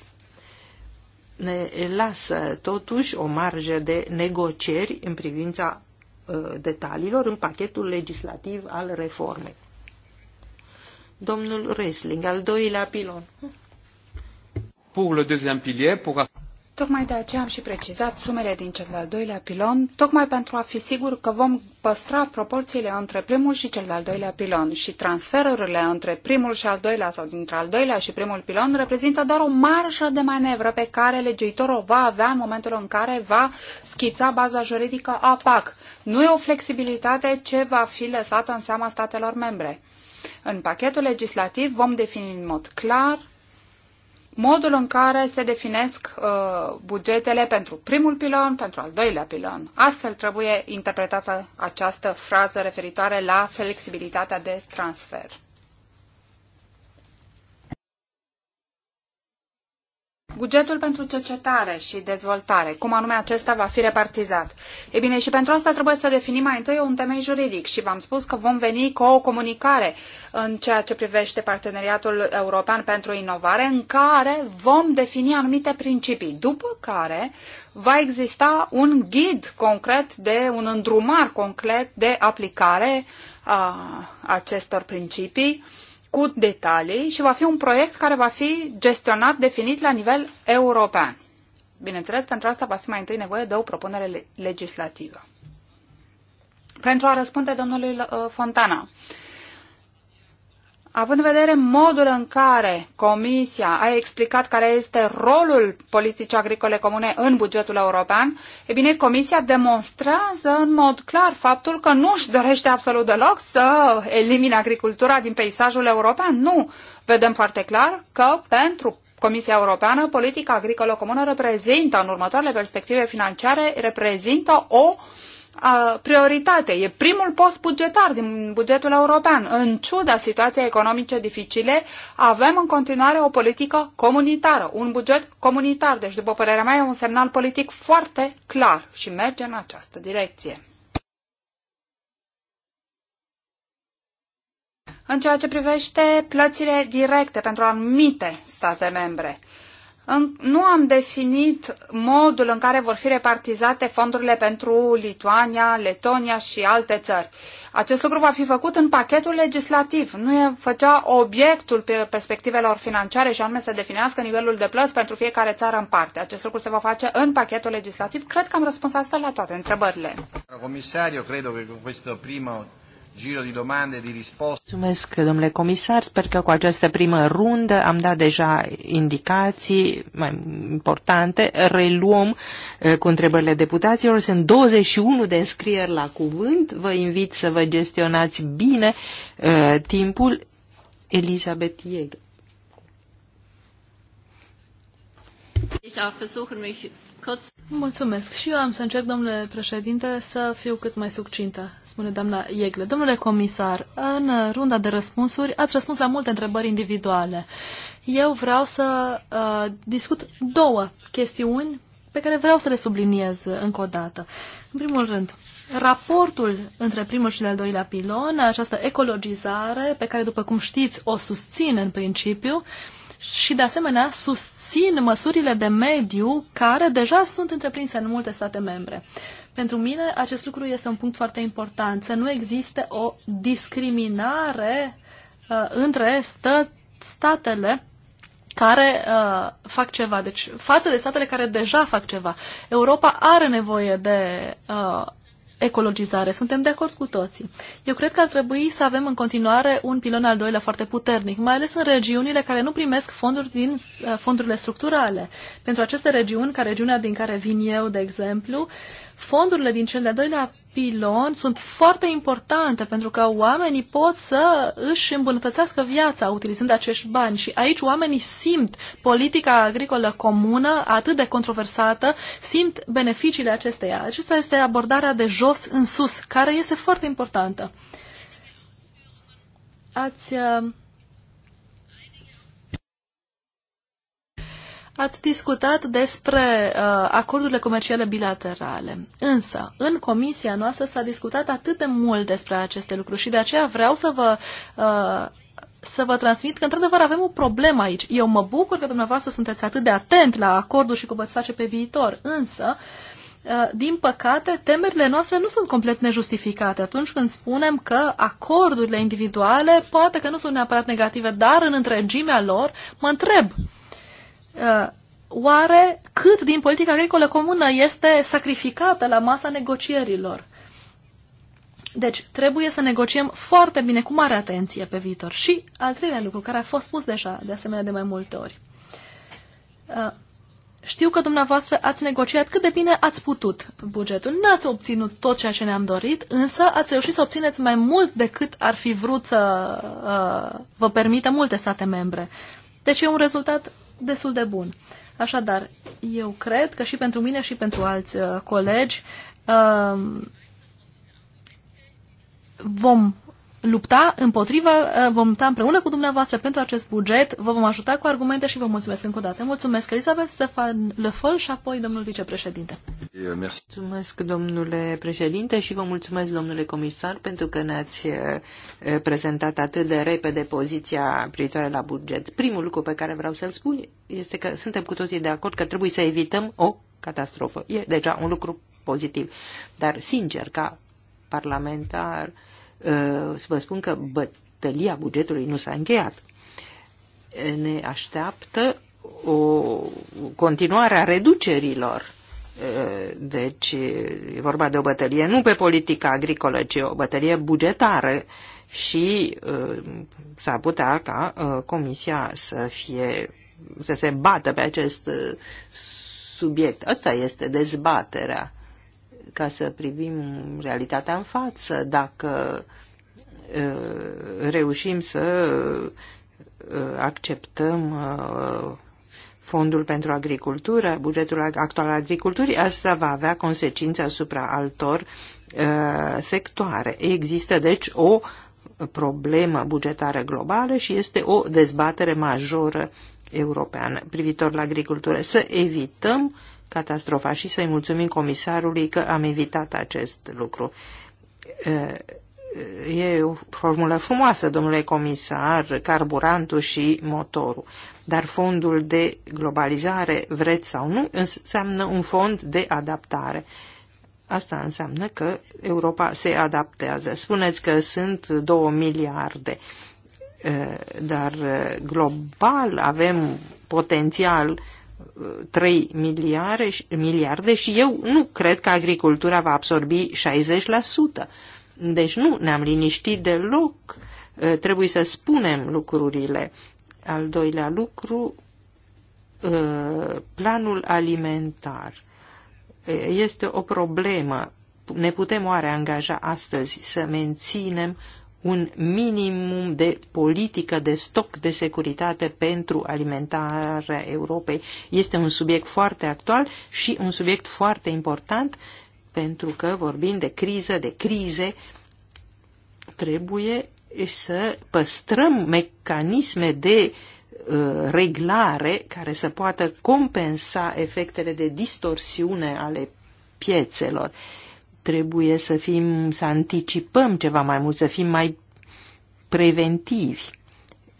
Ne lasă totuși o marjă de negocieri în privința uh, detaliilor în pachetul legislativ al reformei. Domnul Wrestling, al doilea pilon. Pour le deuxième pilier, pour... Tocmai de aceea am și precizat sumele din cel de-al doilea pilon, tocmai pentru a fi sigur că vom păstra proporțiile între primul și cel de-al doilea pilon și transferurile între primul și al doilea sau dintre al doilea și primul pilon reprezintă doar o marjă de manevră pe care legiuitorul va avea în momentul în care va schița baza juridică a PAC. Nu e o flexibilitate ce va fi lăsată în seama statelor membre. În pachetul legislativ vom defini în mod clar modul în care se definesc uh, bugetele pentru primul pilon, pentru al doilea pilon. Astfel trebuie interpretată această frază referitoare la flexibilitatea de transfer. Bugetul pentru cercetare și dezvoltare, cum anume acesta va fi repartizat? E bine, și pentru asta trebuie să definim mai întâi un temei juridic și v-am spus că vom veni cu o comunicare în ceea ce privește Parteneriatul European pentru Inovare, în care vom defini anumite principii, după care va exista un ghid concret, de un îndrumar concret de aplicare a acestor principii cu detalii și va fi un proiect care va fi gestionat definit la nivel european. Bineînțeles, pentru asta va fi mai întâi nevoie de o propunere legislativă. Pentru a răspunde domnului uh, Fontana, Având în vedere modul în care Comisia a explicat care este rolul politicii agricole comune în bugetul european, e bine, Comisia demonstrează în mod clar faptul că nu își dorește absolut deloc să elimine agricultura din peisajul european. Nu! Vedem foarte clar că pentru Comisia Europeană, politica agricolă comună reprezintă, în următoarele perspective financiare, reprezintă o uh, prioritate. E primul post bugetar din bugetul european. În ciuda situației economice dificile, avem în continuare o politică comunitară, un buget comunitar. Deci, după părerea mea, e un semnal politic foarte clar și merge în această direcție. În ceea ce privește plățile directe pentru anumite state membre, nu am definit modul în care vor fi repartizate fondurile pentru Lituania, Letonia și alte țări. Acest lucru va fi făcut în pachetul legislativ. Nu e, făcea obiectul perspectivelor financiare și anume să definească nivelul de plăți pentru fiecare țară în parte. Acest lucru se va face în pachetul legislativ. Cred că am răspuns asta la toate întrebările. Comisario, cred că cu această prima giro di domande e di risposte. Mulțumesc, domnule comisar. Sper că cu această primă rundă am dat deja indicații mai importante. Reluăm eh, cu întrebările deputaților. Sunt 21 de înscrieri la cuvânt. Vă invit să vă gestionați bine eh, timpul. Elisabeth Jäger. Ich auch versuchen, mich Mulțumesc. Și eu am să încerc, domnule președinte, să fiu cât mai succintă, spune doamna Iegle. Domnule comisar, în runda de răspunsuri ați răspuns la multe întrebări individuale. Eu vreau să uh, discut două chestiuni pe care vreau să le subliniez încă o dată. În primul rând, raportul între primul și al doilea pilon, această ecologizare, pe care, după cum știți, o susțin în principiu, uh, și, de asemenea, susțin măsurile de mediu care deja sunt întreprinse în multe state membre. Pentru mine, acest lucru este un punct foarte important, să nu existe o discriminare uh, între stă- statele care uh, fac ceva, deci față de statele care deja fac ceva. Europa are nevoie de uh, ecologizare. Suntem de acord cu toții. Eu cred că ar trebui să avem în continuare un pilon al doilea foarte puternic, mai ales în regiunile care nu primesc fonduri din eh, fondurile structurale. Pentru aceste regiuni, ca regiunea din care vin eu, de exemplu, fondurile din cel de-al doilea pilon sunt foarte importante pentru că oamenii pot să își îmbunătățească viața utilizând acești bani și aici oamenii simt politica agricolă comună atât de controversată, simt beneficiile acesteia. Acesta este abordarea de jos în sus, care este foarte importantă. Ați uh, Ați discutat despre uh, acordurile comerciale bilaterale, însă în comisia noastră s-a discutat atât de mult despre aceste lucruri și de aceea vreau să vă uh, să vă transmit că, într-adevăr, avem o problemă aici. Eu mă bucur că dumneavoastră sunteți atât de atent la acordul și cum veți face pe viitor, însă, uh, din păcate, temerile noastre nu sunt complet nejustificate atunci când spunem că acordurile individuale poate că nu sunt neapărat negative, dar în întregimea lor mă întreb Uh, oare cât din politica agricolă comună este sacrificată la masa negocierilor? Deci trebuie să negociem foarte bine, cu mare atenție pe viitor. Și al treilea lucru, care a fost spus deja, de asemenea, de mai multe ori. Uh, știu că dumneavoastră ați negociat cât de bine ați putut bugetul. N-ați obținut tot ceea ce ne-am dorit, însă ați reușit să obțineți mai mult decât ar fi vrut să uh, vă permită multe state membre. Deci e un rezultat destul de bun. Așadar, eu cred că și pentru mine și pentru alți uh, colegi uh, vom lupta împotriva uh, vom lupta împreună cu dumneavoastră pentru acest buget, vă vom ajuta cu argumente și vă mulțumesc încă o dată. Mulțumesc, Elisabeth, Stefan Le și apoi domnul vicepreședinte. Eh, mulțumesc, domnule președinte, și vă mulțumesc, domnule comisar, pentru că ne-ați eh, eh, prezentat atât de repede poziția privitoare la buget. Primul lucru pe care vreau să-l spun este că suntem cu toții de acord că trebuie să evităm o catastrofă. E deja un lucru pozitiv. Dar, sincer, ca parlamentar, uh, Uh, să vă spun că bătălia bugetului nu s-a încheiat. Ne așteaptă o continuare a reducerilor. Uh, deci e vorba de o bătălie nu pe politica agricolă, ci o bătălie bugetară și uh, s-ar putea ca Comisia să fie să se bată pe acest subiect. Asta este dezbaterea ca să privim realitatea în față, dacă reușim să acceptăm fondul pentru agricultură, bugetul actual al agriculturii, asta va avea consecințe asupra altor sectoare. Există deci o problemă bugetară globală și este o dezbatere majoră europeană privitor la agricultură. Să evităm uh, catastrofa și să-i mulțumim comisarului că am evitat acest lucru. E o formulă frumoasă, domnule comisar, carburantul și motorul. Dar fondul de globalizare, vreți sau nu, înseamnă un fond de adaptare. Asta înseamnă că Europa se adaptează. Spuneți că sunt două miliarde, dar global avem potențial 3 miliarde, miliarde și eu nu cred că agricultura va absorbi 60%. Deci nu ne-am liniștit deloc. Uh, trebuie să spunem lucrurile. Al doilea lucru, uh, planul alimentar. Uh, este o problemă. Ne putem oare angaja astăzi să menținem un minimum de politică de stoc de securitate pentru alimentarea Europei. Este un subiect foarte actual și un subiect foarte important pentru că vorbim de criză, de crize, trebuie să păstrăm mecanisme de uh, reglare care să poată compensa efectele de distorsiune ale piețelor. Uh, trebuie să fim, să anticipăm ceva mai mult, să fim mai preventivi.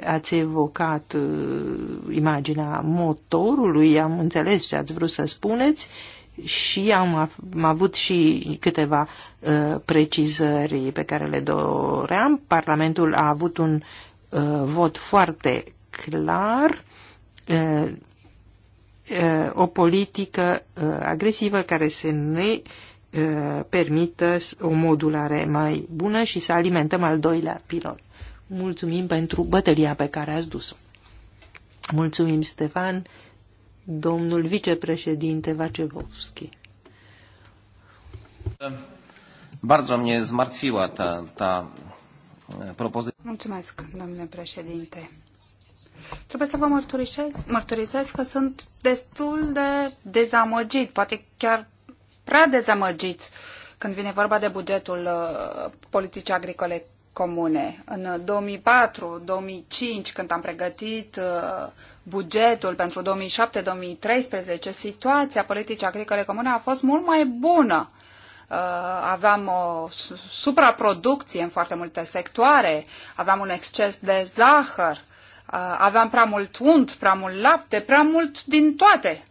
Ați evocat uh, imaginea motorului, am înțeles ce ați vrut să spuneți și am, am avut și câteva uh, precizări pe care le doream. Parlamentul a avut un uh, vot foarte clar, uh, uh, o politică uh, agresivă care se ne Uh, permită o modulare mai bună și să alimentăm al doilea pilon. Mulțumim pentru bătălia pe care ați dus-o. Mulțumim, Stefan, domnul vicepreședinte Vacevovski. Bardzo mnie zmartwiła ta, ta propozycja. Mulțumesc, domnule președinte. Trebuie să vă mărturisesc, mărturisesc că sunt destul de dezamăgit, poate chiar prea dezamăgiți când vine vorba de bugetul uh, politicii agricole comune. În 2004-2005, când am pregătit uh, bugetul pentru 2007-2013, situația politicii agricole comune a fost mult mai bună uh, aveam o supraproducție în foarte multe sectoare, aveam un exces de zahăr, aveam prea mult unt, prea mult lapte, prea mult din toate.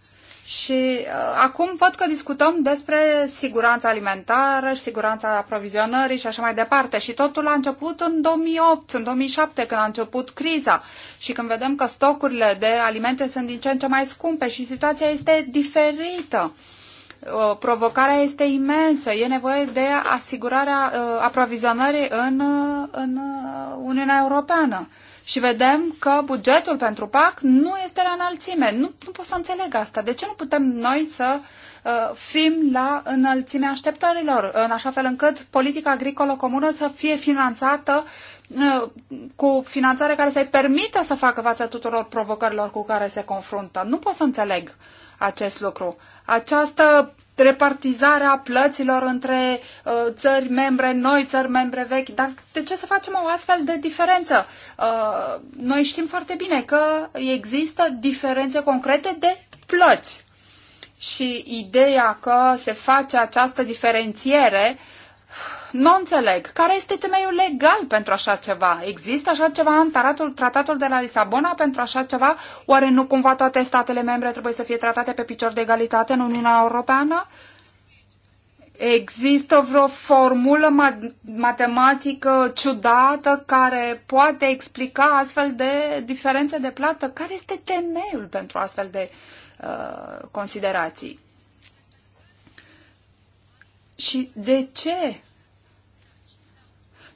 Și uh, acum văd că discutăm despre siguranța alimentară și siguranța aprovizionării și așa mai departe. Și totul a început în 2008, în 2007, când a început criza. Și când vedem că stocurile de alimente sunt din ce în ce mai scumpe și situația este diferită. Uh, provocarea este imensă. E nevoie de asigurarea uh, aprovizionării în, uh, în uh, Uniunea Europeană. Uh, și vedem că bugetul pentru PAC nu este la înălțime. Nu, nu pot să înțeleg asta. De ce nu putem noi să uh, fim la înălțimea așteptărilor, în așa fel încât politica agricolă comună să fie finanțată uh, cu finanțare care să-i permită să facă față tuturor provocărilor cu care se confruntă. Nu pot să înțeleg acest lucru. Această repartizarea plăților între uh, țări membre noi, țări membre vechi, dar de ce să facem o astfel de diferență? Uh, noi știm foarte bine că există diferențe concrete de plăți și ideea că se face această diferențiere uh, nu înțeleg. Care este temeiul legal pentru așa ceva? Există așa ceva în taratul, tratatul de la Lisabona pentru așa ceva? Oare nu cumva toate statele membre trebuie să fie tratate pe picior de egalitate în Uniunea Europeană? Există vreo formulă ma- matematică ciudată care poate explica astfel de diferențe de plată? Care este temeiul pentru astfel de uh, considerații? Și de ce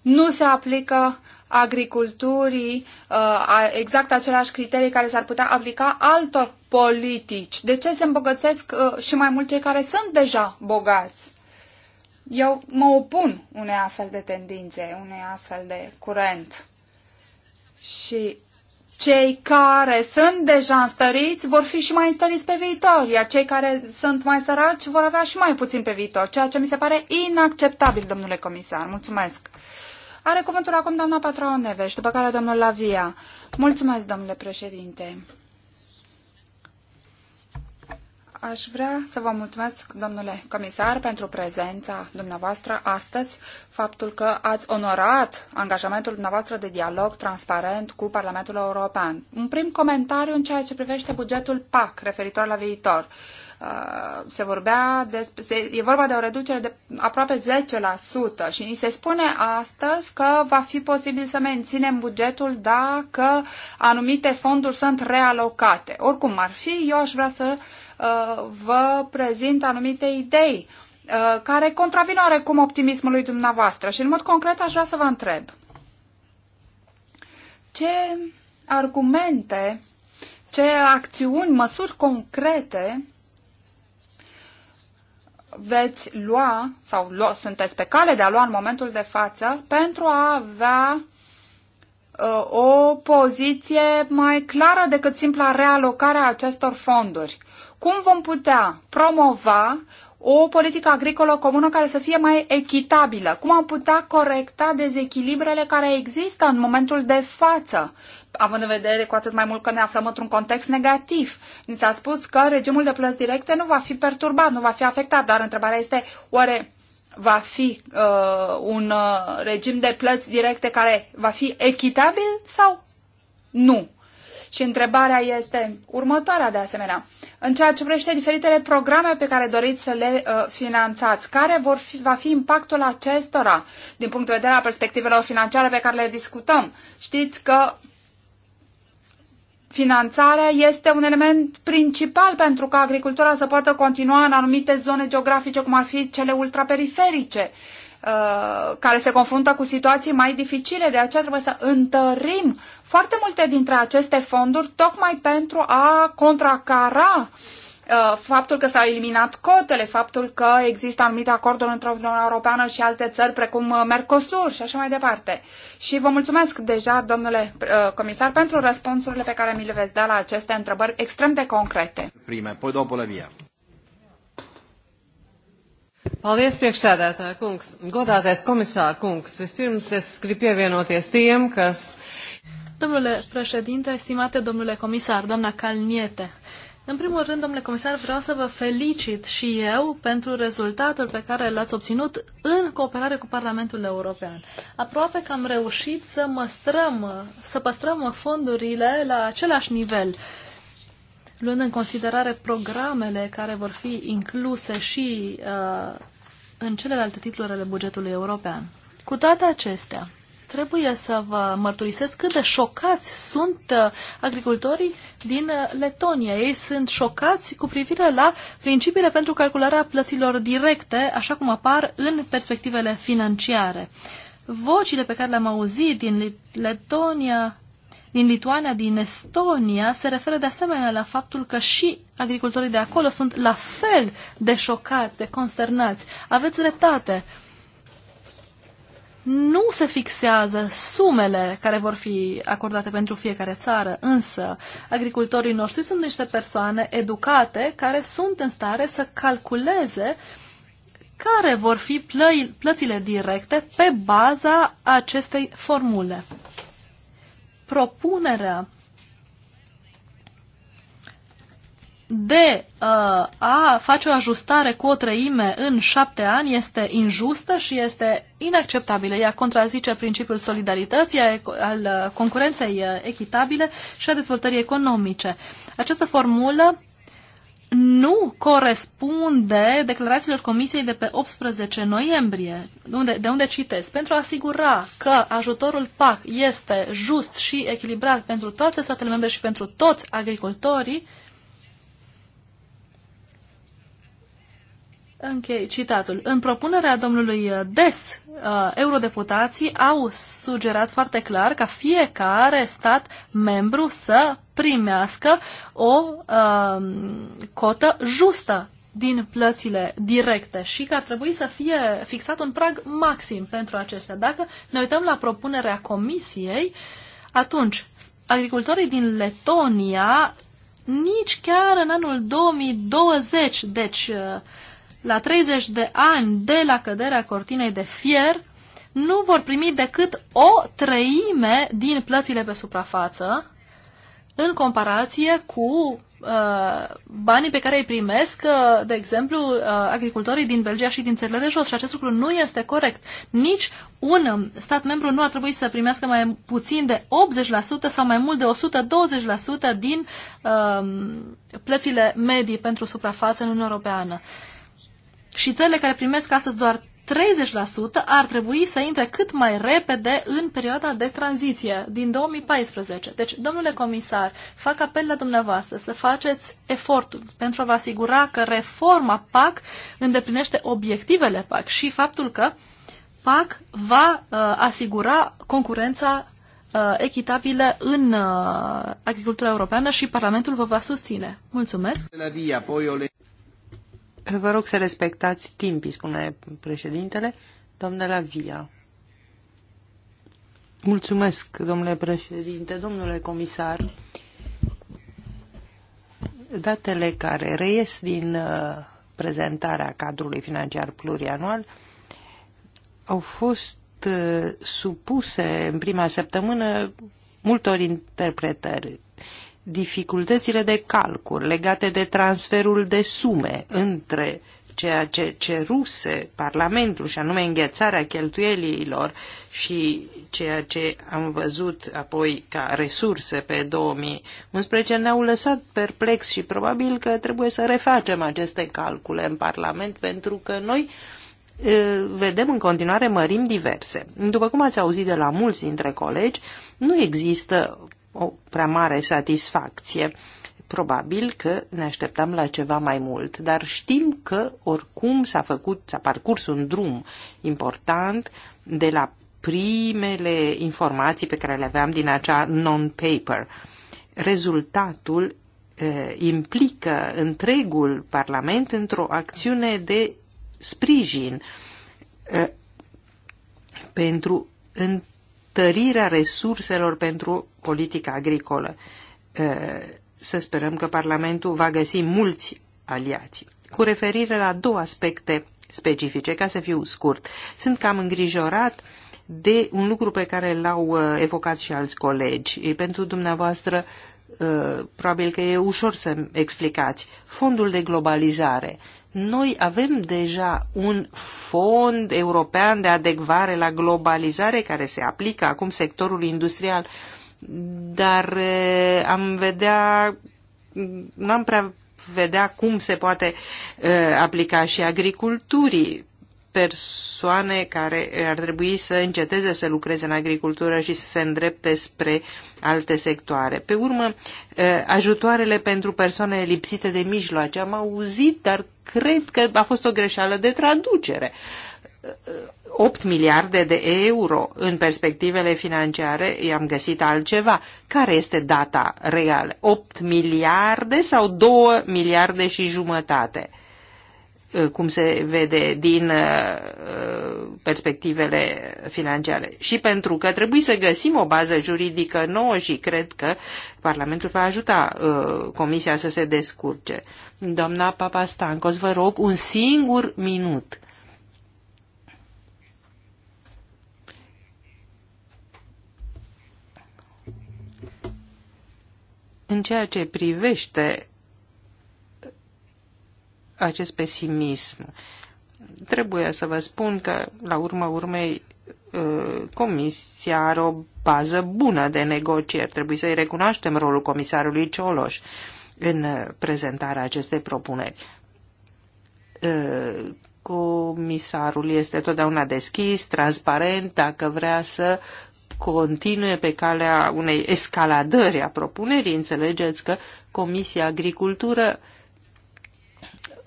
nu se aplică agriculturii uh, exact aceleași criterii care s-ar putea aplica altor politici. De ce se îmbogățesc uh, și mai mult cei care sunt deja bogați? Eu mă opun unei astfel de tendințe, unei astfel de curent. Și cei care sunt deja înstăriți vor fi și mai înstăriți pe viitor, iar cei care sunt mai săraci vor avea și mai puțin pe viitor, ceea ce mi se pare inacceptabil, domnule comisar. Mulțumesc! Are cuvântul acum doamna Patrao Neveș, după care domnul Lavia. Mulțumesc, domnule președinte. Aș vrea să vă mulțumesc, domnule comisar, pentru prezența dumneavoastră astăzi, faptul că ați onorat angajamentul dumneavoastră de dialog transparent cu Parlamentul European. Un prim comentariu în ceea ce privește bugetul PAC referitor la viitor. Uh, Uh, se vorbea despre, e vorba de o reducere de aproape 10% și ni se spune astăzi că va fi posibil să menținem bugetul dacă anumite fonduri sunt realocate. Oricum ar fi, eu aș vrea să uh, vă prezint anumite idei uh, care contravin oarecum optimismului dumneavoastră și în mod concret aș vrea să vă întreb. Ce argumente, ce acțiuni, măsuri concrete veți lua sau lu- sunteți pe cale de a lua în momentul de față pentru a avea uh, o poziție mai clară decât simpla realocare a acestor fonduri. Cum vom putea promova o politică agricolă comună care să fie mai echitabilă? Cum am putea corecta dezechilibrele care există în momentul de față? având în vedere cu atât mai mult că ne aflăm într-un context negativ. Ni s-a spus că regimul de plăți directe nu va fi perturbat, nu va fi afectat, dar întrebarea este oare va fi uh, un uh, regim de plăți directe care va fi echitabil sau nu? Și întrebarea este următoarea de asemenea. În ceea ce privește diferitele programe pe care doriți să le uh, finanțați, care vor fi, va fi impactul acestora din punct de vedere a perspectivelor financiare pe care le discutăm? Știți că Finanțarea este un element principal pentru ca agricultura să poată continua în anumite zone geografice, cum ar fi cele ultraperiferice, uh, care se confruntă cu situații mai dificile. De aceea trebuie să întărim foarte multe dintre aceste fonduri tocmai pentru a contracara uh, Uh, faptul că s-au eliminat cotele, faptul că există anumite acorduri între Uniunea Europeană și alte țări, precum uh, Mercosur și așa mai departe. Și vă mulțumesc deja, domnule uh, comisar, pentru răspunsurile pe care mi le veți da la aceste întrebări extrem de concrete. Prime, poi dopo la via. Paldies, priekšsēdētāja kungs. Godātais komisāra kungs, vispirms es gribu pievienoties tiem, kas... Domnule președinte, stimate domnule comisar, doamna Calniete, în primul rând, domnule comisar, vreau să vă felicit și eu pentru rezultatul pe care l-ați obținut în cooperare cu Parlamentul European. Aproape că am reușit să, măstrăm, să păstrăm fondurile la același nivel, luând în considerare programele care vor fi incluse și uh, în celelalte titluri ale bugetului european. Cu toate acestea, Trebuie să vă mărturisesc cât de șocați sunt uh, agricultorii din uh, Letonia. Ei sunt șocați cu privire la principiile pentru calcularea plăților directe, așa cum apar în perspectivele financiare. Vocile pe care le-am auzit din Letonia, din Lituania, din Estonia, se referă de asemenea la faptul că și agricultorii de acolo sunt la fel de șocați, de consternați. Aveți dreptate. Uh, nu se fixează sumele care vor fi acordate pentru fiecare țară, însă agricultorii noștri sunt niște persoane educate care sunt în stare să calculeze care vor fi plă- plățile directe pe baza acestei formule. Propunerea de uh, a face o ajustare cu o treime în șapte ani este injustă și este inacceptabilă. Ea contrazice principiul solidarității, al uh, concurenței uh, echitabile și a dezvoltării economice. Această formulă nu corespunde declarațiilor Comisiei de pe 18 noiembrie, unde, de unde citesc, pentru a asigura că ajutorul PAC este just și echilibrat pentru toate statele membre și pentru toți agricultorii, Închei citatul. În propunerea domnului uh, Des, uh, eurodeputații au sugerat foarte clar ca fiecare stat membru să primească o uh, cotă justă din plățile directe și că ar trebui să fie fixat un prag maxim pentru acestea. Dacă ne uităm la propunerea comisiei, atunci agricultorii din Letonia nici chiar în anul 2020, deci uh, la 30 de ani de la căderea cortinei de fier, nu vor primi decât o treime din plățile pe suprafață în comparație cu uh, banii pe care îi primesc, uh, de exemplu, uh, agricultorii din Belgia și din țările de jos. Și acest lucru nu este corect. Nici un stat membru nu ar trebui să primească mai puțin de 80% sau mai mult de 120% din uh, plățile medii pentru suprafață în Uniunea Europeană. Uh, și țările care primesc astăzi doar 30% ar trebui să intre cât mai repede în perioada de tranziție din 2014. Deci, domnule comisar, fac apel la dumneavoastră să faceți efortul pentru a vă asigura că reforma PAC îndeplinește obiectivele PAC și faptul că PAC va uh, asigura concurența uh, echitabilă în uh, agricultura europeană și Parlamentul vă va susține. Mulțumesc! Vă rog să respectați timpii, spune președintele, doamna Via. Mulțumesc, domnule președinte, domnule comisar. Datele care reies din uh, prezentarea cadrului financiar plurianual au fost uh, supuse în prima săptămână multor interpretări dificultățile de calcul legate de transferul de sume între ceea ce ceruse Parlamentul, și anume înghețarea cheltuielilor și ceea ce am văzut apoi ca resurse pe 2011, ne-au lăsat perplex și probabil că trebuie să refacem aceste calcule în Parlament, pentru că noi vedem în continuare mărimi diverse. După cum ați auzit de la mulți dintre colegi, nu există o prea mare satisfacție. Probabil că ne așteptam la ceva mai mult, dar știm că oricum s-a făcut, s-a parcurs un drum important de la primele informații pe care le aveam din acea non-paper. Rezultatul e, eh, implică întregul Parlament într-o acțiune de sprijin e, eh, pentru în întărirea resurselor pentru politica agricolă. Să sperăm că Parlamentul va găsi mulți aliați. Cu referire la două aspecte specifice, ca să fiu scurt, sunt cam îngrijorat de un lucru pe care l-au evocat și alți colegi. Pentru dumneavoastră, probabil că e ușor să explicați. Fondul de globalizare noi avem deja un fond european de adecvare la globalizare care se aplică acum sectorului industrial, dar am vedea, n-am prea vedea cum se poate uh, aplica și agriculturii persoane care ar trebui să înceteze să lucreze în agricultură și să se îndrepte spre alte sectoare. Pe urmă, eh, ajutoarele pentru persoanele lipsite de mijloace. Am auzit, dar cred că a fost o greșeală de traducere. 8 eh, miliarde de euro în perspectivele financiare, i-am găsit altceva. Care este data reală? 8 miliarde sau 2 miliarde și jumătate? Uh, cum se vede din uh, perspectivele financiare. Și pentru că trebuie să găsim o bază juridică nouă și cred că Parlamentul va ajuta uh, Comisia să se descurce. Doamna Stancos, vă rog un singur minut. În ceea ce privește acest pesimism. Trebuie să vă spun că, la urma urmei, uh, Comisia are o bază bună de negocieri. Trebuie să-i recunoaștem rolul comisarului Cioloș în prezentarea acestei propuneri. Uh, comisarul este totdeauna deschis, transparent, dacă vrea să continue pe calea unei escaladări a propunerii. Înțelegeți că Comisia Agricultură uh,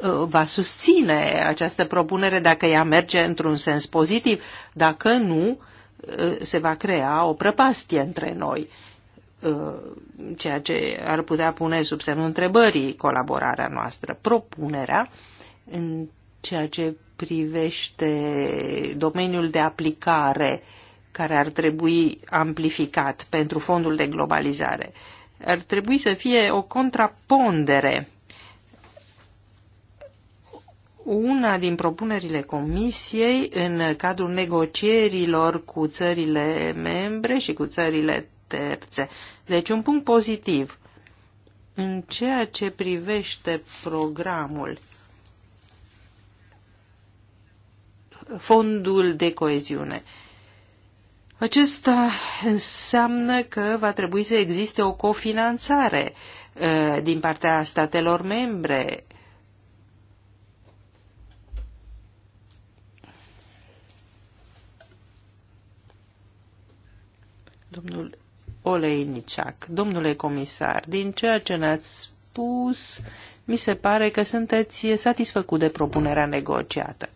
Uh, va susține această propunere dacă ea merge într-un sens pozitiv. Dacă nu, uh, se va crea o prăpastie între noi, uh, ceea ce ar putea pune sub semnul întrebării colaborarea noastră. Propunerea în ceea ce privește domeniul de aplicare care ar trebui amplificat pentru fondul de globalizare. Ar trebui să fie o contrapondere una din propunerile Comisiei în cadrul negocierilor cu țările membre și cu țările terțe. Deci un punct pozitiv. În ceea ce privește programul, fondul de coeziune, acesta înseamnă că va trebui să existe o cofinanțare uh, din partea statelor membre domnul Oleiniciac. Domnule comisar, din ceea ce ne-ați spus, mi se pare că sunteți satisfăcut de propunerea negociată.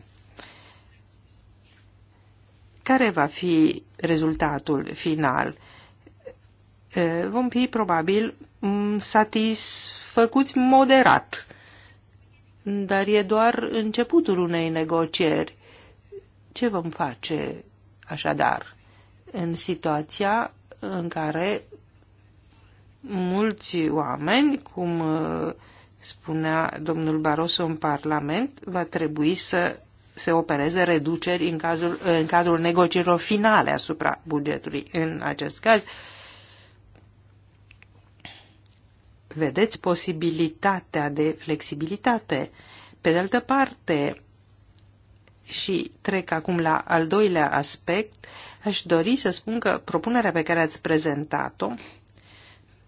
Care va fi rezultatul final? Vom fi probabil mm, satisfăcuți moderat, dar e doar începutul unei negocieri. Ce vom face așadar? în situația în care mulți oameni, cum uh, spunea domnul Barroso în Parlament, va trebui să se opereze reduceri în, cazul, în cadrul negocierilor finale asupra bugetului. În acest caz, vedeți posibilitatea de flexibilitate. Pe de altă parte, și trec acum la al doilea aspect, aș dori să spun că propunerea pe care ați prezentat-o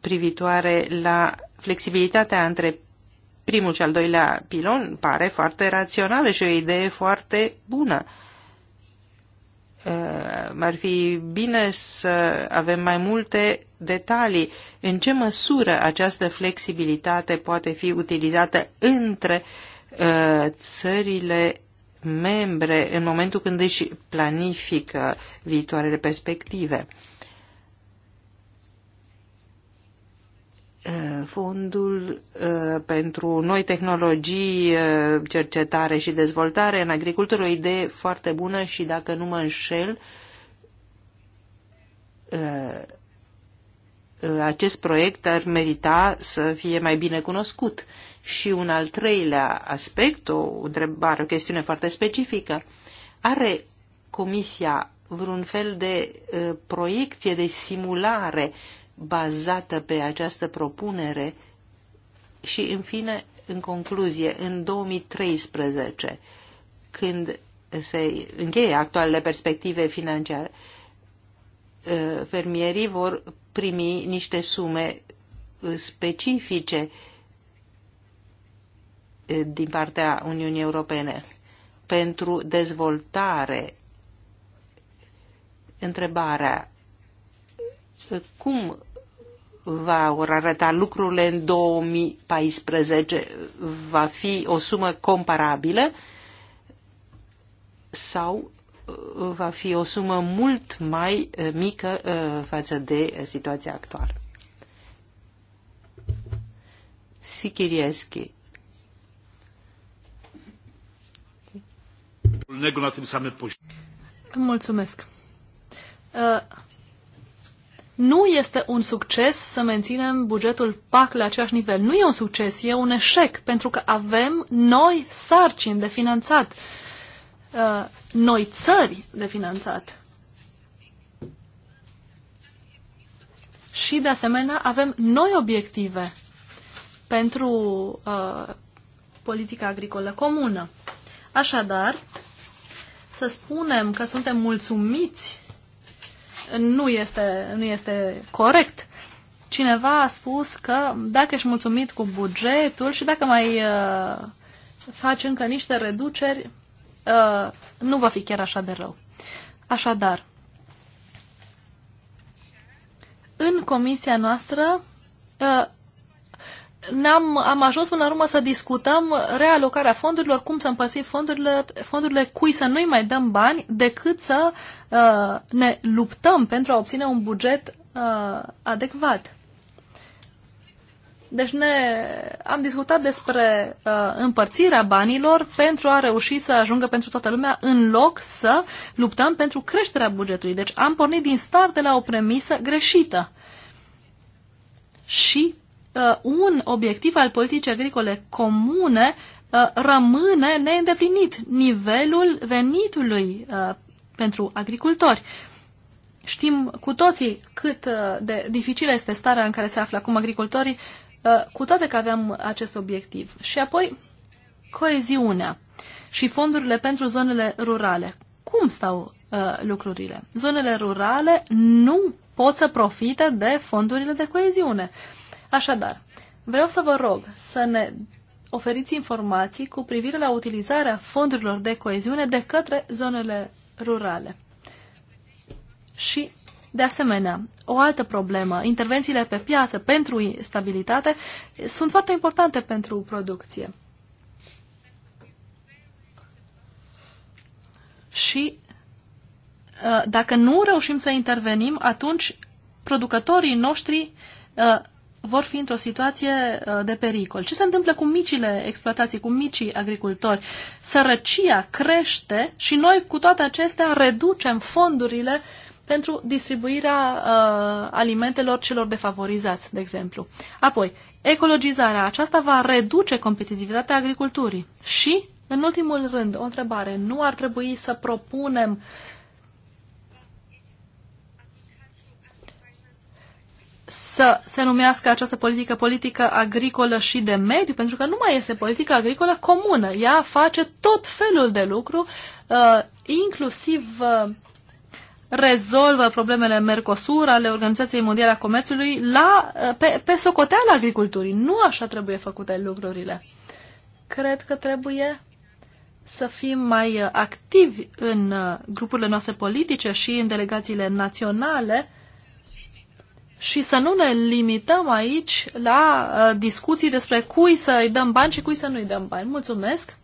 privitoare la flexibilitatea între primul și al doilea pilon pare foarte rațională și o idee foarte bună. Uh, ar fi bine să avem mai multe detalii. În ce măsură această flexibilitate poate fi utilizată între uh, țările membre în momentul când își planifică viitoarele perspective. Uh, fondul uh, pentru noi tehnologii, uh, cercetare și dezvoltare în agricultură, o idee foarte bună și dacă nu mă înșel, acest proiect ar merita să fie mai bine cunoscut și un al treilea aspect, o întrebare, o chestiune foarte specifică, are Comisia vreun fel de uh, proiecție, de simulare bazată pe această propunere? Și, în fine, în concluzie, în 2013, când se încheie actualele perspective financiare, uh, fermierii vor primi niște sume uh, specifice din partea Uniunii Europene pentru dezvoltare. Întrebarea, cum va arăta lucrurile în 2014? Va fi o sumă comparabilă sau uh, va fi o sumă mult mai uh, mică uh, față de situația actuală? Sikirieschi. Mulțumesc. Uh, nu este un succes să menținem bugetul PAC la același nivel. Nu e un succes, e un eșec, pentru că avem noi sarcini de finanțat, uh, noi țări de finanțat. Și, de asemenea, avem noi obiective pentru uh, politica agricolă comună. Așadar, să spunem că suntem mulțumiți nu este, nu este corect. Cineva a spus că dacă ești mulțumit cu bugetul și dacă mai uh, faci încă niște reduceri, uh, nu va fi chiar așa de rău. Așadar, în comisia noastră uh, am am ajuns până la urmă să discutăm realocarea fondurilor, cum să împărțim fondurile, fondurile cui să nu-i mai dăm bani, decât să uh, ne luptăm pentru a obține un buget uh, adecvat. Deci ne, am discutat despre uh, împărțirea banilor pentru a reuși să ajungă pentru toată lumea în loc să luptăm pentru creșterea bugetului. Deci am pornit din start de la o premisă greșită. Și Uh, un obiectiv al politicii agricole comune uh, rămâne neîndeplinit, nivelul venitului uh, pentru agricultori. Știm cu toții cât de dificilă este starea în care se află acum agricultorii, cu toate că aveam acest obiectiv. Și apoi, coeziunea și fondurile pentru zonele rurale. Cum stau lucrurile? Zonele rurale nu pot să profite de fondurile de coeziune. Așadar, vreau să vă rog să ne oferiți informații cu privire la utilizarea fondurilor de coeziune de către zonele rurale. Și, de asemenea, o altă problemă, intervențiile pe piață pentru stabilitate sunt foarte importante pentru producție. Și uh, dacă nu reușim să intervenim, atunci producătorii noștri uh, vor fi într-o situație uh, de pericol. Ce se întâmplă cu micile exploatații, cu micii agricultori? Sărăcia crește și noi cu toate acestea reducem fondurile pentru distribuirea uh, alimentelor celor defavorizați, de exemplu. Apoi, ecologizarea aceasta va reduce competitivitatea agriculturii. Și, în ultimul rând, o întrebare. Nu ar trebui să propunem uh, să se numească această politică politică agricolă și de mediu, pentru că nu mai este politică agricolă comună. Ea face tot felul de lucru, uh, inclusiv uh, rezolvă problemele Mercosur ale Organizației Mondiale a Comerțului la, uh, pe, pe socoteala agriculturii. Nu așa trebuie făcute lucrurile. Cred că trebuie să fim mai activi în grupurile noastre politice și în delegațiile naționale și să nu ne limităm aici la uh, discuții despre cui să îi dăm bani și cui să nu îi dăm bani. Mulțumesc!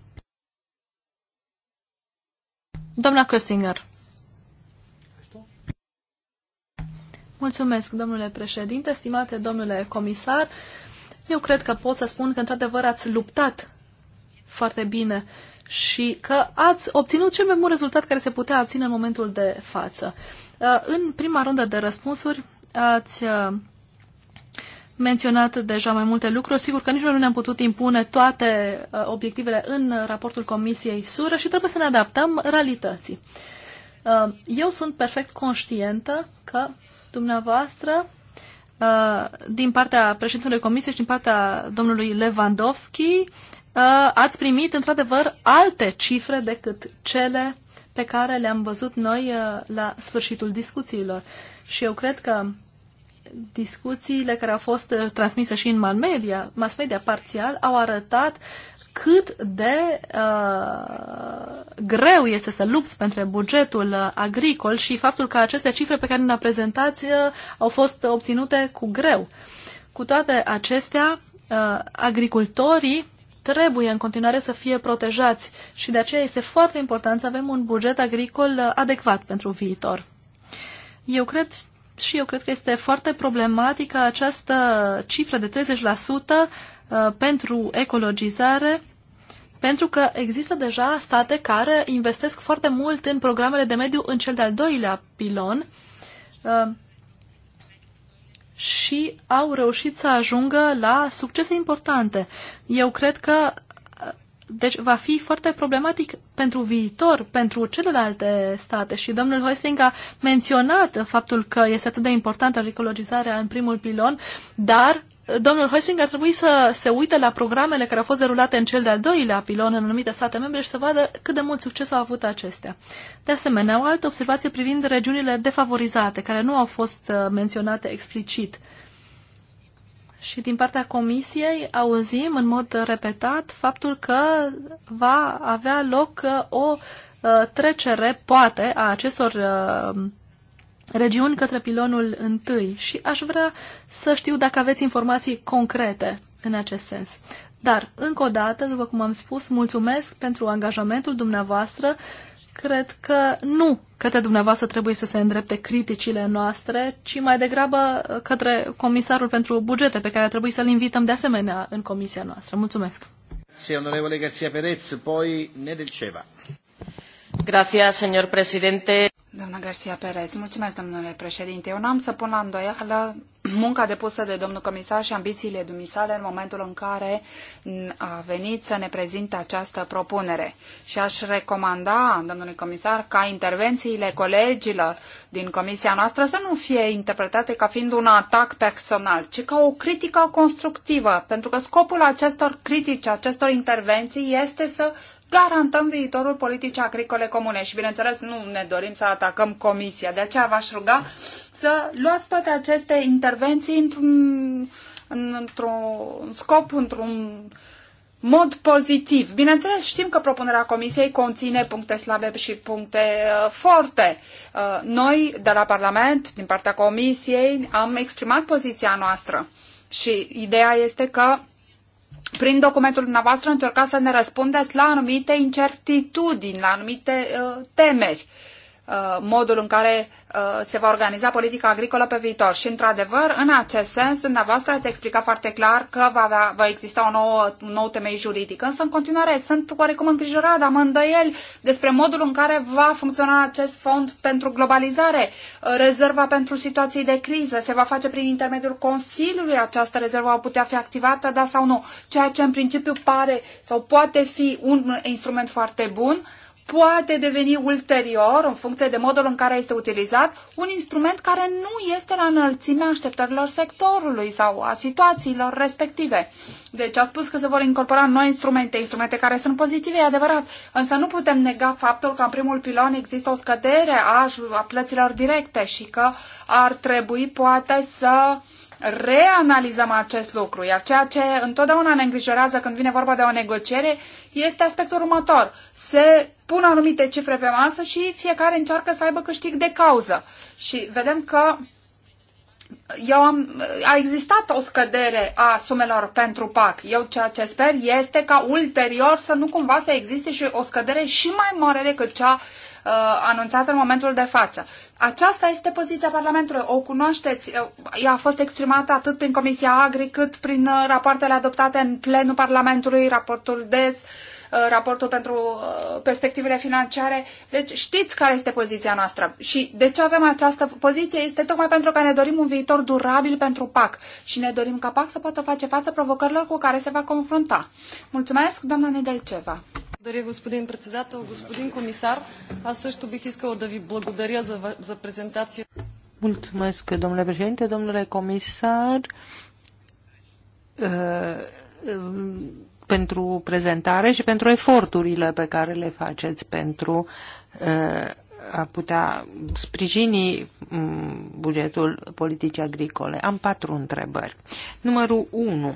Doamna Köstinger. Mulțumesc, domnule președinte, stimate domnule comisar. Eu cred că pot să spun că, într-adevăr, ați luptat foarte bine și că ați obținut cel mai bun rezultat care se putea obține în momentul de față. Uh, în prima rundă de răspunsuri ați uh, menționat deja mai multe lucruri. Sigur că nici nu ne-am putut impune toate uh, obiectivele în raportul Comisiei Sură și trebuie să ne adaptăm realității. Uh, eu sunt perfect conștientă că dumneavoastră, din partea președintelui Comisiei și din partea domnului Lewandowski, ați primit într-adevăr alte cifre decât cele pe care le-am văzut noi la sfârșitul discuțiilor. Și eu cred că discuțiile care au fost uh, transmise și în mass media, mass media parțial, au arătat cât de uh, greu este să lupți pentru bugetul uh, agricol și faptul că aceste cifre pe care ne-a prezentat uh, au fost obținute cu greu. Cu toate acestea, uh, agricultorii trebuie în continuare să fie protejați și de aceea este foarte important să avem un buget agricol uh, adecvat pentru viitor. Eu cred și eu cred că este foarte problematică această cifră de 30% uh, pentru ecologizare, pentru că există deja state care investesc foarte mult în programele de mediu în cel de-al doilea pilon uh, și au reușit să ajungă la succese importante. Eu cred că deci va fi foarte problematic pentru viitor, pentru celelalte state. Și domnul Hoisling a menționat faptul că este atât de importantă ecologizarea în primul pilon, dar domnul Hoisling ar trebui să se uite la programele care au fost derulate în cel de-al doilea pilon în anumite state membre și să vadă cât de mult succes au avut acestea. De asemenea, o altă observație privind regiunile defavorizate, care nu au fost uh, menționate explicit. Uh, și din partea Comisiei auzim în mod repetat faptul că va avea loc uh, o uh, trecere, poate, a acestor uh, regiuni către pilonul întâi și aș vrea să știu dacă aveți informații concrete în acest sens. Dar, încă o dată, după cum am spus, mulțumesc pentru angajamentul dumneavoastră uh, cred că nu către dumneavoastră trebuie să se îndrepte criticile noastre, ci mai degrabă uh, către comisarul pentru bugete, pe care trebuie să-l invităm de asemenea în comisia noastră. Mulțumesc! Grazie, onorevole Garcia Perez, poi Nedelceva. Gracias, señor presidente. Doamna Garcia Perez, mulțumesc, domnule președinte. Eu n-am să pun la îndoială munca depusă de domnul comisar și ambițiile dumisale în momentul în care a venit să ne prezinte această propunere. Și aș recomanda, domnului comisar, ca intervențiile colegilor din comisia noastră să nu fie interpretate ca fiind un atac personal, ci ca o critică constructivă, pentru că scopul acestor critici, acestor intervenții este să garantăm viitorul politicii agricole comune și, bineînțeles, nu ne dorim să atacăm Comisia. De aceea v-aș ruga să luați toate aceste intervenții într-un într scop, într-un mod pozitiv. Bineînțeles, știm că propunerea Comisiei conține puncte slabe și puncte uh, forte. Uh, noi, de la Parlament, din partea Comisiei, am exprimat poziția noastră și ideea este că prin documentul dumneavoastră încercați să ne răspundeți la anumite incertitudini, la anumite uh, temeri. Uh, Uh, modul în care uh, se va organiza politica agricolă pe viitor. Și, într-adevăr, în acest sens, dumneavoastră ați explicat foarte clar că va, avea, va exista o nouă, un nou temei juridic. Însă, în continuare, sunt oarecum îngrijorat, am îndoieli despre modul în care va funcționa acest fond pentru globalizare, uh, rezerva pentru situații de criză, se va face prin intermediul Consiliului această rezervă, va putea fi activată, da sau nu, ceea ce în principiu pare sau poate fi un instrument foarte bun, poate deveni ulterior, în funcție de modul în care este utilizat, un instrument care nu este la înălțimea așteptărilor sectorului sau a situațiilor respective. Deci a spus că se vor incorpora noi instrumente, instrumente care sunt pozitive, e adevărat, însă nu putem nega faptul că în primul pilon există o scădere a, plăților directe și că ar trebui poate să reanalizăm acest lucru, iar ceea ce întotdeauna ne îngrijorează când vine vorba de o negociere este aspectul următor. Se pun anumite cifre pe masă și fiecare încearcă să aibă câștig de cauză. Și vedem că eu am, a existat o scădere a sumelor pentru PAC. Eu ceea ce sper este ca ulterior să nu cumva să existe și o scădere și mai mare decât cea uh, anunțată în momentul de față. Aceasta este poziția Parlamentului, o cunoașteți, ea a fost exprimată atât prin Comisia Agri cât prin uh, rapoartele adoptate în plenul Parlamentului, raportul DES, uh, Uh, raportul pentru uh, perspectivele financiare. Deci știți care este poziția noastră și de ce avem această poziție este tocmai pentru că ne dorim un viitor durabil pentru PAC și ne dorim ca PAC să poată face față provocărilor cu care se va confrunta. Mulțumesc, doamna Nedelceva. Благодаря, господин председател. Господин комисар, аз също бих искала да ви благодаря за, за презентация. Mulțumesc, domnule președinte, domnule comisar. Э, э, pentru prezentare și pentru eforturile pe care le faceți pentru uh, a putea sprijini mm, bugetul politicii agricole. Am patru întrebări. Numărul 1.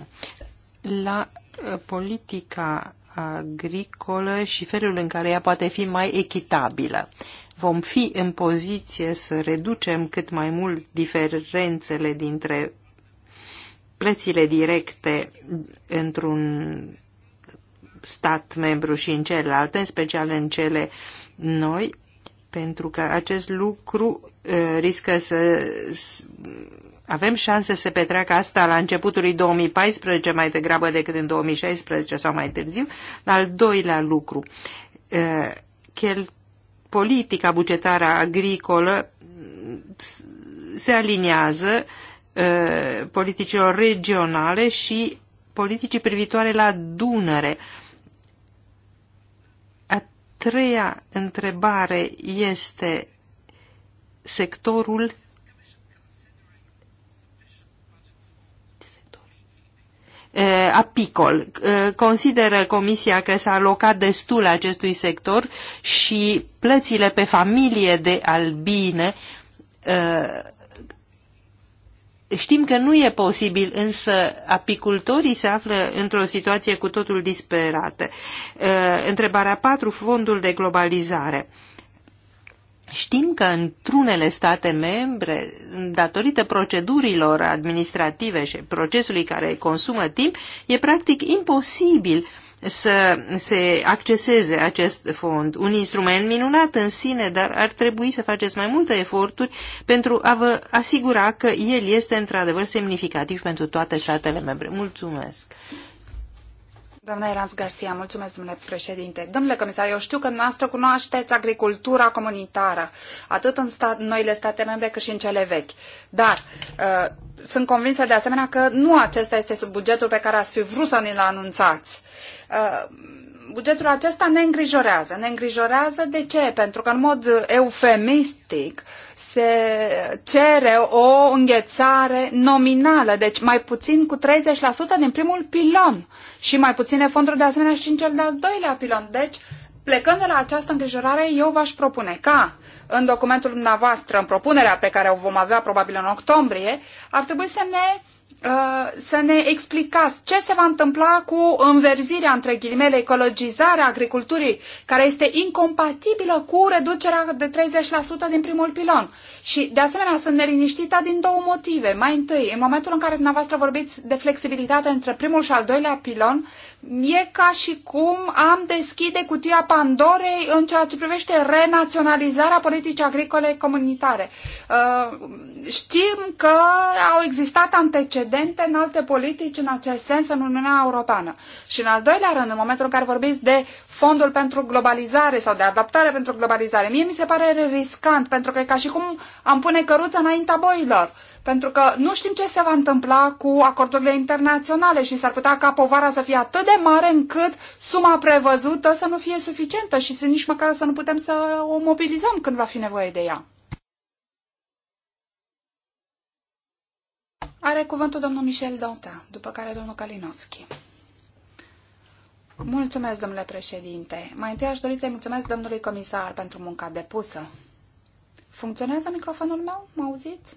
La uh, politica agricolă și felul în care ea poate fi mai echitabilă. Vom fi în poziție să reducem cât mai mult diferențele dintre plățile directe într-un stat membru și în celelalte, în special în cele noi, pentru că acest lucru uh, riscă să avem șanse să petreacă asta la începutul 2014 mai degrabă decât în 2016 sau mai târziu. Al doilea lucru, uh, chel, politica bugetară agricolă se aliniază uh, politicilor regionale și politicii privitoare la Dunăre treia întrebare este sectorul apicol. Consideră Comisia că s-a alocat destul acestui sector și plățile pe familie de albine uh, Știm că nu e posibil, însă apicultorii se află într-o situație cu totul disperată. Uh, întrebarea 4, fondul de globalizare. Știm că într-unele state membre, datorită procedurilor administrative și procesului care consumă timp, e practic imposibil uh, să se acceseze acest fond. Un instrument minunat în sine, dar ar trebui să faceți mai multe eforturi pentru a vă asigura că el este într-adevăr semnificativ pentru toate statele membre. Mulțumesc! Doamna Eranz Garcia, mulțumesc, domnule președinte. Domnule comisar, eu știu că noastră cunoașteți agricultura comunitară, atât în stat, noile state membre cât și în cele vechi. Dar uh, sunt convinsă de asemenea că nu acesta este sub bugetul pe care ați fi vrut să ne-l anunțați. Uh, bugetul acesta ne îngrijorează. Ne îngrijorează de ce? Pentru că în mod eufemistic se cere o înghețare nominală, deci mai puțin cu 30% din primul pilon și mai puține fonduri de asemenea și în cel de-al doilea pilon. Deci, plecând de la această îngrijorare, eu v-aș propune ca în documentul dumneavoastră, în propunerea pe care o vom avea probabil în octombrie, ar trebui să ne Uh, să ne explicați ce se va întâmpla cu înverzirea, între ghilimele, ecologizarea agriculturii, care este incompatibilă cu reducerea de 30% din primul pilon. Și, de asemenea, sunt neliniștită din două motive. Mai întâi, în momentul în care dumneavoastră vorbiți de flexibilitate între primul și al doilea pilon, e ca și cum am deschide cutia Pandorei în ceea ce privește renaționalizarea politicii agricole comunitare. Uh, știm că au existat antecedente în alte politici în acest sens în Uniunea Europeană. Și în al doilea rând, în momentul în care vorbiți de fondul pentru globalizare sau de adaptare pentru globalizare, mie mi se pare riscant, pentru că e ca și cum am pune căruța înaintea boilor pentru că nu știm ce se va întâmpla cu acordurile internaționale și s-ar putea ca povara să fie atât de mare încât suma prevăzută să nu fie suficientă și să nici măcar să nu putem să o mobilizăm când va fi nevoie de ea. Are cuvântul domnul Michel Danta, după care domnul Kalinowski. Mulțumesc, domnule președinte. Mai întâi aș dori să-i mulțumesc domnului comisar pentru munca depusă. Funcționează microfonul meu? Mă auziți?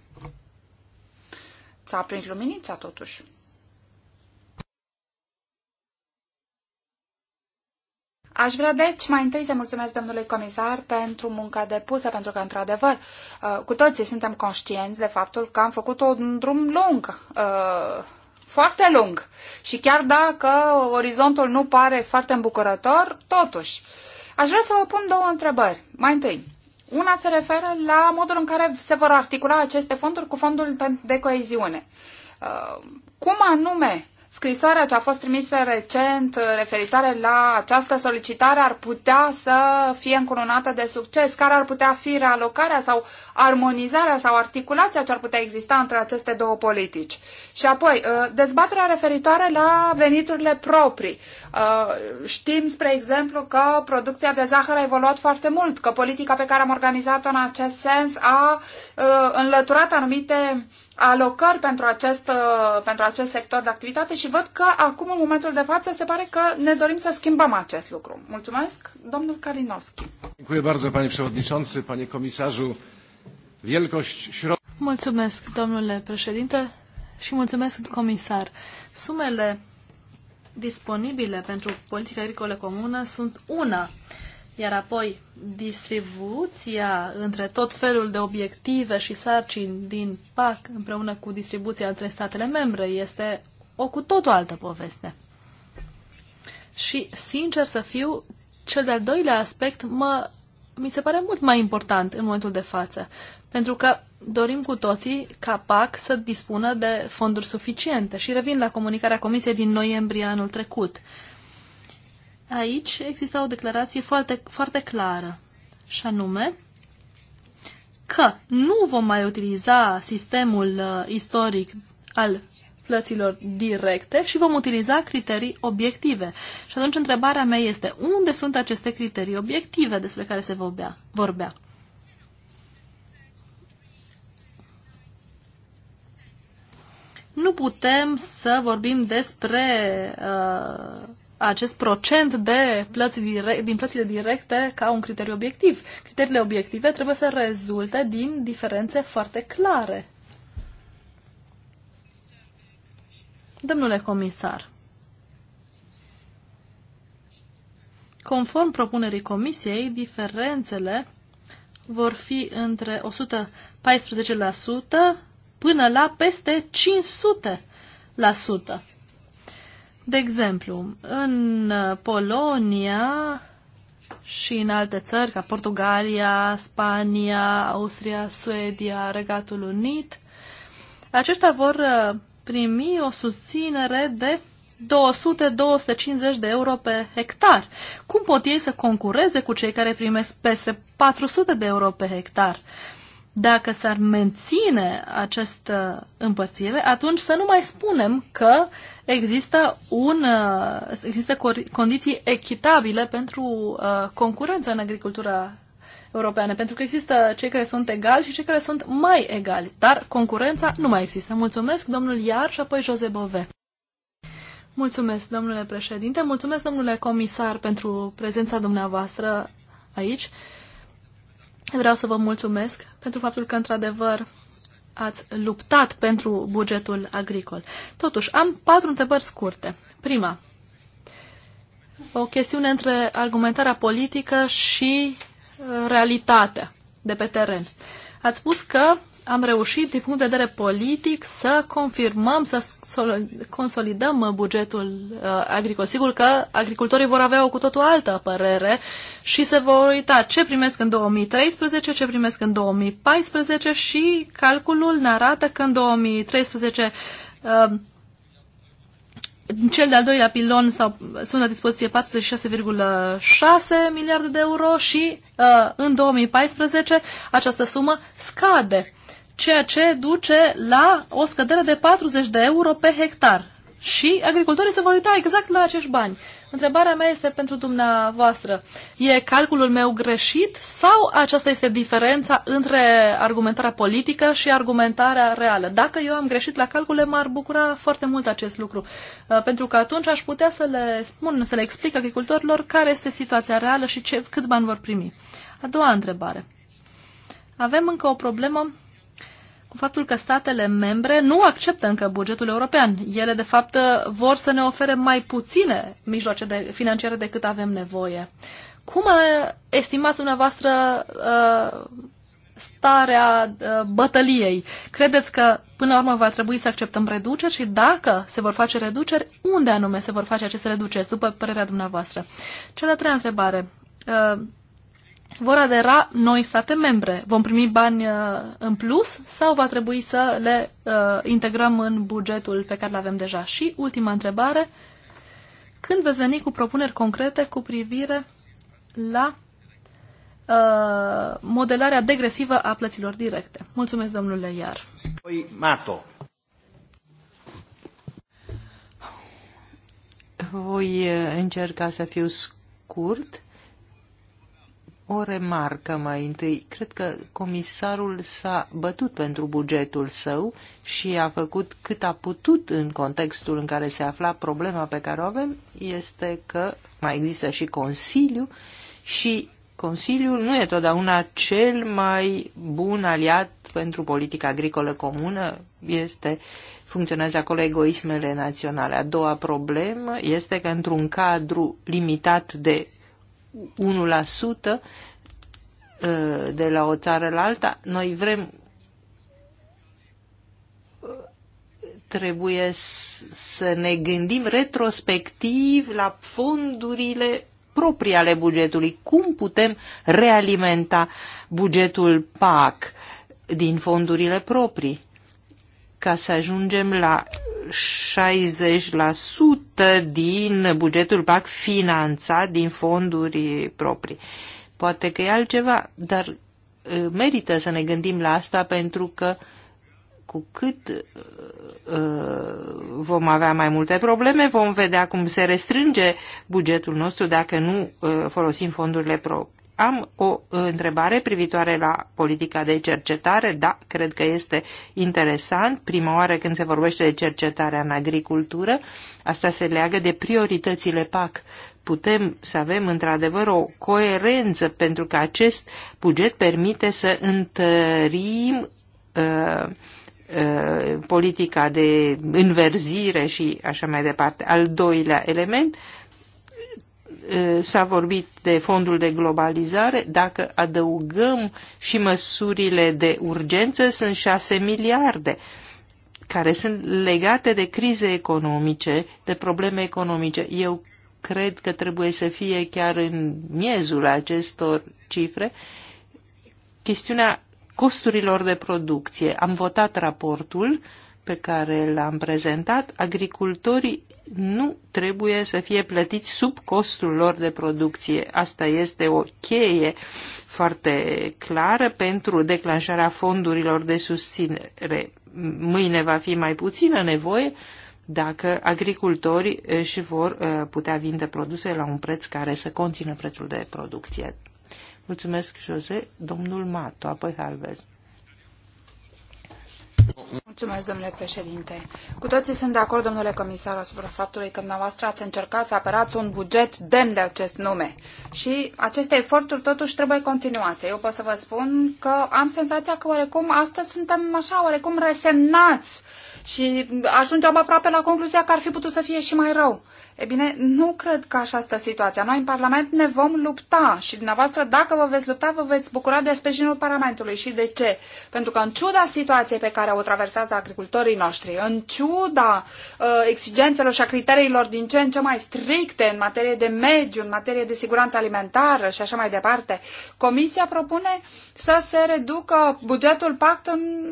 S-a aprins luminița, totuși. Aș vrea, deci, mai întâi să mulțumesc domnului comisar pentru munca depusă, pentru că, într-adevăr, uh, cu toții suntem conștienți de faptul că am făcut un drum lung, uh, foarte lung. Și chiar dacă orizontul nu pare foarte îmbucurător, totuși. Aș vrea să vă pun două întrebări. Mai întâi, una se referă la modul în care se vor articula aceste fonduri cu fondul de coeziune. Uh, cum anume Scrisoarea ce a fost trimisă recent uh, referitoare la această solicitare ar putea să fie încurunată de succes? Care ar putea fi realocarea sau armonizarea sau articulația ce ar putea exista între aceste două politici? Și apoi, uh, dezbaterea referitoare la veniturile proprii. Uh, știm, spre exemplu, că producția de zahăr a evoluat foarte mult, că politica pe care am organizat-o în acest sens a înlăturat anumite alocări pentru acest, uh, pentru acest sector de activitate și văd că acum, în momentul de față, se pare că ne dorim să schimbăm acest lucru. Mulțumesc, domnul Kalinowski. Mulțumesc, domnule președinte, și mulțumesc, comisar. Sumele disponibile pentru politica agricolă comună sunt una iar apoi distribuția între tot felul de obiective și sarcini din PAC împreună cu distribuția între statele membre este o cu totul altă poveste. Și, sincer să fiu, cel de-al doilea aspect mă, mi se pare mult mai important în momentul de față, pentru că dorim cu toții ca PAC să dispună de fonduri suficiente. Și revin la comunicarea Comisiei din noiembrie anul trecut. Uh, aici exista o declarație foarte, foarte clară, și anume că nu vom mai utiliza sistemul uh, istoric al plăților directe și vom utiliza criterii obiective. Și atunci întrebarea mea este, unde sunt aceste criterii obiective despre care se vorbea? vorbea? Nu putem să vorbim despre uh, acest procent de plăți direct, din plățile directe ca un criteriu obiectiv. Criteriile obiective trebuie să rezulte din diferențe foarte clare. Domnule comisar, conform propunerii comisiei, diferențele vor fi între 114% până la peste 500%. De exemplu, în uh, Polonia și în alte țări, ca Portugalia, Spania, Austria, Suedia, Regatul Unit, aceștia vor uh, primi o susținere de 200-250 de euro pe hectar. Cum pot ei să concureze cu cei care primesc peste 400 de euro pe hectar? Uh, dacă s-ar menține această împărțire, atunci să nu mai spunem că există, un, uh, există condiții echitabile pentru uh, concurență în agricultura europeană, pentru că există cei care sunt egali și cei care sunt mai egali, dar concurența nu mai există. Mulțumesc, domnul Iar și apoi Jose Bove. Mulțumesc, domnule președinte, mulțumesc, domnule comisar, pentru prezența dumneavoastră aici. Vreau să vă mulțumesc pentru faptul că, într-adevăr, ați luptat pentru bugetul agricol. Totuși, am patru întrebări scurte. Prima, o chestiune între argumentarea politică și uh, realitatea de pe teren. Ați spus că am reușit, din punct de vedere politic, să confirmăm, să consolidăm bugetul uh, agricol. Sigur că agricultorii vor avea o cu totul altă părere și se vor uita ce primesc în 2013, ce primesc în 2014 și calculul ne arată că în 2013 uh, cel de-al doilea pilon sau, sunt la dispoziție 46,6 miliarde de euro și uh, în 2014 această sumă scade ceea ce duce la o scădere de 40 de euro pe hectar. Și agricultorii se vor uita exact la acești bani. Întrebarea mea este pentru dumneavoastră. E calculul meu greșit sau aceasta este diferența între argumentarea politică și argumentarea reală? Dacă eu am greșit la calcule, m-ar bucura foarte mult acest lucru. Uh, pentru că atunci aș putea să le spun, să le explic agricultorilor care este situația reală și ce, câți bani vor primi. A doua întrebare. Avem încă o problemă cu faptul că statele membre nu acceptă încă bugetul european. Ele, de fapt, vor să ne ofere mai puține mijloace de, financiare decât avem nevoie. Cum uh, estimați dumneavoastră uh, starea uh, bătăliei? Credeți că până la urmă va trebui să acceptăm reduceri și dacă se vor face reduceri, unde anume se vor face aceste reduceri, după părerea dumneavoastră? Cea de-a treia întrebare. Uh, vor adera noi state membre. Vom primi bani uh, în plus sau va trebui să le uh, integrăm în bugetul pe care îl avem deja? Și ultima întrebare, când veți veni cu propuneri concrete cu privire la uh, modelarea degresivă a plăților directe? Mulțumesc, domnule Iar. Mato. Voi uh, încerca să fiu scurt o remarcă mai întâi. Cred că comisarul s-a bătut pentru bugetul său și a făcut cât a putut în contextul în care se afla problema pe care o avem, este că mai există și Consiliu și Consiliul nu e totdeauna cel mai bun aliat pentru politica agricolă comună, este funcționează acolo egoismele naționale. A doua problemă este că într-un cadru limitat de 1% uh, de la o țară la alta. Noi vrem uh, trebuie să ne gândim retrospectiv la fondurile proprii ale bugetului. Cum putem realimenta bugetul PAC din fondurile proprii ca să ajungem la 60% din bugetul PAC finanțat din fonduri proprii. Poate că e altceva, dar merită să ne gândim la asta pentru că cu cât vom avea mai multe probleme, vom vedea cum se restrânge bugetul nostru dacă nu folosim fondurile proprii am o uh, întrebare privitoare la politica de cercetare. Da, cred că este interesant. Prima oară când se vorbește de cercetarea în agricultură, asta se leagă de prioritățile PAC. Putem să avem într-adevăr o coerență pentru că acest buget permite să întărim uh, uh politica de înverzire și așa mai departe. Al doilea element, s-a vorbit de fondul de globalizare, dacă adăugăm și măsurile de urgență, sunt 6 miliarde care sunt legate de crize economice, de probleme economice. Eu cred că trebuie să fie chiar în miezul acestor cifre chestiunea costurilor de producție. Am votat raportul pe care l-am prezentat. Agricultorii nu trebuie să fie plătiți sub costul lor de producție. Asta este o cheie foarte clară pentru declanșarea fondurilor de susținere. Mâine va fi mai puțină nevoie dacă agricultorii își vor uh, putea vinde produse la un preț care să conțină prețul de producție. Mulțumesc, Jose. Domnul Mato, apoi Halvez domnule președinte. Cu toții sunt de acord, domnule comisar, asupra faptului că dumneavoastră ați încercat să apărați un buget demn de acest nume. Și aceste eforturi totuși trebuie continuate. Eu pot să vă spun că am senzația că oarecum astăzi suntem așa, oarecum resemnați și ajungem aproape la concluzia că ar fi putut să fie și mai rău. E bine, nu cred că așa stă situația. Noi în Parlament ne vom lupta și dumneavoastră, dacă vă veți lupta, vă veți bucura de sprijinul Parlamentului. Și de ce? Pentru că în ciuda situației pe care o traversează agricultorii noștri, în ciuda uh, exigențelor și a criteriilor din ce în ce mai stricte în materie de mediu, în materie de siguranță alimentară și așa mai departe, Comisia propune să se reducă bugetul PAC în,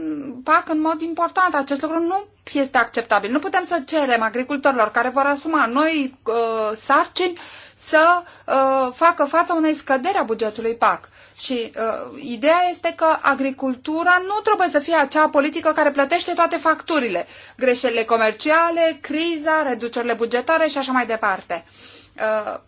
PAC în mod important. Acest lucru nu este acceptabil. Nu putem să cerem agricultorilor care vor asuma noi uh, sarcini să uh, facă față unei scăderi a bugetului PAC. Și uh, ideea este că agricultura nu trebuie să fie acea politică care plătește toate facturile, greșelile comerciale, criza, reducerile bugetare și așa mai departe. Uh,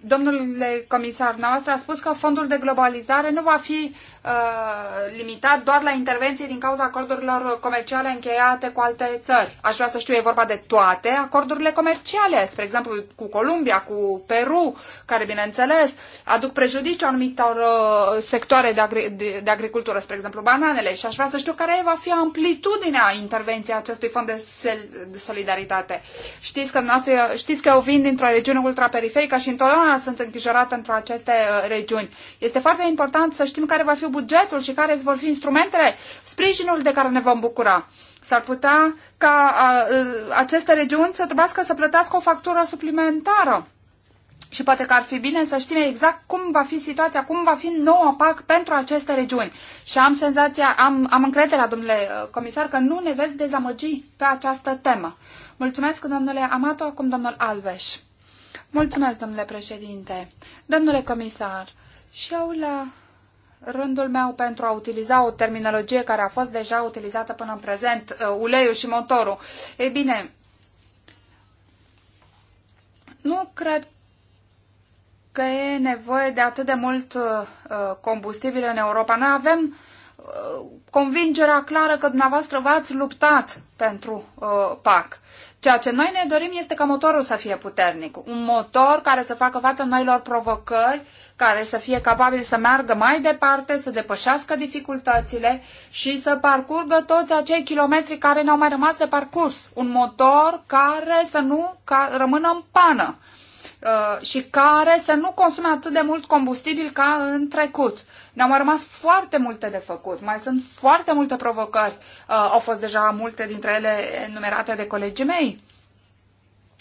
Domnule comisar, noastră a spus că fondul de globalizare nu va fi Uh, limitat doar la intervenții din cauza acordurilor comerciale încheiate cu alte țări. Aș vrea să știu, e vorba de toate acordurile comerciale, spre exemplu cu Columbia, cu Peru, care, bineînțeles, aduc prejudiciu anumitor uh, sectoare de, agri- de, de agricultură, spre exemplu bananele, și aș vrea să știu care va fi amplitudinea intervenției acestui fond de, de solidaritate. Știți că, noastră, știți că eu vin dintr-o regiune ultraperiferică și întotdeauna sunt îngrijorată pentru aceste uh, regiuni. Este foarte important să știm care va fi fi bugetul și care vor fi instrumentele, sprijinul de care ne vom bucura. S-ar putea ca a, aceste regiuni să trebuiască să plătească o factură suplimentară. Și poate că ar fi bine să știm exact cum va fi situația, cum va fi noua PAC pentru aceste regiuni. Și am senzația, am, am încrederea, domnule comisar, că nu ne veți dezamăgi pe această temă. Mulțumesc, domnule Amato, acum domnul Alves. Mulțumesc, domnule președinte. Domnule comisar, și eu la rândul meu pentru a utiliza o terminologie care a fost deja utilizată până în prezent, uh, uleiul și motorul. Ei bine, nu cred că e nevoie de atât de mult uh, combustibil în Europa. Noi avem uh, Uh, convingerea clară că dumneavoastră v-ați luptat pentru uh, PAC. Ceea ce noi ne dorim este ca motorul să fie puternic, un motor care să facă față noilor provocări, care să fie capabil să meargă mai departe, să depășească dificultățile și să parcurgă toți acei kilometri care ne-au mai rămas de parcurs. Un motor care să nu ca, rămână în pană Uh, și care să nu consume atât de mult combustibil ca în trecut. Ne-au mai rămas foarte multe de făcut, mai sunt foarte multe provocări, uh, au fost deja multe dintre ele enumerate de colegii mei.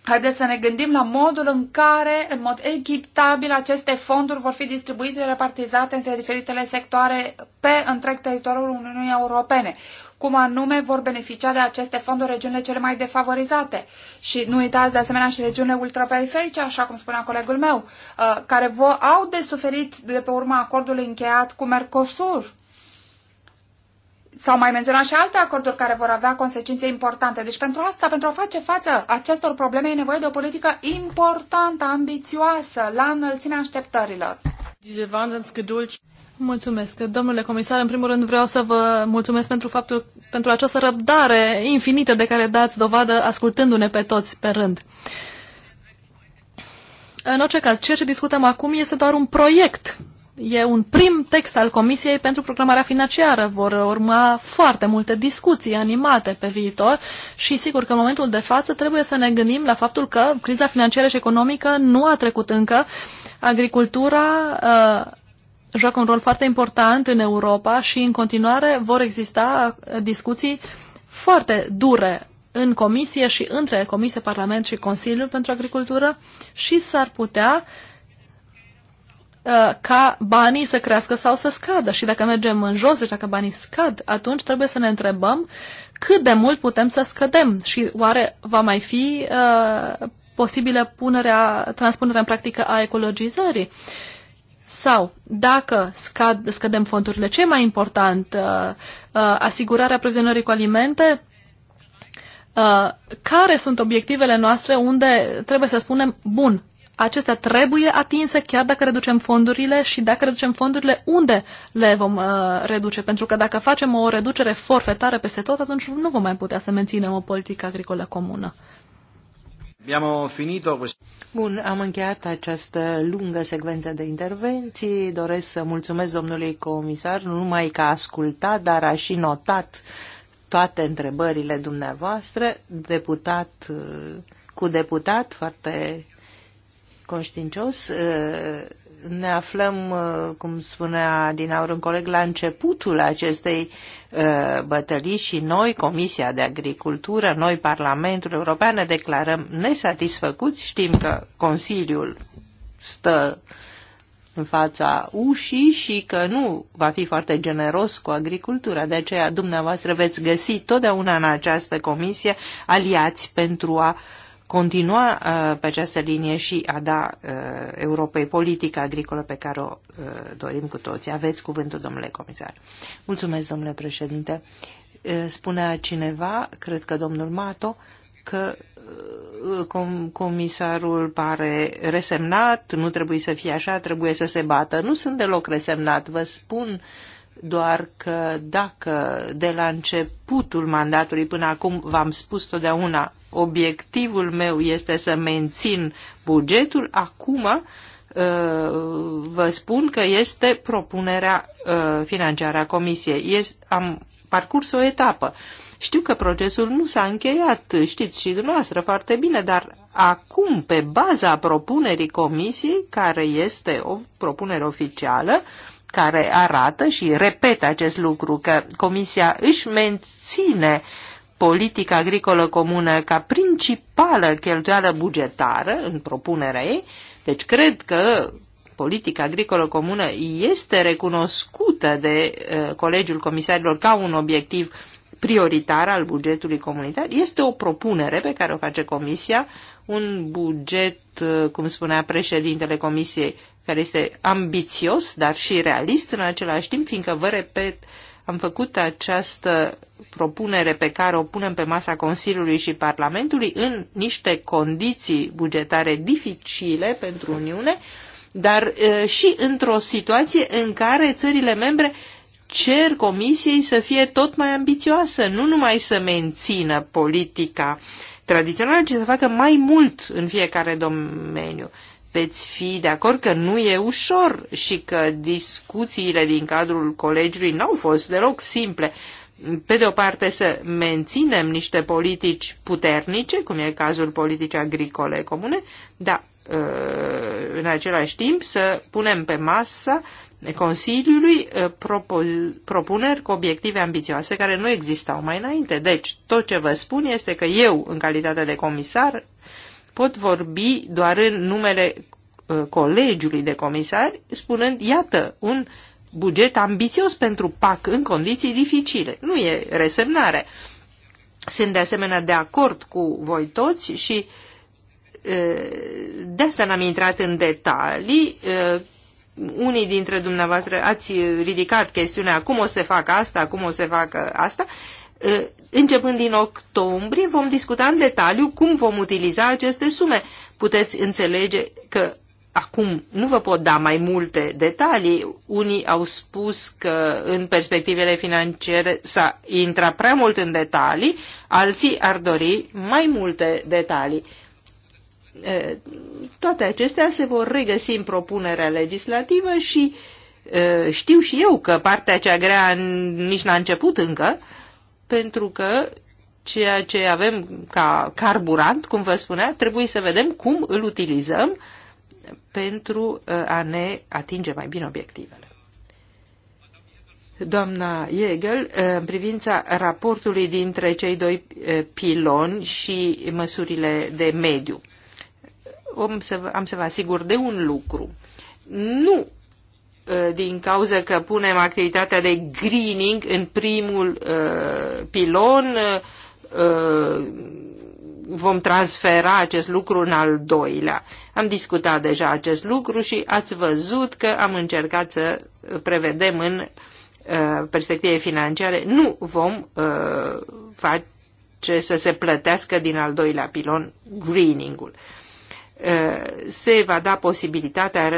Haideți să ne gândim la modul în care, în mod echitabil, aceste fonduri vor fi distribuite, repartizate între diferitele sectoare pe întreg teritoriul Uniunii Europene cum anume vor beneficia de aceste fonduri regiunile cele mai defavorizate. Și nu uitați de asemenea și regiunile ultraperiferice, așa cum spunea colegul meu, uh, care au de suferit de pe urma acordului încheiat cu Mercosur. S-au mai menționat și alte acorduri care vor avea consecințe importante. Deci pentru asta, pentru a face față acestor probleme, e nevoie de o politică importantă, ambițioasă, la înălțimea așteptărilor. Diese Mulțumesc. Domnule comisar, în primul rând vreau să vă mulțumesc pentru faptul, pentru această răbdare infinită de care dați dovadă ascultându-ne pe toți pe rând. În orice caz, ceea ce discutăm acum este doar un proiect. E un prim text al Comisiei pentru programarea financiară. Vor urma foarte multe discuții animate pe viitor și sigur că în momentul de față trebuie să ne gândim la faptul că criza financiară și economică nu a trecut încă. Agricultura uh, joacă un rol foarte important în Europa și în continuare vor exista discuții foarte dure în comisie și între Comisie, Parlament și Consiliul pentru Agricultură și s-ar putea uh, ca banii să crească sau să scadă. Și dacă mergem în jos, deci dacă banii scad, atunci trebuie să ne întrebăm cât de mult putem să scădem și oare va mai fi uh, posibilă punerea, transpunerea în practică a ecologizării. Uh, sau, dacă scad, scădem fondurile, ce e mai important? Uh, uh, asigurarea provizionării cu alimente? Uh, care sunt obiectivele noastre unde trebuie să spunem, bun, acestea trebuie atinse chiar dacă reducem fondurile și dacă reducem fondurile, unde le vom uh, reduce? Pentru că dacă facem o reducere forfetară peste tot, atunci nu vom mai putea să menținem o politică agricolă comună. Abbiamo finito questo. Bun, am încheiat această lungă secvență de intervenții. Doresc să mulțumesc domnului comisar, nu numai că a ascultat, dar a și notat toate întrebările dumneavoastră, deputat cu deputat, foarte conștiincios ne aflăm, uh, cum spunea din aur un coleg, la începutul acestei uh, bătălii și noi, Comisia de Agricultură, noi, Parlamentul European, ne declarăm nesatisfăcuți. Știm că Consiliul stă în fața ușii și că nu va fi foarte generos cu agricultura. De aceea, dumneavoastră, veți găsi totdeauna în această comisie aliați pentru a uh, continua uh, pe această linie și a da uh, Europei politica agricolă pe care o uh, dorim cu toții. Aveți cuvântul, domnule comisar. Mulțumesc, domnule președinte. Uh, spunea cineva, cred că domnul Mato, că uh, com comisarul pare resemnat, nu trebuie să fie așa, trebuie să se bată. Nu sunt deloc resemnat, vă spun uh, doar că dacă de la începutul mandatului până acum v-am spus totdeauna obiectivul meu este să mențin bugetul, acum uh, vă spun că este propunerea uh, financiară a Comisiei. Am parcurs o etapă. Știu că procesul nu s-a încheiat, știți și dumneavoastră foarte bine, dar acum, pe baza propunerii Comisiei, care este o propunere oficială, care arată și repetă acest lucru, că Comisia își menține politica agricolă comună ca principală cheltuială bugetară în propunerea ei, deci cred că politica agricolă comună este recunoscută de uh, Colegiul Comisarilor ca un obiectiv prioritar al bugetului comunitar, este o propunere pe care o face Comisia un buget, uh, cum spunea președintele Comisiei, care este ambițios, dar și realist în același timp, fiindcă, vă repet, am făcut această propunere pe care o punem pe masa Consiliului și Parlamentului în niște condiții bugetare dificile pentru Uniune, dar uh, și într-o situație în care țările membre cer Comisiei să fie tot mai ambițioasă, nu numai să mențină politica uh, tradițională, ci să facă mai mult în fiecare domeniu. Veți fi de acord că nu e ușor și că discuțiile din cadrul colegiului n-au fost deloc simple. Pe de o parte să menținem niște politici puternice, cum e cazul politicii agricole comune, dar ă, în același timp să punem pe masă Consiliului eh, propuneri cu obiective ambițioase care nu existau mai înainte. Deci, tot ce vă spun este că eu, în calitate de comisar, pot vorbi doar în numele eh, colegiului de comisari, spunând, iată, un buget ambițios pentru PAC în condiții dificile. Nu e resemnare. Sunt de asemenea de acord cu voi toți și eh, de asta n-am intrat în detalii unii dintre dumneavoastră ați ridicat chestiunea cum o să facă asta, cum o să facă asta, ă, începând din octombrie vom discuta în detaliu cum vom utiliza aceste sume. Puteți înțelege că acum nu vă pot da mai multe detalii. Unii au spus că în perspectivele financiare s-a intrat prea mult în detalii, alții ar dori mai multe detalii. Toate acestea se vor regăsi în propunerea legislativă și știu și eu că partea cea grea nici n-a început încă, pentru că ceea ce avem ca carburant, cum vă spunea, trebuie să vedem cum îl utilizăm pentru a ne atinge mai bine obiectivele. Doamna Iegel, în privința raportului dintre cei doi piloni și măsurile de mediu om să, am să vă asigur de un lucru. Nu ă, din cauza că punem activitatea de greening în primul uh, pilon, uh, vom transfera acest lucru în al doilea. Am discutat deja acest lucru și ați văzut că am încercat să prevedem în uh, perspective financiare. Nu vom uh, face să se plătească din al doilea pilon greening-ul. Uh, se va da posibilitatea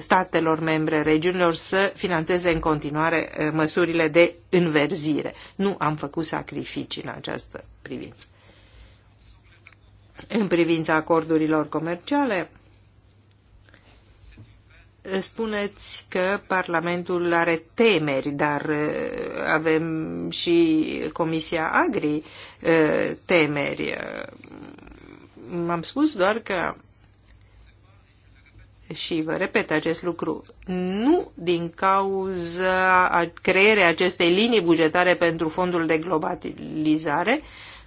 statelor membre, regiunilor, să financeze în continuare măsurile de înverzire. Nu am făcut sacrificii în această privință. În privința acordurilor comerciale, spuneți că Parlamentul are temeri, dar avem și Comisia Agri temeri. M-am spus doar că și vă repet acest lucru, nu din cauza a creierea acestei linii bugetare pentru fondul de globalizare,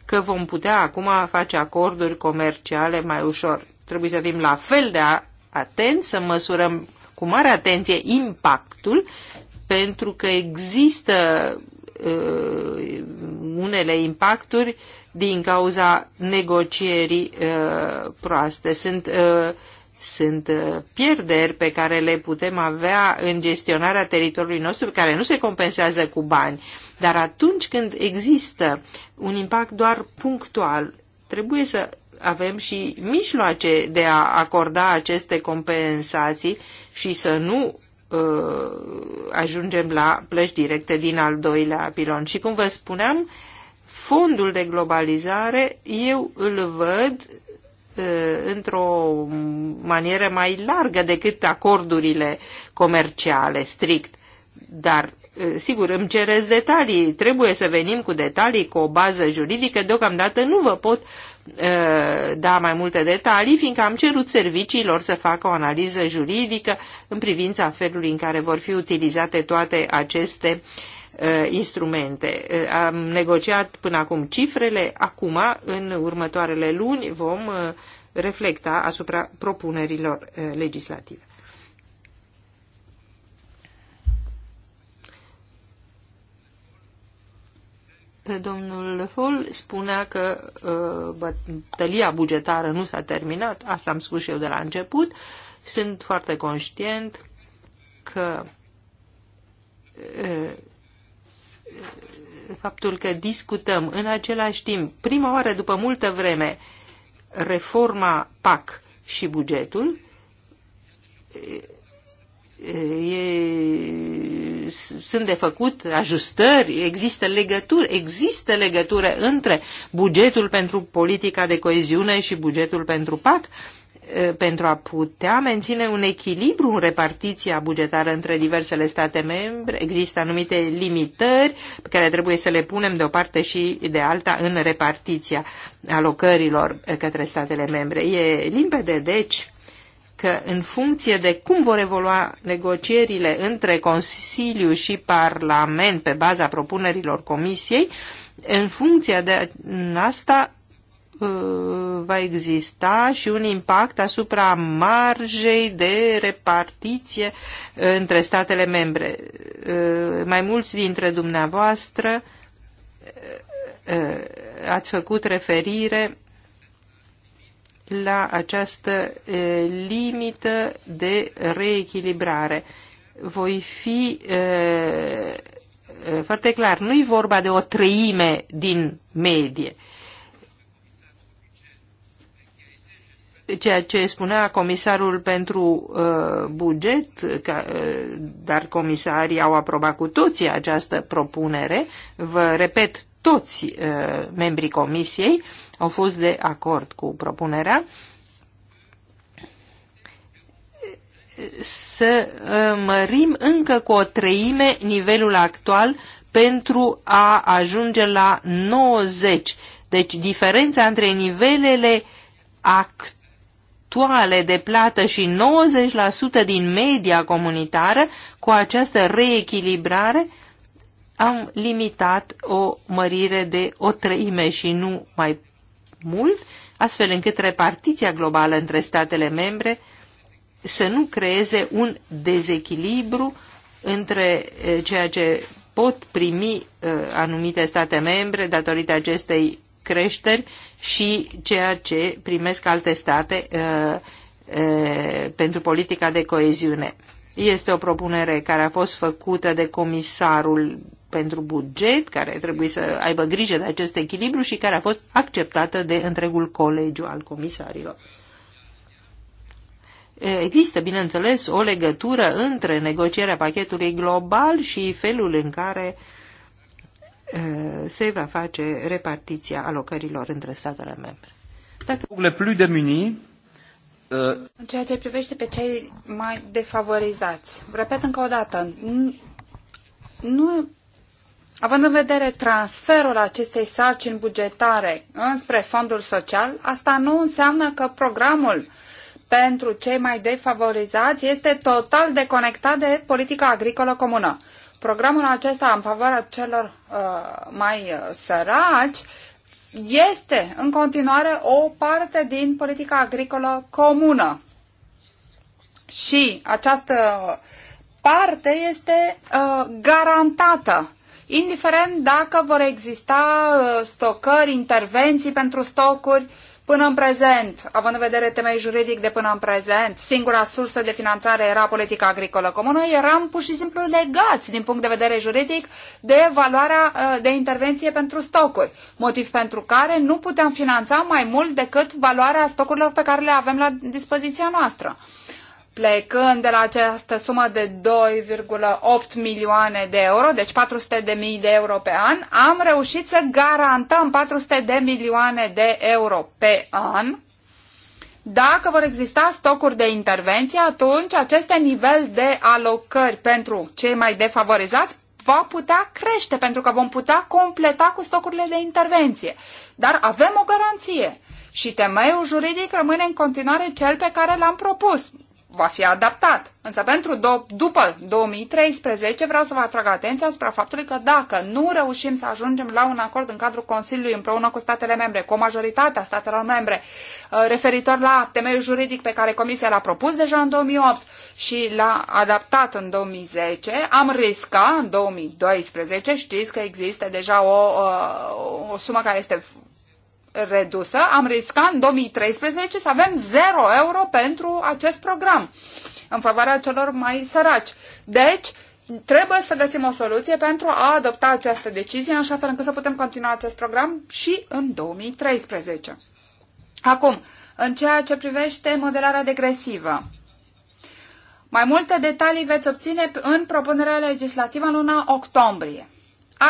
că vom putea acum face acorduri comerciale mai ușor. Trebuie să fim la fel de atenți, să măsurăm cu mare atenție impactul, pentru că există uh, unele impacturi din cauza negocierii uh, proaste. Sunt uh, sunt uh, pierderi pe care le putem avea în gestionarea teritoriului nostru, care nu se compensează cu bani. Dar atunci când există un impact doar punctual, trebuie să avem și mijloace de a acorda aceste compensații și să nu uh, ajungem la plăci directe din al doilea pilon. Și cum vă spuneam, fondul de globalizare eu îl văd Eh, într-o manieră mai largă decât acordurile comerciale, strict. Dar, eh, sigur, îmi cereți detalii, trebuie să venim cu detalii, cu o bază juridică, deocamdată nu vă pot eh, da mai multe detalii, fiindcă am cerut serviciilor să facă o analiză juridică în privința felului în care vor fi utilizate toate aceste uh, Uh, instrumente. Uh, am negociat până acum cifrele, acum, în următoarele luni, vom uh, reflecta asupra propunerilor legislative. Domnul Hall spunea că bătălia bugetară nu s-a terminat, asta am spus și eu de la început. Sunt foarte conștient că faptul că discutăm în același timp, prima oară după multă vreme, reforma PAC și bugetul, e, sunt de făcut ajustări, există legături, există legătură între bugetul pentru politica de coeziune și bugetul pentru PAC. Eh, pentru a putea menține un echilibru în repartiția bugetară între diversele state membre. Există anumite limitări pe care trebuie să le punem de o parte și de alta în repartiția alocărilor eh, către statele membre. E limpede, deci, că în funcție de cum vor evolua negocierile între Consiliu și Parlament pe baza propunerilor Comisiei, în funcție de asta Uh, va exista și un impact asupra marjei de repartiție între statele membre. Uh, mai mulți dintre dumneavoastră uh, ați făcut referire la această limită de reechilibrare. Voi fi foarte clar, nu-i vorba de o treime din medie, ceea ce spunea comisarul pentru uh, buget, ca, uh, dar comisarii au aprobat cu toții această propunere, vă repet, toți uh, membrii comisiei au fost de acord cu propunerea, să uh, mărim încă cu o treime nivelul actual pentru a ajunge la 90. Deci diferența între nivelele act actuale de plată și 90% din media comunitară, cu această reechilibrare am limitat o mărire de o treime și nu mai mult, astfel încât repartiția globală între statele membre să nu creeze un dezechilibru între eh, ceea ce pot primi eh, anumite state membre datorită acestei creșteri și ceea ce primesc alte state uh, uh, pentru politica de coeziune. Este o propunere care a fost făcută de comisarul pentru buget, care trebuie să aibă grijă de acest echilibru și care a fost acceptată de întregul colegiu al comisarilor. Există, bineînțeles, o legătură între negocierea pachetului global și felul în care uh, se va face repartiția alocărilor între statele membre. în ceea ce privește pe cei mai defavorizați, repet încă o dată, nu, având în vedere transferul acestei sarcini bugetare înspre fondul social, asta nu înseamnă că programul pentru cei mai defavorizați este total deconectat de politica agricolă comună. Programul acesta în favoarea celor uh, mai uh, săraci este în continuare o parte din politica agricolă comună. Și această parte este uh, garantată indiferent dacă vor exista uh, stocări, intervenții pentru stocuri Până în prezent, având în vedere temei juridic de până în prezent, singura sursă de finanțare era politica agricolă comună, eram pur și simplu legați din punct de vedere juridic de valoarea uh, de intervenție pentru stocuri, motiv pentru care nu puteam finanța mai mult decât valoarea stocurilor pe care le avem la dispoziția noastră plecând de la această sumă de 2,8 milioane de euro, deci 400 de mii de euro pe an, am reușit să garantăm 400 de milioane de euro pe an. Dacă vor exista stocuri de intervenție, atunci aceste nivel de alocări pentru cei mai defavorizați va putea crește, pentru că vom putea completa cu stocurile de intervenție. Dar avem o garanție și temeiul juridic rămâne în continuare cel pe care l-am propus va fi adaptat. Însă pentru do- după 2013 vreau să vă atrag atenția asupra faptului că dacă nu reușim să ajungem la un acord în cadrul Consiliului împreună cu statele membre, cu majoritatea statelor membre, uh, referitor la temeiul juridic pe care Comisia l-a propus deja în 2008 și l-a adaptat în 2010, am risca în 2012, știți că există deja o, o, uh, o sumă care este redusă, am riscat în 2013 să avem 0 euro pentru acest program, în favoarea celor mai săraci. Deci, trebuie să găsim o soluție pentru a adopta această decizie, în așa fel încât să putem continua acest program și în 2013. Acum, în ceea ce privește modelarea degresivă, mai multe detalii veți obține în propunerea legislativă în luna octombrie.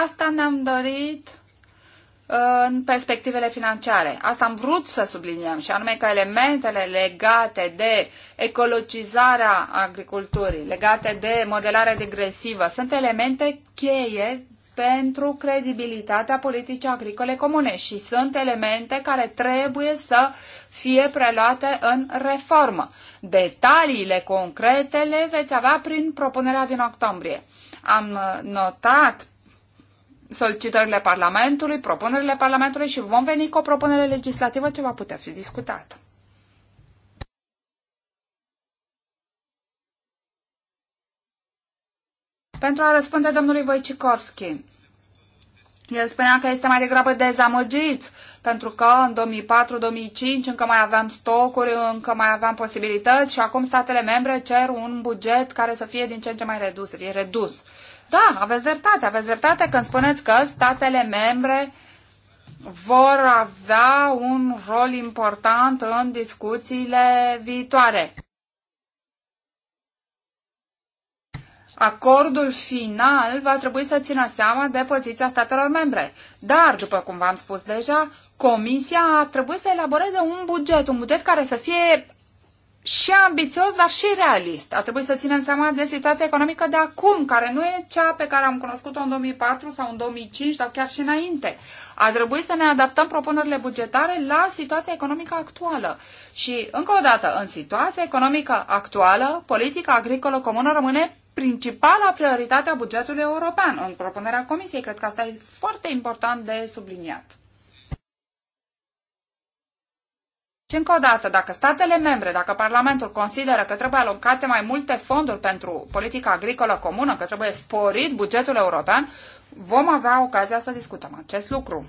Asta ne-am dorit în perspectivele financiare. Asta am vrut să subliniem și anume că elementele legate de ecologizarea agriculturii, legate de modelarea degresivă, sunt elemente cheie pentru credibilitatea politicii agricole comune și sunt elemente care trebuie să fie preluate în reformă. Detaliile concrete le veți avea prin propunerea din octombrie. Am notat solicitările Parlamentului, propunerile Parlamentului și vom veni cu o propunere legislativă ce va putea fi discutată. Pentru a răspunde domnului Wojciechowski, el spunea că este mai degrabă dezamăgit, pentru că în 2004-2005 încă mai aveam stocuri, încă mai aveam posibilități și acum statele membre cer un buget care să fie din ce în ce mai redus, să fie redus. Da, aveți dreptate, aveți dreptate când spuneți că statele membre vor avea un rol important în discuțiile viitoare. Acordul final va trebui să țină seama de poziția statelor membre. Dar, după cum v-am spus deja, Comisia a trebuit să elaboreze un buget, un buget care să fie și ambițios, dar și realist. A trebuit să ținem seama de situația economică de acum, care nu e cea pe care am cunoscut-o în 2004 sau în 2005 sau chiar și înainte. A trebuit să ne adaptăm propunerile bugetare la situația economică actuală. Și, încă o dată, în situația economică actuală, politica agricolă comună rămâne principala prioritate a bugetului european în propunerea Comisiei. Cred că asta e foarte important de subliniat. Și încă o dată, dacă statele membre, dacă Parlamentul consideră că trebuie alocate mai multe fonduri pentru politica agricolă comună, că trebuie sporit bugetul european, vom avea ocazia să discutăm acest lucru.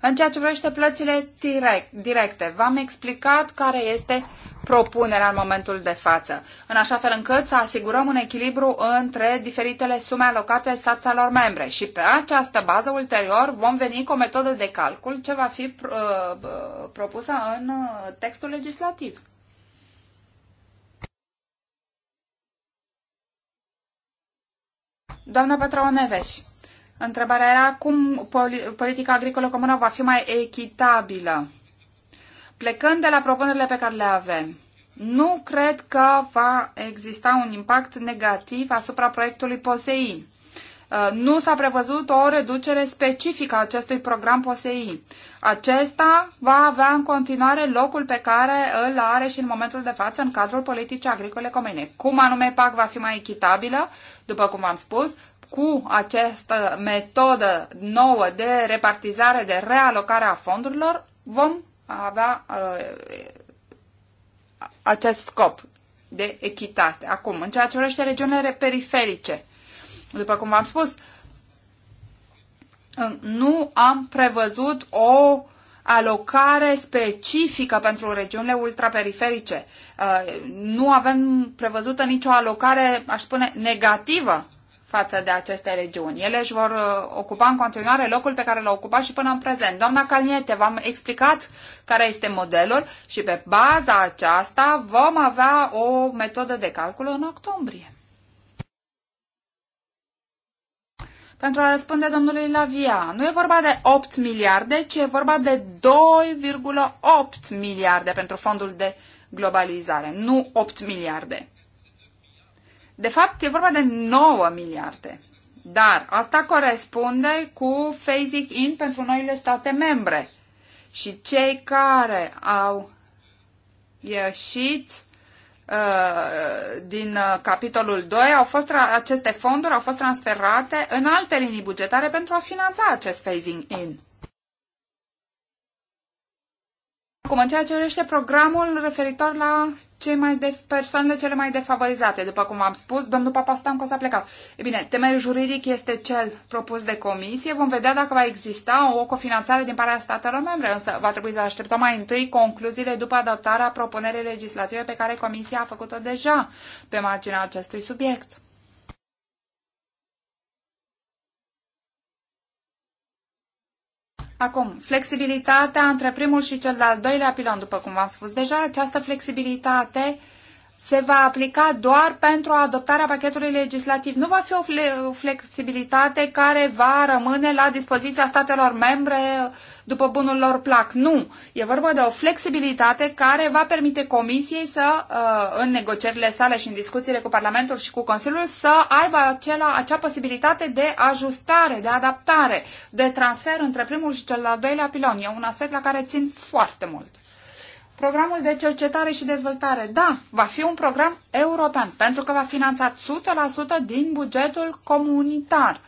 În ceea ce vrește plățile direct, directe, v-am explicat care este propunerea în momentul de față, în așa fel încât să asigurăm un echilibru între diferitele sume alocate statelor membre și pe această bază ulterior vom veni cu o metodă de calcul ce va fi uh, uh, propusă în uh, textul legislativ. Doamna Petrona Neveș. Întrebarea era cum politica agricolă comună va fi mai echitabilă. Plecând de la propunerile pe care le avem, nu cred că va exista un impact negativ asupra proiectului POSEI. Uh, nu s-a prevăzut o reducere specifică a acestui program POSEI. Acesta va avea în continuare locul pe care îl are și în momentul de față în cadrul politicii agricole comune. Cum anume PAC va fi mai echitabilă? După cum am spus, cu această metodă nouă de repartizare, de realocare a fondurilor, vom avea uh, acest scop de echitate. Acum, în ceea ce vrește regiunile periferice, după cum v-am spus, nu am prevăzut o alocare specifică pentru regiunile ultraperiferice. Uh, nu avem prevăzută nicio alocare, aș spune, negativă față de aceste regiuni. Ele își vor uh, ocupa în continuare locul pe care l-au ocupat și până în prezent. Doamna Calniete, v-am explicat care este modelul și pe baza aceasta vom avea o metodă de calcul în octombrie. Pentru a răspunde domnului Lavia, nu e vorba de 8 miliarde, ci e vorba de 2,8 miliarde pentru fondul de globalizare, nu 8 miliarde. De fapt, e vorba de 9 miliarde. Dar asta corespunde cu phasing in pentru noile state membre. Și cei care au ieșit uh, din uh, capitolul 2 au fost aceste fonduri au fost transferate în alte linii bugetare pentru a finanța acest phasing in. Cum în ceea ce urește programul referitor la cei mai de persoanele cele mai defavorizate, după cum v-am spus, domnul Papastanco s-a plecat. E bine, temeiul juridic este cel propus de comisie. Vom vedea dacă va exista o cofinanțare din partea statelor membre, însă va trebui să așteptăm mai întâi concluziile după adoptarea propunerii legislative pe care comisia a făcut-o deja pe marginea acestui subiect. Acum, flexibilitatea între primul și cel de-al doilea pilon, după cum v-am spus deja, această flexibilitate se va aplica doar pentru adoptarea pachetului legislativ. Nu va fi o, flexibilitate care va rămâne la dispoziția statelor membre după bunul lor plac. Nu. E vorba de o flexibilitate care va permite Comisiei să, uh, în negocierile sale și în discuțiile cu Parlamentul și cu Consiliul, să aibă acela, acea posibilitate de ajustare, de adaptare, de transfer între primul și cel al doilea pilon. E un aspect la care țin foarte mult. Programul de cercetare și dezvoltare, da, va fi un program european, pentru că va finanța 100% din bugetul comunitar.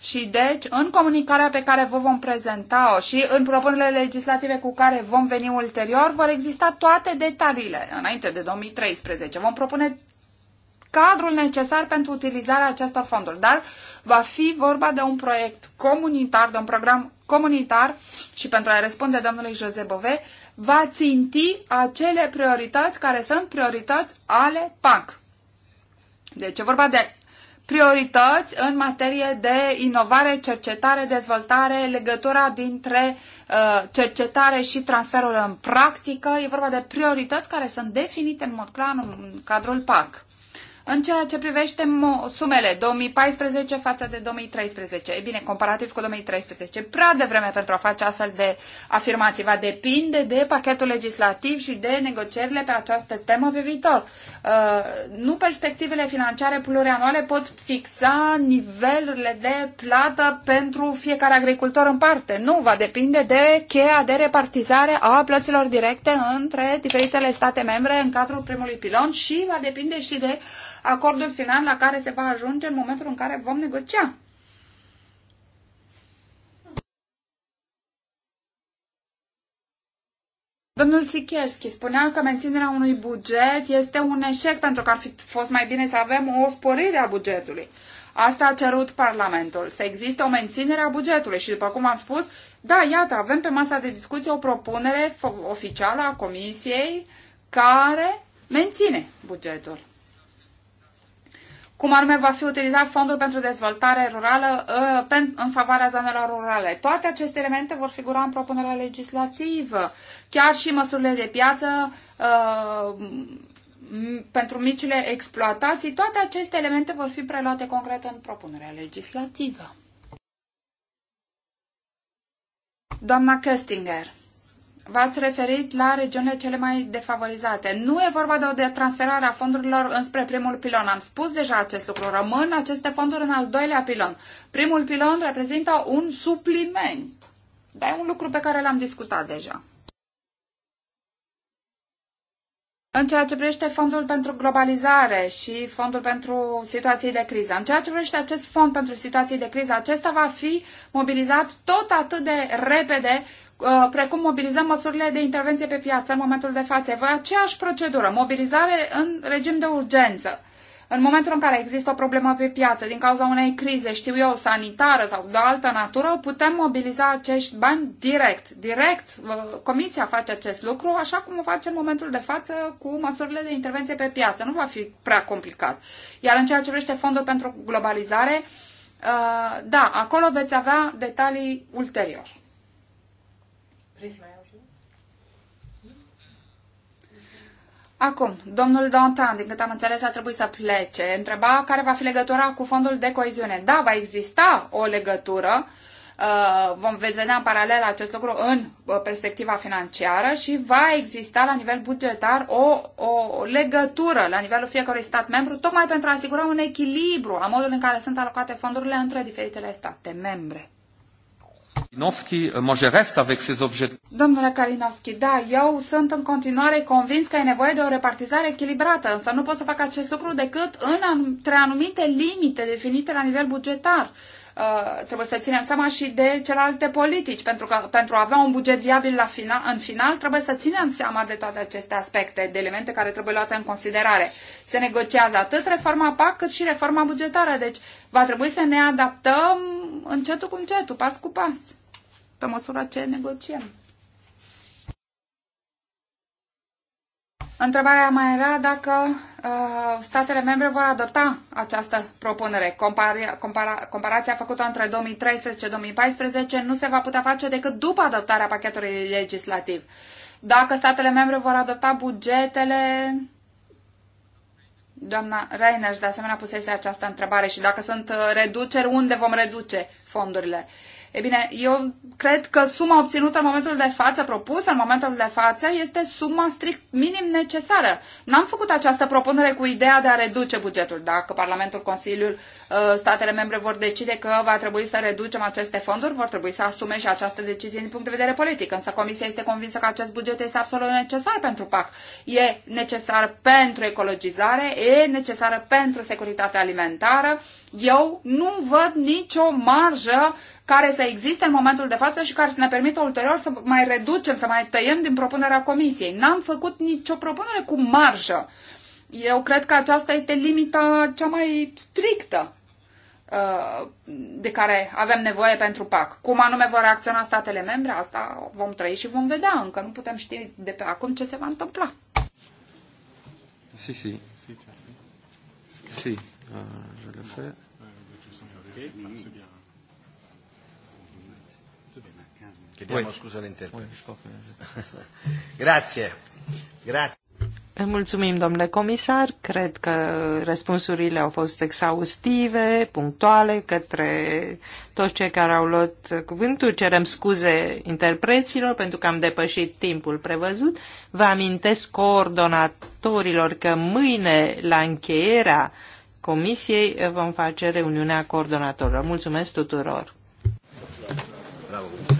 Și deci, în comunicarea pe care vă vom prezenta-o și în propunerile legislative cu care vom veni ulterior, vor exista toate detaliile înainte de 2013. Vom propune cadrul necesar pentru utilizarea acestor fonduri, dar va fi vorba de un proiect comunitar, de un program comunitar și pentru a răspunde domnului Jose Bove, va ținti acele priorități care sunt priorități ale PAC. Deci e vorba de priorități în materie de inovare, cercetare, dezvoltare, legătura dintre uh, cercetare și transferul în practică. E vorba de priorități care sunt definite în mod clar în cadrul PAC. În ceea ce privește sumele 2014 față de 2013, e bine, comparativ cu 2013, prea devreme pentru a face astfel de afirmații. Va depinde de pachetul legislativ și de negocierile pe această temă pe viitor. Uh, nu perspectivele financiare plurianuale pot fixa nivelurile de plată pentru fiecare agricultor în parte. Nu, va depinde de cheia de repartizare a plăților directe între diferitele state membre în cadrul primului pilon și va depinde și de acordul final la care se va ajunge în momentul în care vom negocia. Domnul Sikerski spunea că menținerea unui buget este un eșec pentru că ar fi fost mai bine să avem o sporire a bugetului. Asta a cerut Parlamentul, să existe o menținere a bugetului și, după cum am spus, da, iată, avem pe masa de discuție o propunere oficială a Comisiei care menține bugetul cum anume va fi utilizat fondul pentru dezvoltare rurală ă, în favoarea zonelor rurale. Toate aceste elemente vor figura în propunerea legislativă, chiar și măsurile de piață ă, pentru micile exploatații, toate aceste elemente vor fi preluate concret în propunerea legislativă. Doamna Köstinger, V-ați referit la regiunile cele mai defavorizate. Nu e vorba de o transferare a fondurilor înspre primul pilon. Am spus deja acest lucru. Rămân aceste fonduri în al doilea pilon. Primul pilon reprezintă un supliment. Dar e un lucru pe care l-am discutat deja. În ceea ce privește fondul pentru globalizare și fondul pentru situații de criză, în ceea ce privește acest fond pentru situații de criză, acesta va fi mobilizat tot atât de repede Uh, precum mobilizăm măsurile de intervenție pe piață în momentul de față. Va aceeași procedură, mobilizare în regim de urgență. În momentul în care există o problemă pe piață din cauza unei crize, știu eu, sanitară sau de altă natură, putem mobiliza acești bani direct. Direct, uh, comisia face acest lucru, așa cum o face în momentul de față cu măsurile de intervenție pe piață. Nu va fi prea complicat. Iar în ceea ce privește fondul pentru globalizare, uh, da, acolo veți avea detalii ulterior. Acum, domnul Dantan, din cât am înțeles, a trebuit să plece. Întreba care va fi legătura cu fondul de coeziune. Da, va exista o legătură. Uh, vom vedea în paralel acest lucru în uh, perspectiva financiară și va exista la nivel bugetar o, o legătură la nivelul fiecărui stat membru, tocmai pentru a asigura un echilibru a modului în care sunt alocate fondurile între diferitele state membre. Domnule Kalinowski, da, eu sunt în continuare convins că e nevoie de o repartizare echilibrată, însă nu pot să fac acest lucru decât între anumite limite definite la nivel bugetar. Uh, trebuie să ținem seama și de celelalte politici, pentru că pentru a avea un buget viabil la final, în final, trebuie să ținem seama de toate aceste aspecte, de elemente care trebuie luate în considerare. Se negociază atât reforma PAC cât și reforma bugetară, deci va trebui să ne adaptăm încetul cu încetul, pas cu pas pe măsură ce negociem. Întrebarea mai era dacă uh, statele membre vor adopta această propunere. Compar, compara, comparația făcută între 2013-2014 nu se va putea face decât după adoptarea pachetului legislativ. Dacă statele membre vor adopta bugetele... Doamna Reiner, de asemenea, pusese această întrebare și dacă sunt uh, reduceri, unde vom reduce fondurile? Uh, E bine, eu cred că suma obținută în momentul de față, propusă în momentul de față, este suma strict minim necesară. N-am făcut această propunere cu ideea de a reduce bugetul. Dacă Parlamentul, Consiliul, uh, statele membre vor decide că va trebui să reducem aceste fonduri, vor trebui să asume și această decizie din punct de vedere politic. Însă Comisia este convinsă că acest buget este absolut necesar pentru PAC. E necesar pentru ecologizare, e necesară pentru securitatea alimentară. Eu nu văd nicio marjă care să existe în momentul de față și care să ne permită ulterior să mai reducem, să mai tăiem din propunerea comisiei. N-am făcut nicio propunere cu marjă. Eu cred că aceasta este limita cea mai strictă uh, de care avem nevoie pentru PAC. Cum anume vor reacționa statele membre, asta vom trăi și vom vedea. Încă nu putem ști de pe acum ce se va întâmpla. Si, si. Si, uh, je le fais. Okay. Chiediamo eh. Grazie. Grazie. Mulțumim, domnule comisar. Cred că răspunsurile au fost exhaustive, punctuale, către toți cei care au luat cuvântul. Cerem scuze interpreților pentru că am depășit timpul prevăzut. Vă amintesc coordonatorilor că mâine, la încheierea comisiei, vom face reuniunea coordonatorilor. Mulțumesc tuturor! Bravo.